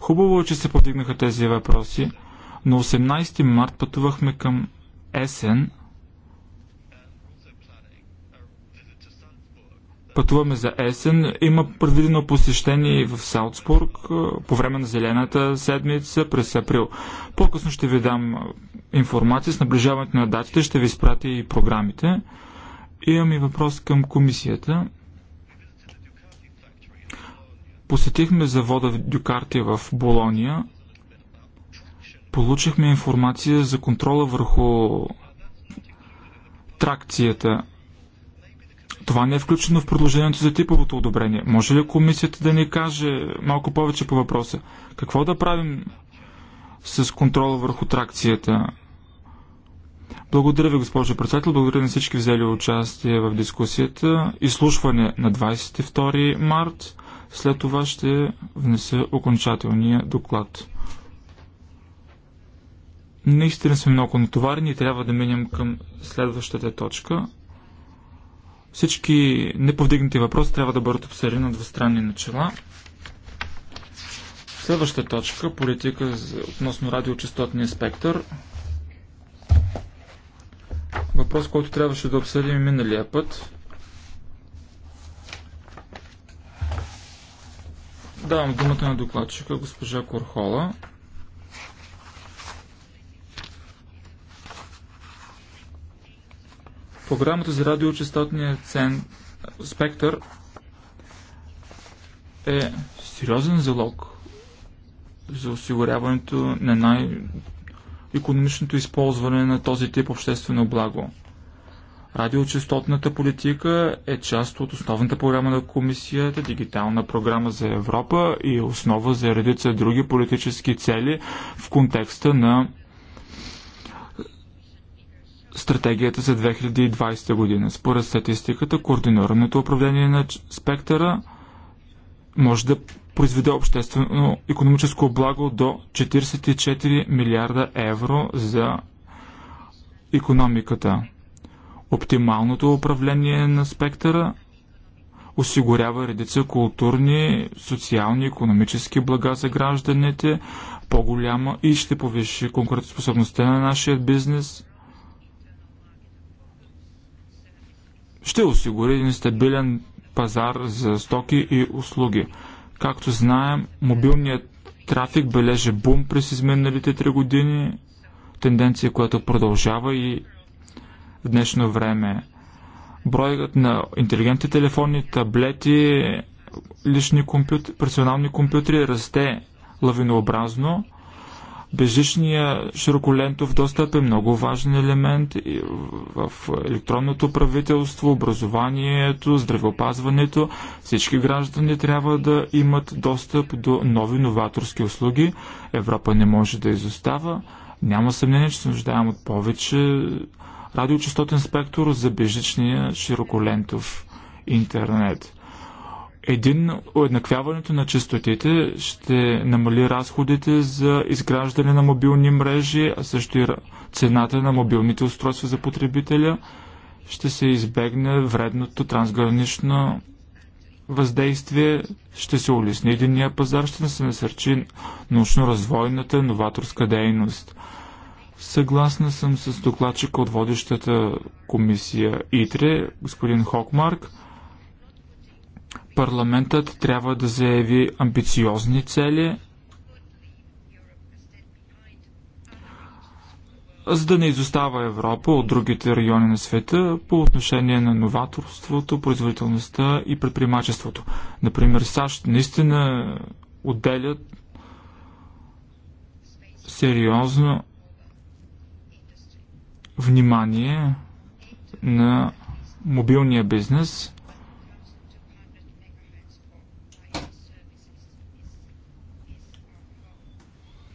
хубаво е, че се повдигнаха тези въпроси. но 18 март пътувахме към Есен пътуваме за есен. Има предвидено посещение в Салцбург по време на зелената седмица през април. По-късно ще ви дам информация с наближаването на датите, ще ви изпратя и програмите. Имам и въпрос към комисията. Посетихме завода в Дюкарти в Болония. Получихме информация за контрола върху тракцията това не е включено в продължението за типовото одобрение. Може ли комисията да ни каже малко повече по въпроса? Какво да правим с контрола върху тракцията? Благодаря ви, госпожо председател. Благодаря на всички взели участие в дискусията. Изслушване на 22 март. След това ще внеса окончателния доклад. Наистина сме много натоварени и трябва да минем към следващата точка. Всички неповдигнати въпроси трябва да бъдат обсъдени на двустранни начала. Следваща точка – политика относно радиочастотния спектър. Въпрос, който трябваше да обсъдим миналия път. Давам думата на докладчика госпожа Корхола. Програмата за радиочастотния цен, спектър е сериозен залог за осигуряването на най-економичното използване на този тип обществено благо. Радиочастотната политика е част от основната програма на комисията, дигитална програма за Европа и основа за редица други политически цели в контекста на стратегията за 2020 година. Според статистиката, координираното управление на спектъра може да произведе обществено економическо благо до 44 милиарда евро за економиката. Оптималното управление на спектъра осигурява редица културни, социални, економически блага за гражданите, по-голяма и ще повиши конкурентоспособността на нашия бизнес, ще осигури един стабилен пазар за стоки и услуги. Както знаем, мобилният трафик бележи бум през изминалите 3 години, тенденция, която продължава и в днешно време. Броят на интелигентни телефони, таблети, лични компютри, персонални компютри расте лавинообразно – Безжичният широколентов достъп е много важен елемент в електронното правителство, образованието, здравеопазването. Всички граждани трябва да имат достъп до нови новаторски услуги. Европа не може да изостава. Няма съмнение, че се нуждаем от повече радиочастотен спектър за безжичния широколентов интернет. Един, уеднаквяването на частотите ще намали разходите за изграждане на мобилни мрежи, а също и цената на мобилните устройства за потребителя. Ще се избегне вредното трансгранично въздействие, ще се улесни единния пазар, ще се насърчи научно-развойната новаторска дейност. Съгласна съм с докладчика от водещата комисия ИТРЕ, господин Хокмарк – Парламентът трябва да заяви амбициозни цели, за да не изостава Европа от другите райони на света по отношение на новаторството, производителността и предприемачеството. Например, САЩ наистина отделят сериозно внимание на мобилния бизнес.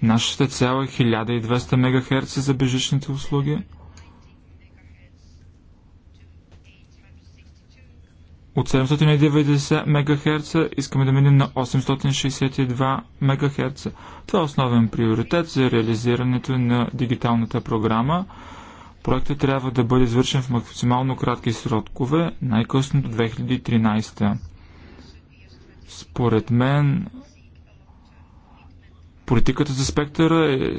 Нашата цел е 1200 МГц за бежичните услуги. От 790 МГц искаме да минем на 862 МГц. Това е основен приоритет за реализирането на дигиталната програма. Проектът трябва да бъде извършен в максимално кратки срокове, най-късно до 2013. Според мен Политиката за спектъра е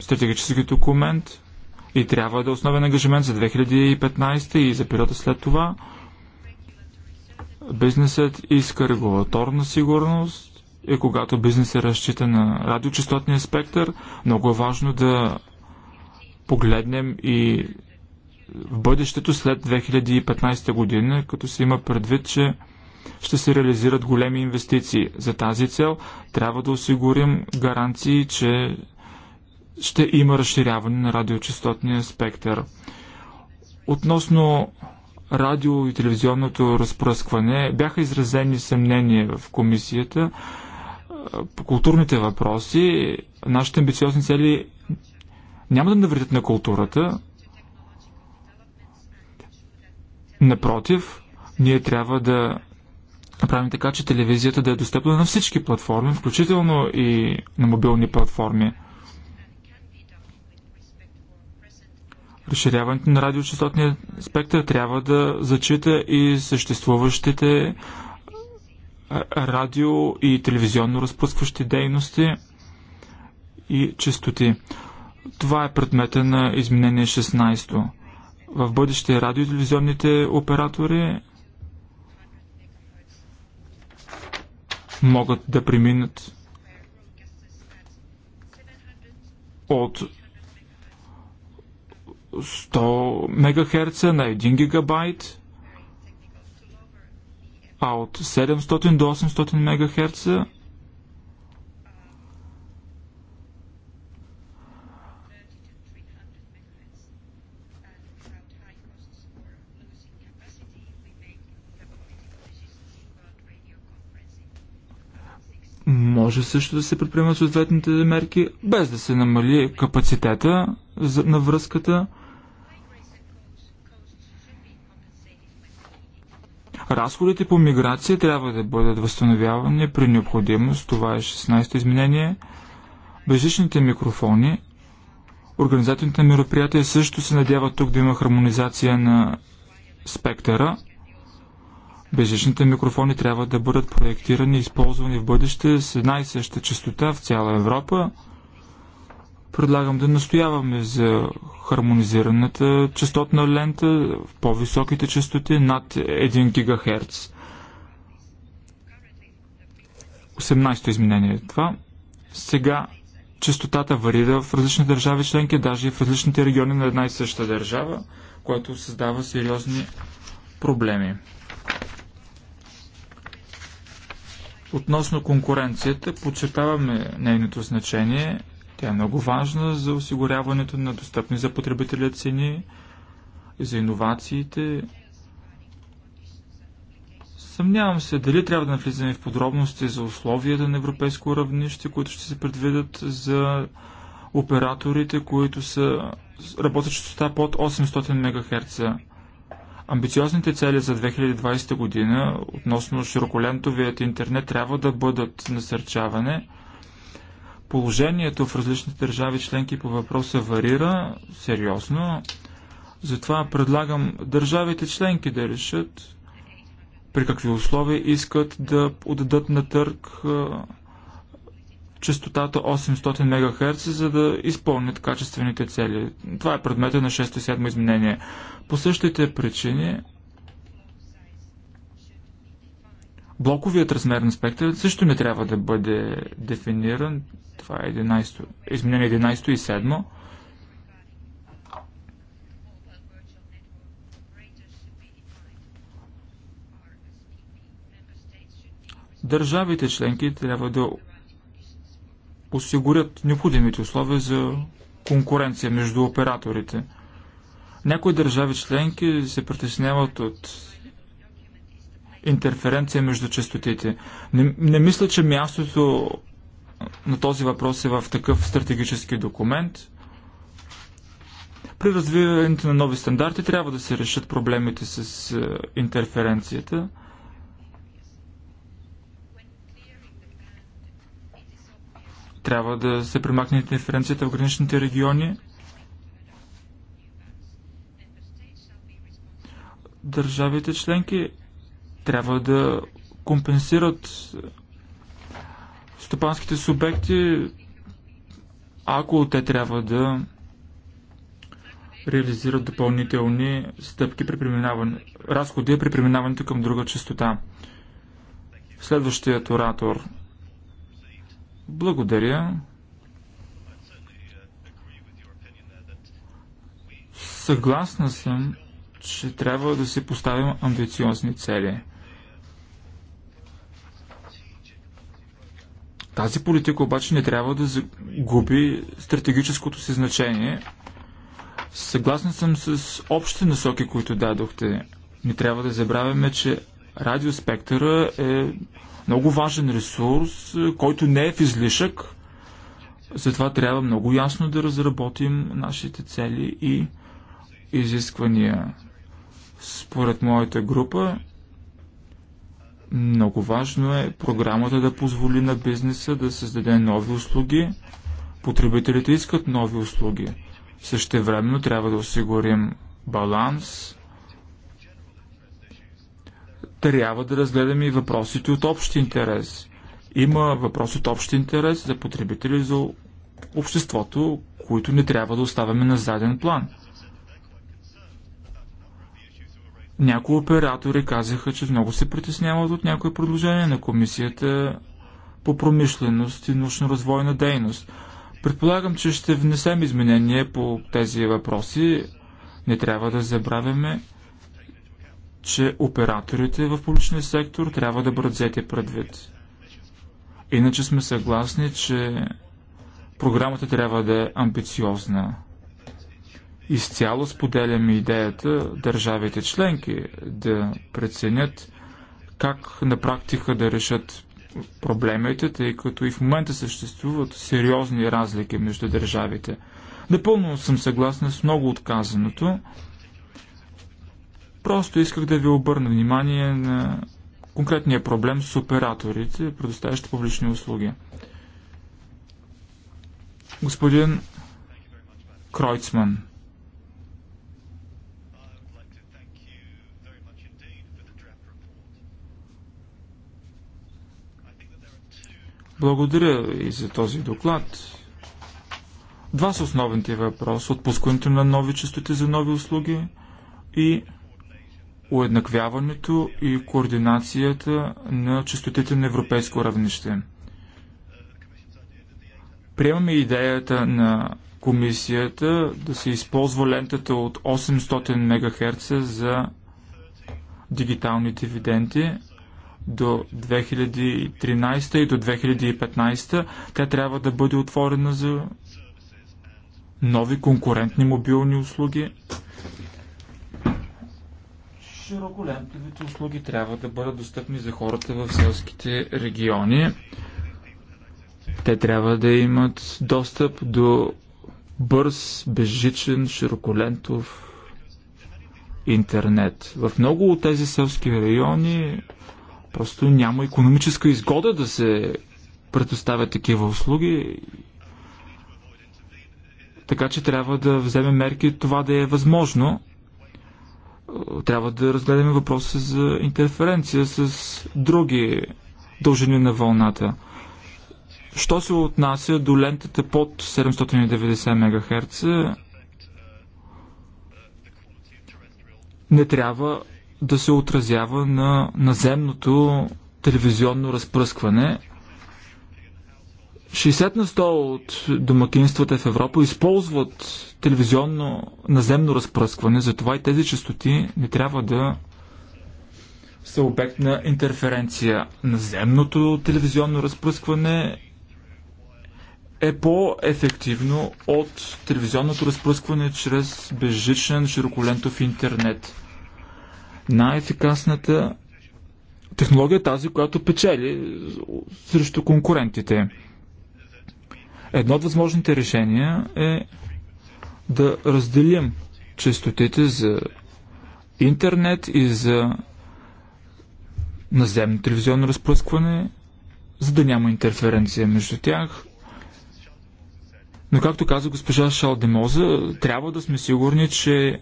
стратегически документ и трябва да е основен ангажимент за 2015 и за периода след това. Бизнесът иска регулаторна сигурност и когато бизнесът е разчита на радиочастотния спектър, много е важно да погледнем и в бъдещето след 2015 година, като се има предвид, че ще се реализират големи инвестиции. За тази цел трябва да осигурим гаранции, че ще има разширяване на радиочастотния спектър. Относно радио и телевизионното разпръскване бяха изразени съмнения в комисията по културните въпроси. Нашите амбициозни цели няма да навредят на културата. Напротив, ние трябва да направим така, че телевизията да е достъпна на всички платформи, включително и на мобилни платформи. Разширяването на радиочастотния спектър трябва да зачита и съществуващите радио и телевизионно разпускващи дейности и частоти. Това е предмета на изменение 16. В бъдеще радио и телевизионните оператори могат да преминат от 100 МГц на 1 гигабайт, а от 700 до 800 МГц Може също да се предприемат съответните мерки, без да се намали капацитета на връзката. Разходите по миграция трябва да бъдат възстановявани при необходимост. Това е 16-то изменение. Бежичните микрофони. Организаторите на мероприятия също се надяват тук да има хармонизация на спектъра. Безжичните микрофони трябва да бъдат проектирани и използвани в бъдеще с една и съща частота в цяла Европа. Предлагам да настояваме за хармонизираната частотна лента в по-високите частоти над 1 ГГц. 18-то изменение е това. Сега частотата варира в различни държави членки, даже и в различните региони на една и съща държава, което създава сериозни проблеми. Относно конкуренцията, подчертаваме нейното значение. Тя е много важна за осигуряването на достъпни за потребителя цени, за иновациите. Съмнявам се дали трябва да навлизаме в подробности за условията на европейско равнище, които ще се предвидят за операторите, които са работещи под 800 МГц. Амбициозните цели за 2020 година относно широколентовият интернет трябва да бъдат насърчаване. Положението в различните държави членки по въпроса варира сериозно. Затова предлагам държавите членки да решат при какви условия искат да отдадат на търг частотата 800 МГц, за да изпълнят качествените цели. Това е предмета на 6-7 изменение. По същите причини блоковият размер на спектъра също не трябва да бъде дефиниран. Това е 11, изменение 11 и 7. Държавите членки трябва да осигурят необходимите условия за конкуренция между операторите – някои държави членки се притесняват от интерференция между частотите. Не, не мисля, че мястото на този въпрос е в такъв стратегически документ. При развиването на нови стандарти трябва да се решат проблемите с е, интерференцията. Трябва да се примакне интерференцията в граничните региони. Държавите членки трябва да компенсират стопанските субекти, ако те трябва да реализират допълнителни стъпки при преминаване, разходи при преминаването към друга частота. Следващият оратор. Благодаря. Съгласна съм, че трябва да си поставим амбициозни цели. Тази политика обаче не трябва да загуби стратегическото си значение. Съгласен съм с общите насоки, които дадохте. Не трябва да забравяме, че радиоспектъра е много важен ресурс, който не е в излишък. Затова трябва много ясно да разработим нашите цели и изисквания. Според моята група, много важно е програмата да позволи на бизнеса да създаде нови услуги. Потребителите искат нови услуги. Същевременно трябва да осигурим баланс. Трябва да разгледаме и въпросите от общ интерес. Има въпрос от общ интерес за потребители, за обществото, които не трябва да оставяме на заден план – Някои оператори казаха, че много се притесняват от някои предложения на комисията по промишленост и научно-развойна дейност. Предполагам, че ще внесем изменения по тези въпроси. Не трябва да забравяме, че операторите в публичния сектор трябва да бъдат взети предвид. Иначе сме съгласни, че програмата трябва да е амбициозна. Изцяло споделям идеята държавите членки да преценят как на практика да решат проблемите, тъй като и в момента съществуват сериозни разлики между държавите. Напълно съм съгласна с много отказаното. Просто исках да ви обърна внимание на конкретния проблем с операторите, предоставящи публични услуги. Господин Кройцман. Благодаря и за този доклад. Два са основните въпрос: Отпускането на нови частоти за нови услуги и уеднаквяването и координацията на частотите на европейско равнище. Приемаме идеята на комисията да се използва лентата от 800 МГц за дигитални дивиденти, до 2013 и до 2015. Тя трябва да бъде отворена за нови конкурентни мобилни услуги. Широколентовите услуги трябва да бъдат достъпни за хората в селските региони. Те трябва да имат достъп до бърз, безжичен, широколентов интернет. В много от тези селски райони Просто няма економическа изгода да се предоставят такива услуги. Така че трябва да вземем мерки това да е възможно. Трябва да разгледаме въпроса за интерференция с други дължини на вълната. Що се отнася до лентата под 790 МГц, не трябва да се отразява на наземното телевизионно разпръскване. 60 на 100 от домакинствата в Европа използват телевизионно наземно разпръскване, затова и тези частоти не трябва да са обект на интерференция. Наземното телевизионно разпръскване е по-ефективно от телевизионното разпръскване чрез безжичен широколентов интернет най-ефикасната технология, е тази, която печели срещу конкурентите. Едно от възможните решения е да разделим частотите за интернет и за наземно телевизионно разплъскване, за да няма интерференция между тях. Но както каза госпожа Шалдемоза, трябва да сме сигурни, че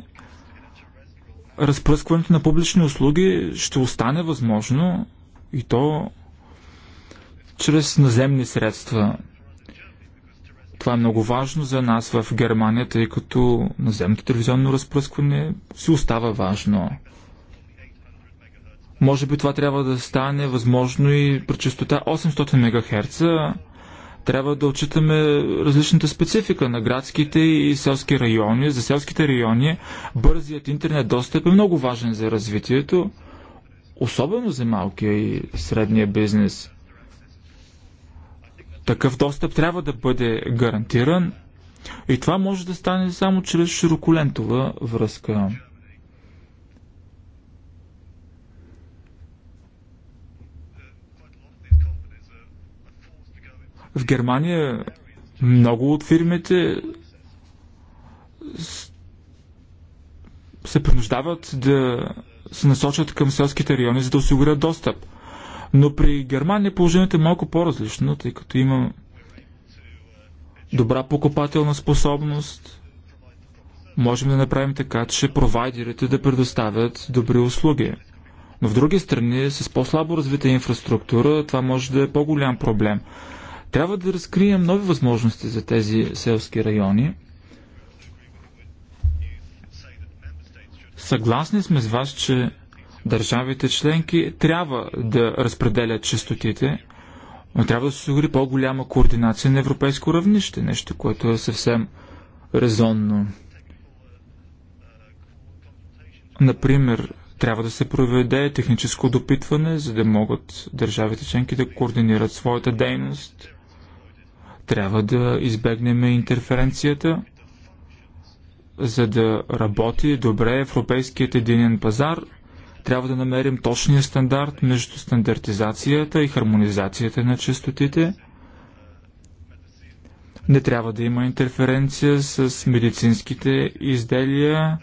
разпръскването на публични услуги ще остане възможно и то чрез наземни средства. Това е много важно за нас в Германия, тъй като наземното телевизионно разпръскване си остава важно. Може би това трябва да стане възможно и при частота 800 МГц, трябва да отчитаме различната специфика на градските и селски райони. За селските райони бързият интернет достъп е много важен за развитието, особено за малкия и средния бизнес. Такъв достъп трябва да бъде гарантиран и това може да стане само чрез широколентова връзка. В Германия много от фирмите се принуждават да се насочат към селските райони, за да осигурят достъп. Но при Германия положението е малко по-различно, тъй като има добра покупателна способност. Можем да направим така, че провайдерите да предоставят добри услуги. Но в други страни, с по-слабо развита инфраструктура, това може да е по-голям проблем. Трябва да разкрием нови възможности за тези селски райони. Съгласни сме с вас, че държавите членки трябва да разпределят частотите, но трябва да се осигури по-голяма координация на европейско равнище, нещо, което е съвсем резонно. Например, трябва да се проведе техническо допитване, за да могат държавите членки да координират своята дейност. Трябва да избегнем интерференцията, за да работи добре европейският единен пазар. Трябва да намерим точния стандарт между стандартизацията и хармонизацията на частотите. Не трябва да има интерференция с медицинските изделия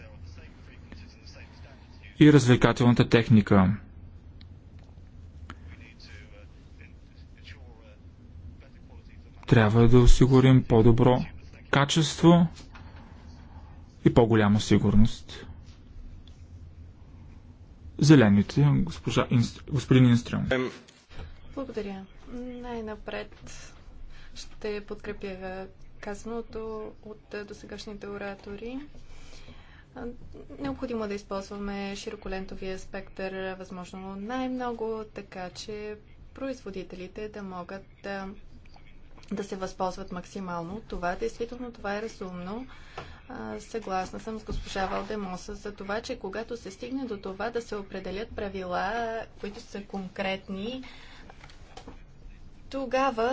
и развлекателната техника. Трябва да осигурим по-добро качество и по-голяма сигурност. Зелените, госпожа Инст... господин Инстрем. Благодаря. Най-напред ще подкрепя казаното от досегашните оратори. Необходимо е да използваме широколентовия спектър възможно най-много, така че производителите да могат да да се възползват максимално Това това. Действително това е разумно. Съгласна съм с госпожа Валдемоса за това, че когато се стигне до това да се определят правила, които са конкретни, тогава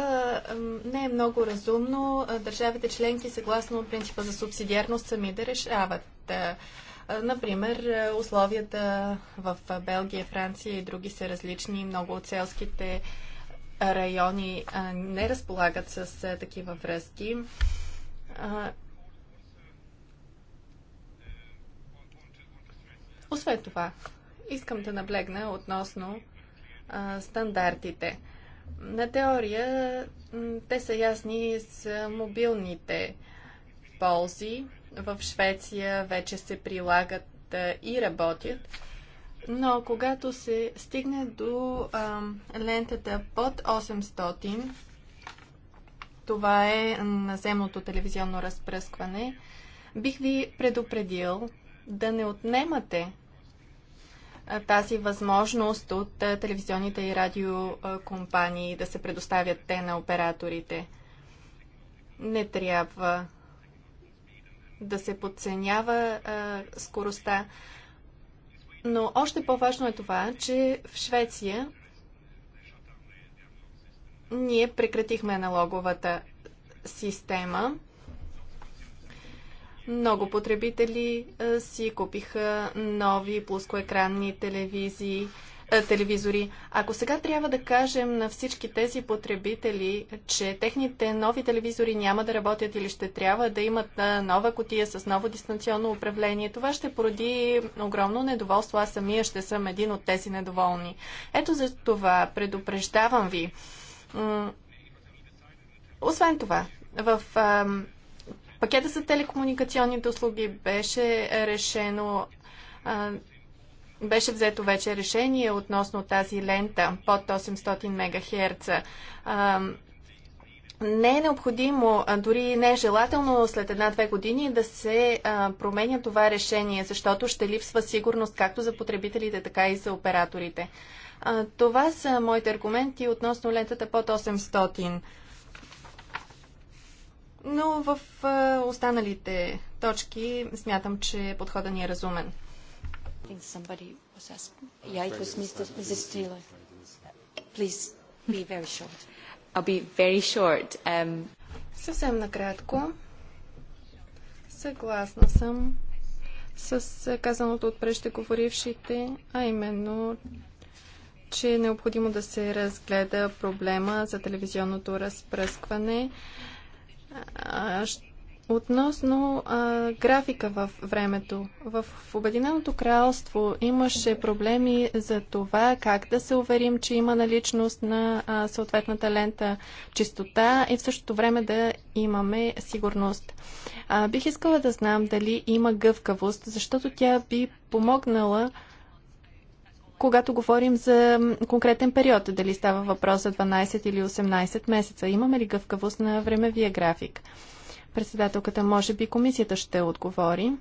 не е много разумно държавите членки, съгласно принципа за субсидиарност, сами да решават. Например, условията в Белгия, Франция и други са различни. Много от селските райони не разполагат с такива връзки. Освен това, искам да наблегна относно стандартите. На теория те са ясни с мобилните ползи. В Швеция вече се прилагат и работят. Но когато се стигне до а, лентата под 800, това е наземното телевизионно разпръскване, бих ви предупредил да не отнемате тази възможност от телевизионните и радиокомпании да се предоставят те на операторите. Не трябва да се подценява а, скоростта но още по-важно е това, че в Швеция ние прекратихме налоговата система. Много потребители си купиха нови плоскоекранни телевизии, е, телевизори. Ако сега трябва да кажем на всички тези потребители, че техните нови телевизори няма да работят или ще трябва да имат нова котия с ново дистанционно управление, това ще породи огромно недоволство. Аз самия ще съм един от тези недоволни. Ето за това предупреждавам ви. Освен това, в пакета за телекомуникационните услуги беше решено беше взето вече решение относно тази лента под 800 МГц. Не е необходимо, дори не е желателно след една-две години да се променя това решение, защото ще липсва сигурност както за потребителите, така и за операторите. Това са моите аргументи относно лентата под 800. Но в останалите точки смятам, че подходът ни е разумен think somebody was asking. Oh, yeah, it was Mr. Mrs. Steeler. Please be very short. I'll be very short. Um... Съвсем накратко. Съгласна съм с казаното от преждеговорившите, а именно, че е необходимо да се разгледа проблема за телевизионното разпръскване. Ще Относно а, графика в времето. В Обединеното кралство имаше проблеми за това как да се уверим, че има наличност на а, съответната лента чистота и в същото време да имаме сигурност. А, бих искала да знам дали има гъвкавост, защото тя би помогнала когато говорим за конкретен период, дали става въпрос за 12 или 18 месеца. Имаме ли гъвкавост на времевия график? Председателката, може би комисията ще отговори.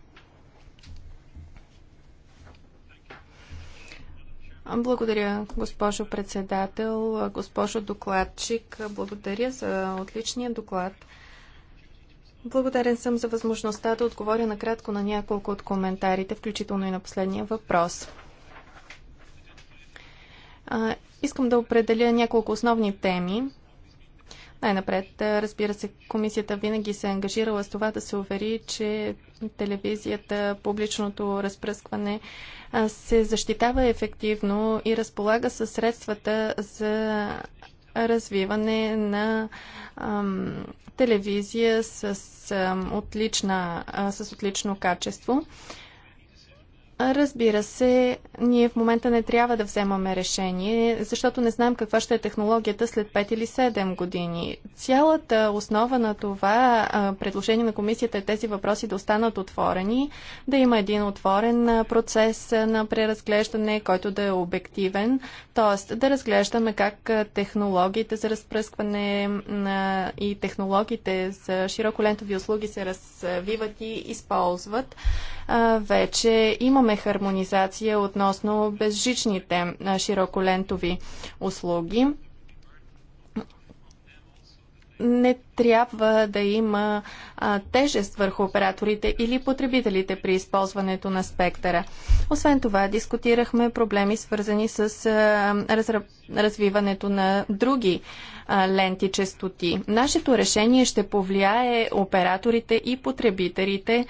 Благодаря, госпожо председател, госпожо докладчик. Благодаря за отличния доклад. Благодарен съм за възможността да отговоря накратко на няколко от коментарите, включително и на последния въпрос. А, искам да определя няколко основни теми, най-напред, разбира се, комисията винаги се е ангажирала с това да се увери, че телевизията, публичното разпръскване се защитава ефективно и разполага със средствата за развиване на ам, телевизия с, ам, отлична, а, с отлично качество. Разбира се, ние в момента не трябва да вземаме решение, защото не знаем каква ще е технологията след 5 или 7 години. Цялата основа на това предложение на комисията е тези въпроси да останат отворени, да има един отворен процес на преразглеждане, който да е обективен, т.е. да разглеждаме как технологиите за разпръскване и технологиите за широколентови услуги се развиват и използват вече имаме хармонизация относно безжичните широколентови услуги. Не трябва да има а, тежест върху операторите или потребителите при използването на спектъра. Освен това, дискутирахме проблеми, свързани с а, разра... развиването на други а, ленти честоти. Нашето решение ще повлияе операторите и потребителите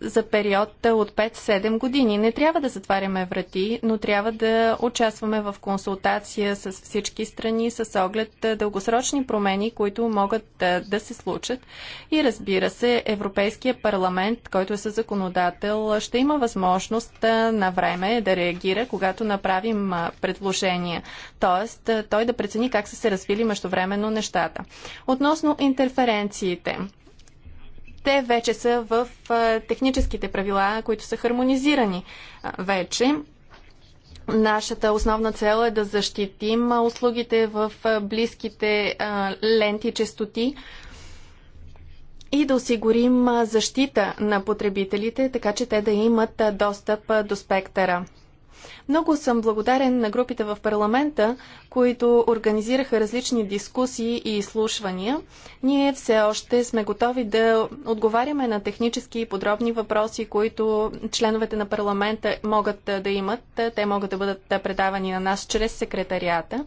за период от 5-7 години. Не трябва да затваряме врати, но трябва да участваме в консултация с всички страни с оглед дългосрочни промени, които могат да, да се случат. И разбира се, Европейския парламент, който е със законодател, ще има възможност на време да реагира, когато направим предложения. Тоест, той да прецени как са се развили подобрили междувременно нещата. Относно интерференциите. Те вече са в техническите правила, които са хармонизирани вече. Нашата основна цел е да защитим услугите в близките ленти честоти и да осигурим защита на потребителите, така че те да имат достъп до спектъра. Много съм благодарен на групите в парламента, които организираха различни дискусии и изслушвания. Ние все още сме готови да отговаряме на технически и подробни въпроси, които членовете на парламента могат да имат. Те могат да бъдат предавани на нас чрез секретарията.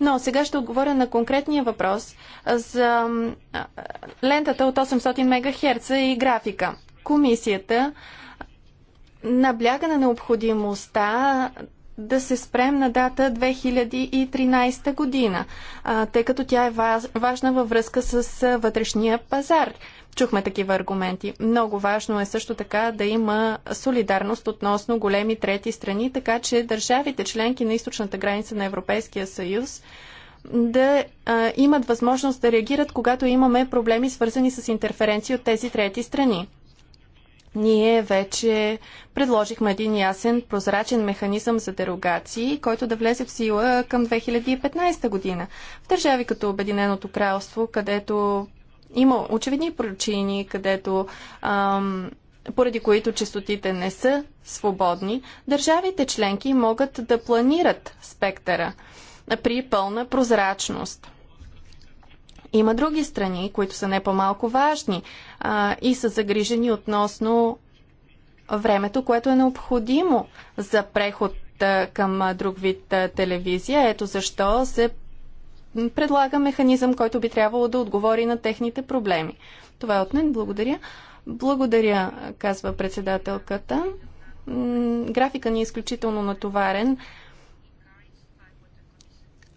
Но сега ще отговоря на конкретния въпрос за лентата от 800 МГц и графика. Комисията набляга на необходимостта да се спрем на дата 2013 година, тъй като тя е важна във връзка с вътрешния пазар. Чухме такива аргументи. Много важно е също така да има солидарност относно големи трети страни, така че държавите членки на източната граница на Европейския съюз да а, имат възможност да реагират, когато имаме проблеми свързани с интерференции от тези трети страни ние вече предложихме един ясен, прозрачен механизъм за дерогации, който да влезе в сила към 2015 година. В държави като Обединеното кралство, където има очевидни причини, където ам, поради които частотите не са свободни, държавите членки могат да планират спектъра при пълна прозрачност. Има други страни, които са не по-малко важни а, и са загрижени относно времето, което е необходимо за преход а, към друг вид а, телевизия. Ето защо се предлага механизъм, който би трябвало да отговори на техните проблеми. Това е от мен. Благодаря. Благодаря, казва председателката. Графика ни е изключително натоварен.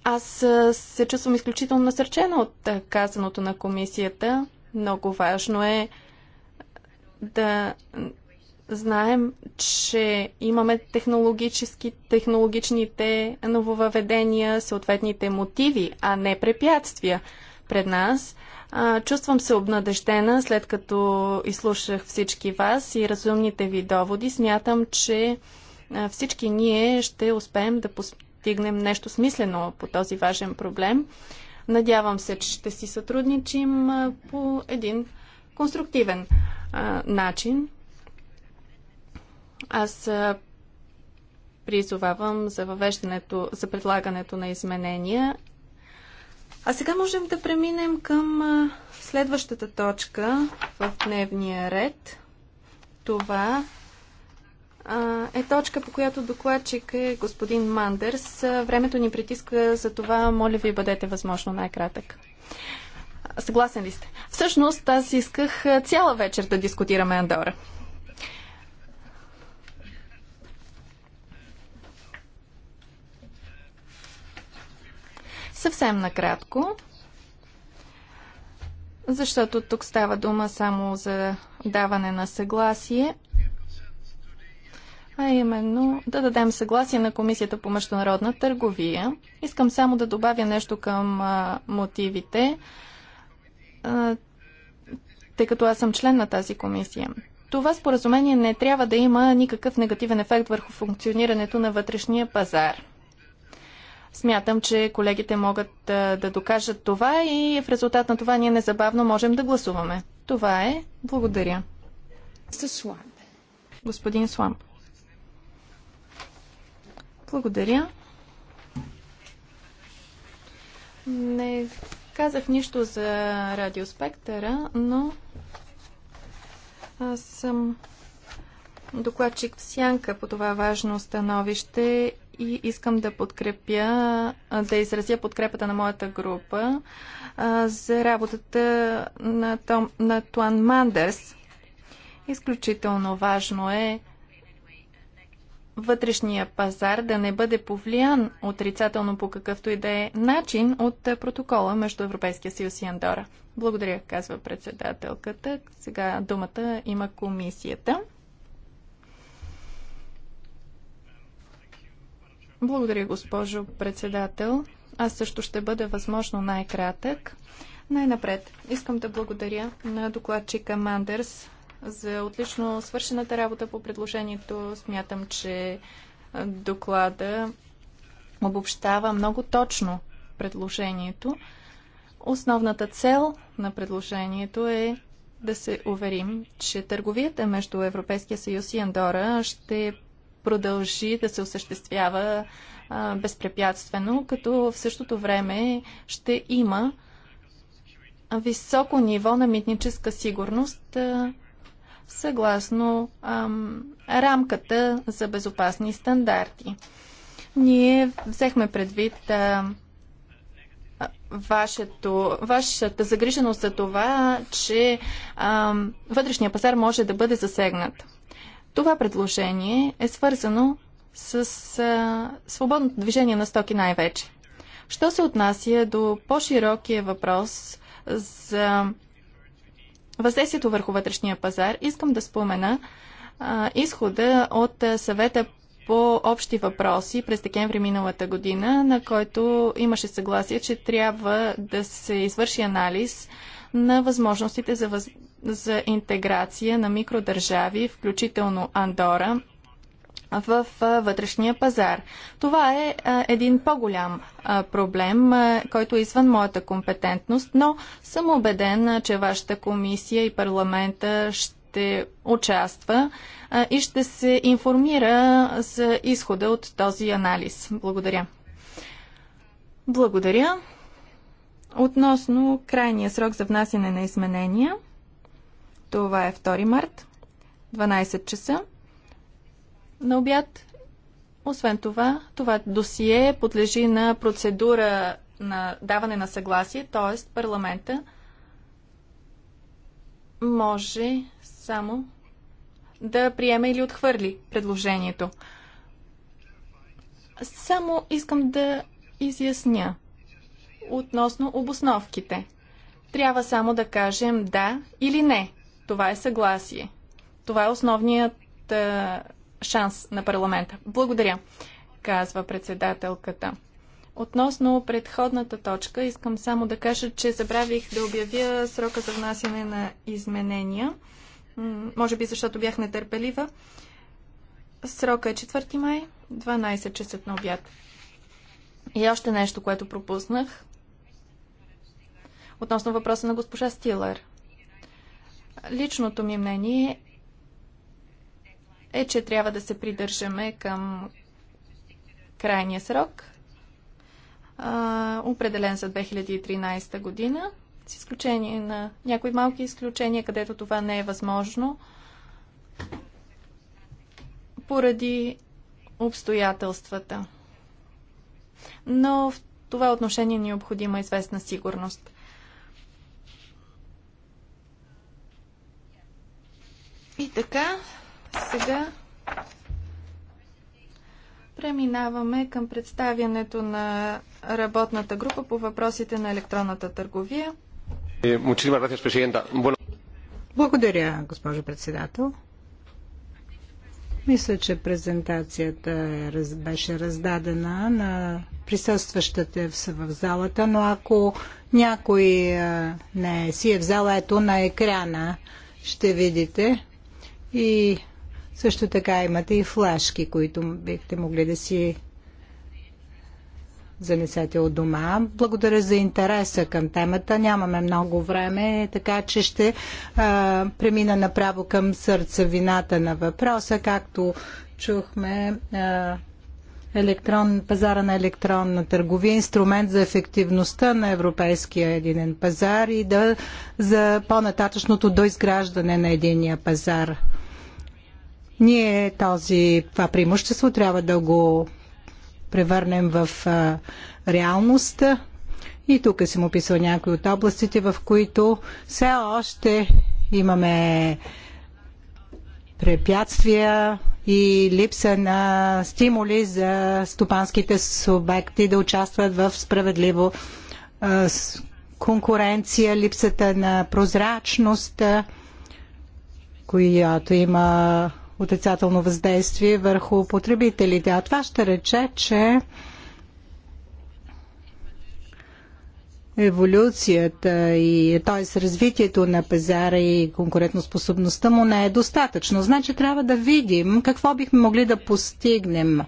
Аз се чувствам изключително насърчена от казаното на комисията. Много важно е да знаем, че имаме технологически, технологичните нововъведения, съответните мотиви, а не препятствия пред нас. А, чувствам се обнадеждена, след като изслушах всички вас и разумните ви доводи. Смятам, че всички ние ще успеем да, пос постигнем нещо смислено по този важен проблем. Надявам се, че ще си сътрудничим по един конструктивен а, начин. Аз а, призовавам за въвеждането, за предлагането на изменения. А сега можем да преминем към а, следващата точка в дневния ред. Това е точка, по която докладчик е господин Мандерс. Времето ни притиска, за това моля ви бъдете възможно най-кратък. Съгласен ли сте? Всъщност аз исках цяла вечер да дискутираме Андора. Съвсем накратко, защото тук става дума само за даване на съгласие – а именно да дадем съгласие на Комисията по международна търговия. Искам само да добавя нещо към а, мотивите, а, тъй като аз съм член на тази комисия. Това споразумение не трябва да има никакъв негативен ефект върху функционирането на вътрешния пазар. Смятам, че колегите могат а, да докажат това и в резултат на това ние незабавно можем да гласуваме. Това е. Благодаря. Господин Сламп. Благодаря. Не казах нищо за радиоспектъра, но аз съм докладчик в сянка по това важно становище и искам да подкрепя, да изразя подкрепата на моята група а, за работата на, Том, на Туан Мандерс. Изключително важно е вътрешния пазар да не бъде повлиян отрицателно по какъвто и да е начин от протокола между Европейския съюз и Андора. Благодаря, казва председателката. Сега думата има комисията. Благодаря, госпожо председател. Аз също ще бъда възможно най-кратък. Най-напред, искам да благодаря на докладчика Мандерс за отлично свършената работа по предложението. Смятам, че доклада обобщава много точно предложението. Основната цел на предложението е да се уверим, че търговията между Европейския съюз и Андора ще продължи да се осъществява а, безпрепятствено, като в същото време ще има високо ниво на митническа сигурност а, съгласно ам, рамката за безопасни стандарти. Ние взехме предвид а, вашето, вашата загриженост за това, че а, вътрешния пазар може да бъде засегнат. Това предложение е свързано с а, свободното движение на стоки най-вече. Що се отнася до по-широкия въпрос за въздействието върху вътрешния пазар, искам да спомена а, изхода от съвета по общи въпроси през декември миналата година, на който имаше съгласие, че трябва да се извърши анализ на възможностите за, въз... за интеграция на микродържави, включително Андора, в вътрешния пазар. Това е един по-голям проблем, който е извън моята компетентност, но съм убеден, че вашата комисия и парламента ще участва и ще се информира за изхода от този анализ. Благодаря. Благодаря. Относно крайния срок за внасяне на изменения, това е 2 март, 12 часа на обяд. Освен това, това досие подлежи на процедура на даване на съгласие, т.е. парламента може само да приеме или отхвърли предложението. Само искам да изясня относно обосновките. Трябва само да кажем да или не. Това е съгласие. Това е основният шанс на парламента. Благодаря, казва председателката. Относно предходната точка, искам само да кажа, че забравих да обявя срока за внасяне на изменения. Може би защото бях нетърпелива. Срока е 4 май, 12 часа на обяд. И още нещо, което пропуснах. Относно въпроса на госпожа Стилър. Личното ми мнение е, е, че трябва да се придържаме към крайния срок, определен за 2013 година, с изключение на някои малки изключения, където това не е възможно, поради обстоятелствата. Но в това отношение ни е необходима известна сигурност. И така, сега преминаваме към представянето на работната група по въпросите на електронната търговия. Е, Благодаря, госпожо председател. Мисля, че презентацията е беше раздадена на присъстващите в залата, но ако някой не си е взел, ето на екрана ще видите. И също така имате и флашки, които бихте могли да си занесете от дома. Благодаря за интереса към темата. Нямаме много време, така че ще а, премина направо към сърцевината на въпроса. Както чухме, а, електрон, пазара на електронна търговия, е инструмент за ефективността на европейския единен пазар и да, за по-нататъчното доизграждане на единия пазар. Ние този, това преимущество трябва да го превърнем в а, реалност. И тук съм описал някои от областите, в които все още имаме препятствия и липса на стимули за стопанските субекти да участват в справедливо а, конкуренция, липсата на прозрачност, която има отрицателно въздействие върху потребителите. А това ще рече, че еволюцията и т.е. развитието на пазара и конкурентоспособността му не е достатъчно. Значи трябва да видим какво бихме могли да постигнем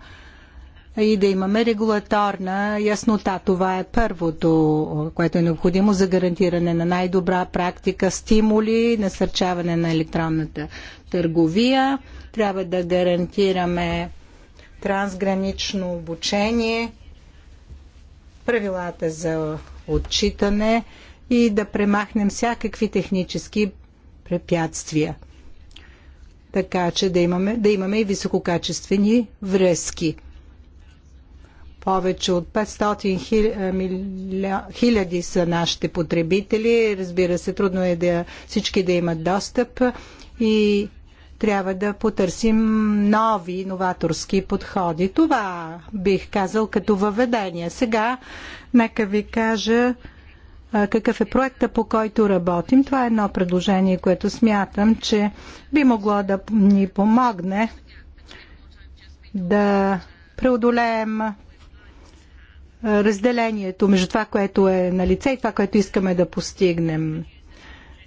и да имаме регулаторна яснота. Това е първото, което е необходимо за гарантиране на най-добра практика, стимули, насърчаване на електронната търговия. Трябва да гарантираме трансгранично обучение, правилата за отчитане и да премахнем всякакви технически препятствия. Така че да имаме, да имаме и висококачествени връзки. Повече от 500 е, хиляди са нашите потребители. Разбира се, трудно е да всички да имат достъп и трябва да потърсим нови новаторски подходи. Това бих казал като въведение. Сега нека ви кажа какъв е проекта, по който работим. Това е едно предложение, което смятам, че би могло да ни помогне да преодолеем разделението между това, което е на лице и това, което искаме да постигнем.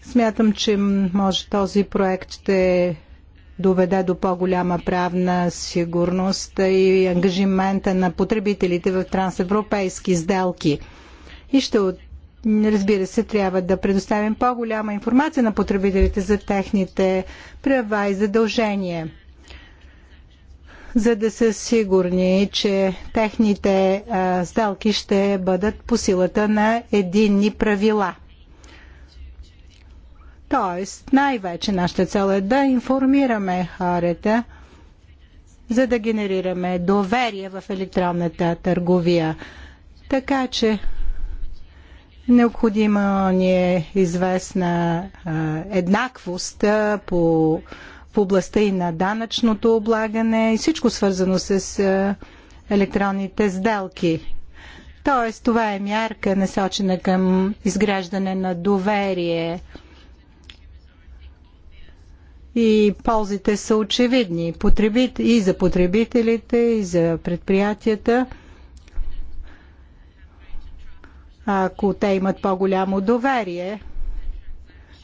Смятам, че може този проект ще доведе до по-голяма правна сигурност и ангажимента на потребителите в трансевропейски сделки. И ще разбира се, трябва да предоставим по-голяма информация на потребителите за техните права и задължения за да са сигурни, че техните а, сделки ще бъдат по силата на единни правила. Тоест, най-вече нашата цел е да информираме хората, за да генерираме доверие в електронната търговия. Така че необходима ни е известна а, еднаквост а, по в областта и на данъчното облагане и всичко свързано с е, електронните сделки. Тоест, това е мярка насочена към изграждане на доверие и ползите са очевидни и за потребителите, и за предприятията. Ако те имат по-голямо доверие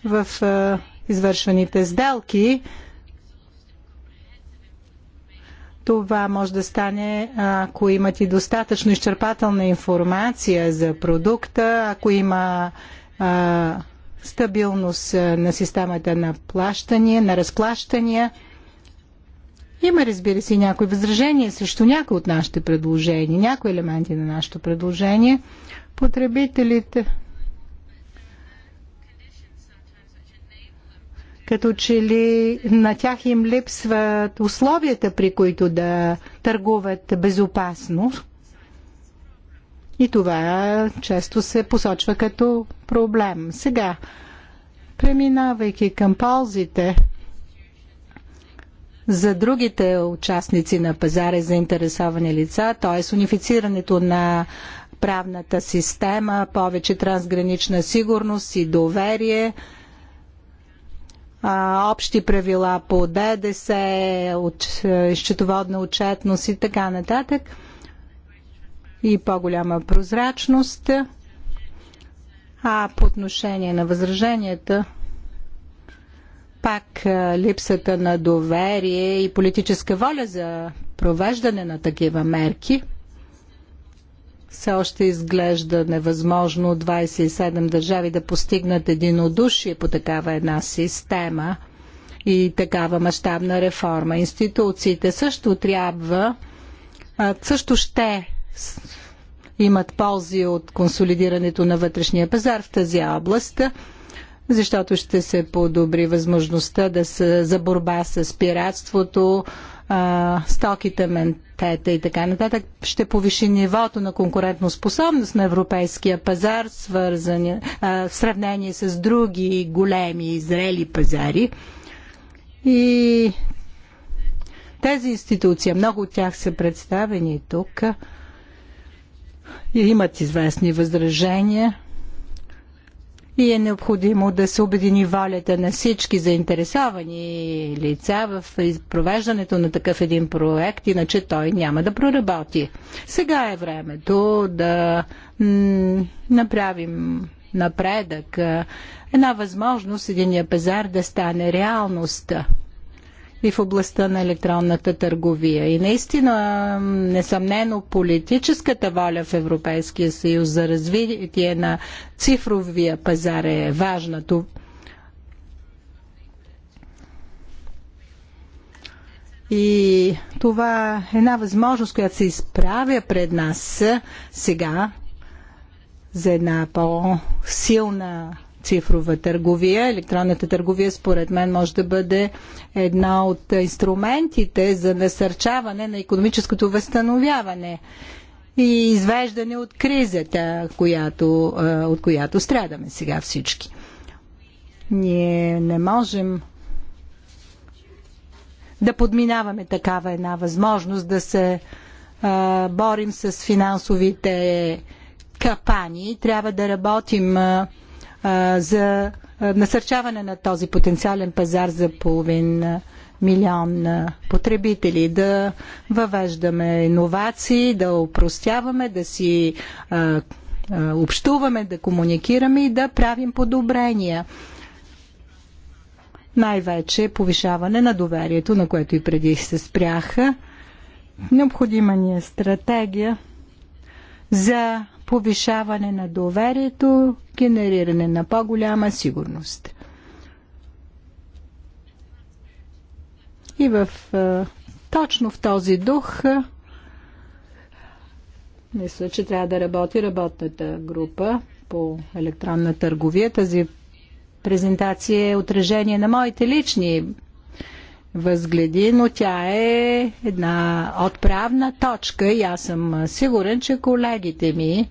в е, извършваните сделки, това може да стане, ако имат и достатъчно изчерпателна информация за продукта, ако има а, стабилност на системата на плащания, на разплащания. Има, разбира се, някои възражения срещу някои от нашите предложения, някои елементи на нашето предложение. Потребителите като че ли на тях им липсват условията, при които да търгуват безопасно. И това често се посочва като проблем. Сега, преминавайки към ползите за другите участници на пазара и заинтересовани лица, т.е. унифицирането на правната система, повече трансгранична сигурност и доверие – общи правила по ДДС, от, счетоводна отчетност и така нататък и по-голяма прозрачност. А по отношение на възраженията, пак липсата на доверие и политическа воля за провеждане на такива мерки – все още изглежда невъзможно 27 държави да постигнат единодушие по такава една система и такава мащабна реформа. Институциите също трябва, също ще имат ползи от консолидирането на вътрешния пазар в тази област, защото ще се подобри възможността да се, за борба с пиратството, а, стоките ментета и така нататък, ще повиши нивото на конкурентоспособност на европейския пазар свързани, а, в сравнение с други големи и зрели пазари. И тези институции, много от тях са представени тук, имат известни възражения и е необходимо да се обедини волята на всички заинтересовани лица в провеждането на такъв един проект, иначе той няма да проработи. Сега е времето да направим напредък, една възможност единия пазар да стане реалност и в областта на електронната търговия. И наистина, несъмнено, политическата воля в Европейския съюз за развитие на цифровия пазар е важна. И това е една възможност, която се изправя пред нас сега за една по-силна цифрова търговия. Електронната търговия според мен може да бъде една от инструментите за насърчаване на економическото възстановяване и извеждане от кризата, която, е, от която страдаме сега всички. Ние не можем да подминаваме такава една възможност да се а, е, борим с финансовите капани. Трябва да работим а, е, за насърчаване на този потенциален пазар за половин милион потребители, да въвеждаме иновации, да упростяваме, да си а, а, общуваме, да комуникираме и да правим подобрения. Най-вече повишаване на доверието, на което и преди се спряха. Необходима ни е стратегия за повишаване на доверието, генериране на по-голяма сигурност. И в, точно в този дух мисля, че трябва да работи работната група по електронна търговия. Тази презентация е отражение на моите лични възгледи, но тя е една отправна точка и аз съм сигурен, че колегите ми,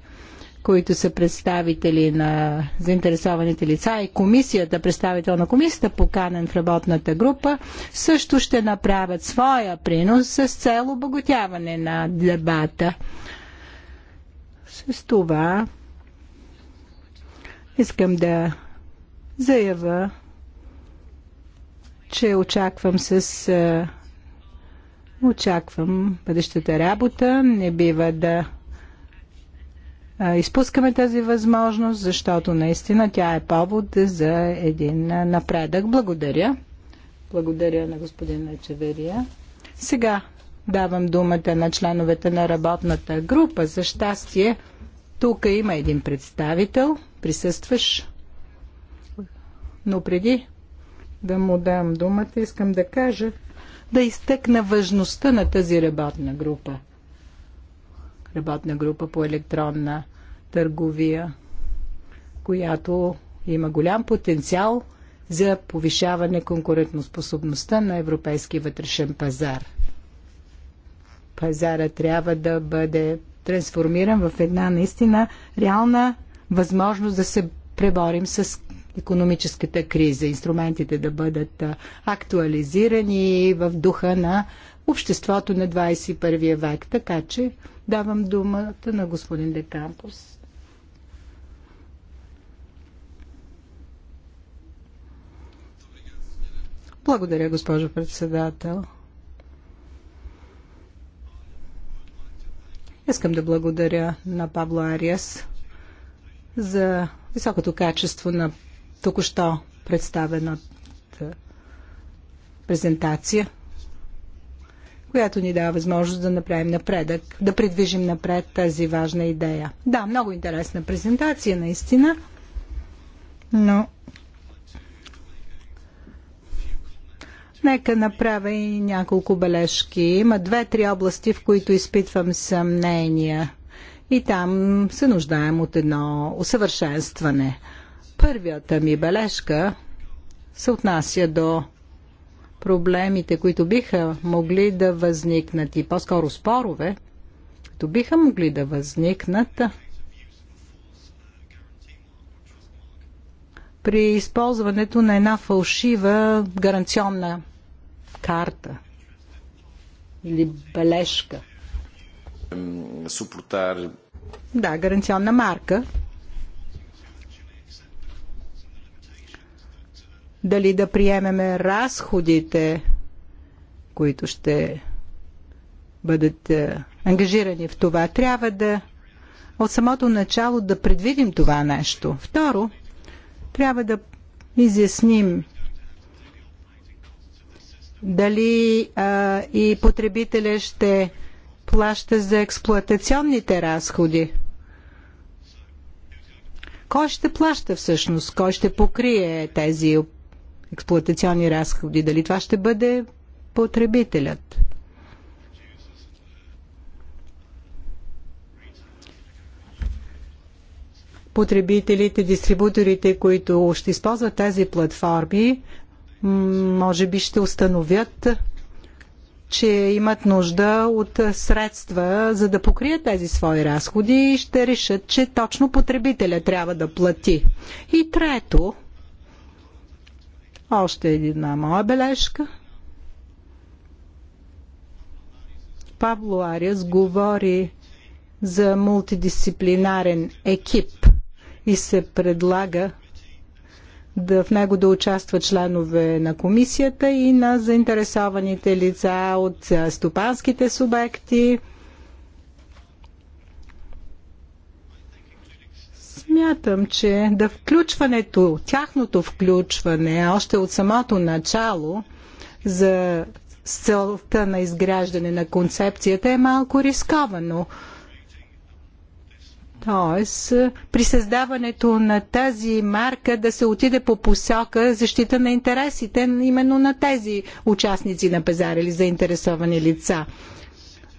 които са представители на заинтересованите лица и комисията, представител на комисията, поканен в работната група, също ще направят своя принос с цел обогатяване на дебата. С това искам да заява че очаквам с... Очаквам бъдещата работа. Не бива да изпускаме тази възможност, защото наистина тя е повод за един напредък. Благодаря. Благодаря на господин Чеверия. Сега давам думата на членовете на работната група. За щастие, тук има един представител, присъстваш. Но преди да му дам думата, искам да кажа, да изтъкна важността на тази работна група. Работна група по електронна търговия, която има голям потенциал за повишаване конкурентоспособността на европейски вътрешен пазар. Пазара трябва да бъде трансформиран в една наистина реална възможност да се преборим с економическата криза, инструментите да бъдат актуализирани в духа на обществото на 21 век. Така че давам думата на господин Декампус. Благодаря, госпожо председател. Искам да благодаря на Пабло Ариас за високото качество на току-що представената презентация, която ни дава възможност да направим напредък, да придвижим напред тази важна идея. Да, много интересна презентация, наистина, но Нека направя и няколко бележки. Има две-три области, в които изпитвам съмнения. И там се нуждаем от едно усъвършенстване. Първията ми бележка се отнася до проблемите, които биха могли да възникнат и по-скоро спорове, които биха могли да възникнат при използването на една фалшива гаранционна карта или бележка. Да, гаранционна марка, дали да приемеме разходите, които ще бъдат е, ангажирани в това. Трябва да от самото начало да предвидим това нещо. Второ, трябва да изясним дали а, и потребителя ще плаща за експлуатационните разходи. Кой ще плаща всъщност? Кой ще покрие тези експлуатационни разходи. Дали това ще бъде потребителят? Потребителите, дистрибуторите, които ще използват тези платформи, може би ще установят, че имат нужда от средства, за да покрият тези свои разходи и ще решат, че точно потребителя трябва да плати. И трето, още една моя бележка. Павло Ариас говори за мултидисциплинарен екип и се предлага да в него да участват членове на комисията и на заинтересованите лица от стопанските субекти, Смятам, че да включването, тяхното включване още от самото начало за целта на изграждане на концепцията е малко рисковано. Тоест, при създаването на тази марка да се отиде по посока защита на интересите именно на тези участници на пазара или заинтересовани лица.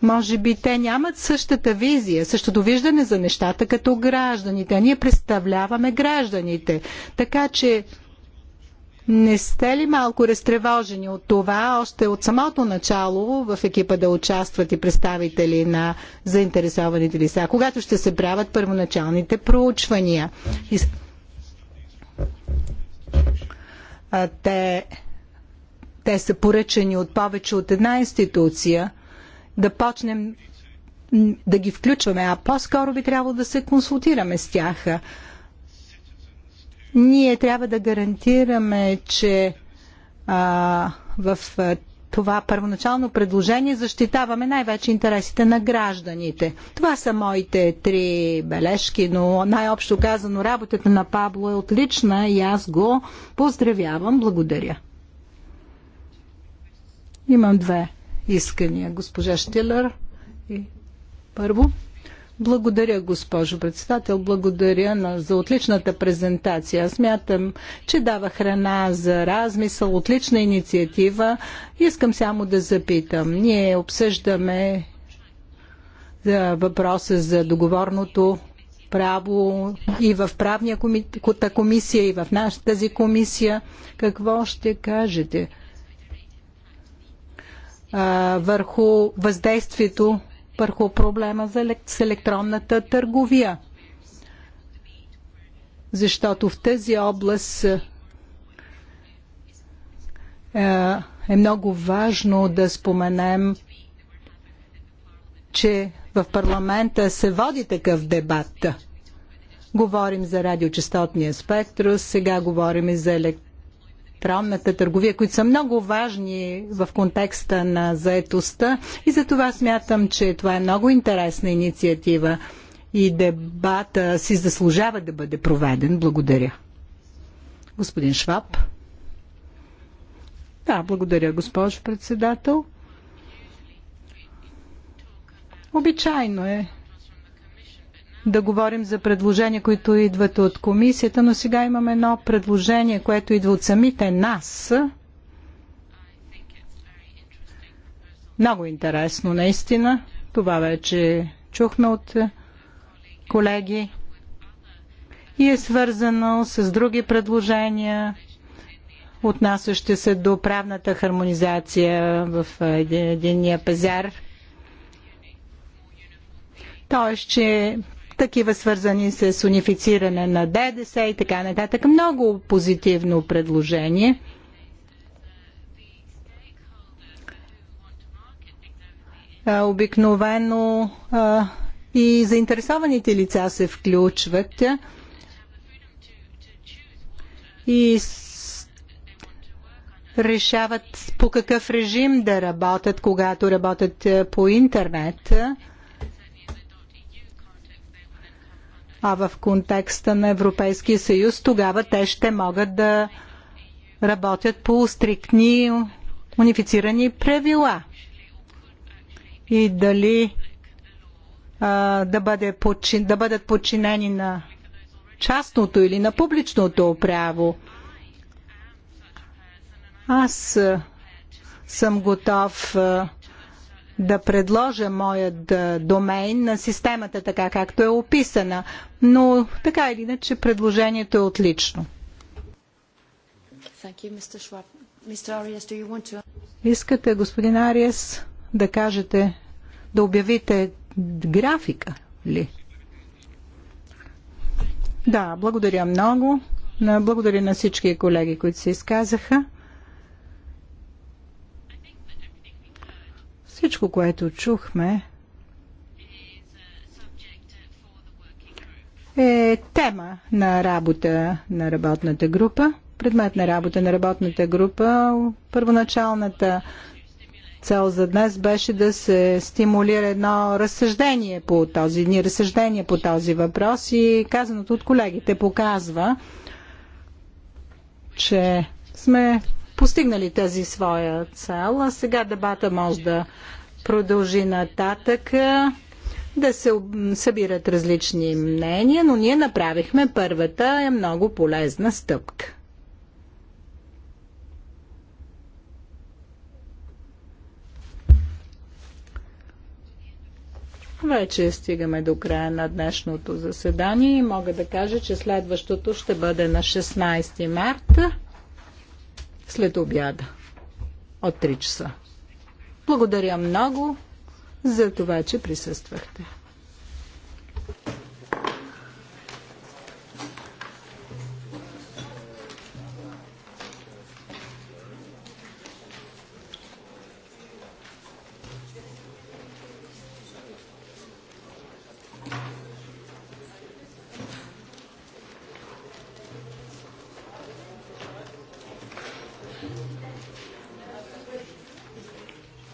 Може би те нямат същата визия, същото виждане за нещата като гражданите, а ние представляваме гражданите. Така че не сте ли малко разтревожени от това, още от самото начало в екипа да участват и представители на заинтересованите лица, когато ще се правят първоначалните проучвания? те, те са поръчани от повече от една институция – да почнем да ги включваме, а по-скоро би трябвало да се консултираме с тях. Ние трябва да гарантираме, че а, в това първоначално предложение защитаваме най-вече интересите на гражданите. Това са моите три бележки, но най-общо казано работата на Пабло е отлична и аз го поздравявам. Благодаря. Имам две искания. Госпожа Штилер. И първо. Благодаря, госпожо председател. Благодаря на, за отличната презентация. Смятам, че дава храна за размисъл, отлична инициатива. Искам само да запитам. Ние обсъждаме за въпроса за договорното право и в правния комисия, и в нашата тази комисия. Какво ще кажете? върху въздействието върху проблема с електронната търговия. Защото в тази област е много важно да споменем, че в парламента се води такъв дебат. Говорим за радиочастотния спектр, сега говорим и за електронната електронната търговия, които са много важни в контекста на заетостта и за това смятам, че това е много интересна инициатива и дебата си заслужава да бъде проведен. Благодаря. Господин Шваб. Да, благодаря, госпожо председател. Обичайно е да говорим за предложения, които идват от комисията, но сега имаме едно предложение, което идва от самите нас. Много интересно, наистина. Това вече чухме от колеги и е свързано с други предложения, отнасящи се до правната хармонизация в единия пазар. Тоест, че такива свързани с унифициране на ДДС и така нататък. Много позитивно предложение. Обикновено и заинтересованите лица се включват и решават по какъв режим да работят, когато работят по интернет. а в контекста на Европейския съюз, тогава те ще могат да работят по стриктни унифицирани правила. И дали а, да, бъде подчин, да бъдат подчинени на частното или на публичното право. Аз съм готов а, да предложа моят домейн на системата така както е описана, но така или иначе предложението е отлично. Искате, господин Ариес, да кажете, да обявите графика ли? Да, благодаря много. Благодаря на всички колеги, които се изказаха. Всичко, което чухме, е тема на работа на работната група. Предмет на работа на работната група. Първоначалната цел за днес беше да се стимулира едно разсъждение по този, ни разсъждение по този въпрос и казаното от колегите показва, че сме постигнали тази своя цел. А сега дебата може да продължи нататък да се събират различни мнения, но ние направихме първата е много полезна стъпка. Вече стигаме до края на днешното заседание и мога да кажа, че следващото ще бъде на 16 марта след обяда от 3 часа. Благодаря много за това, че присъствахте.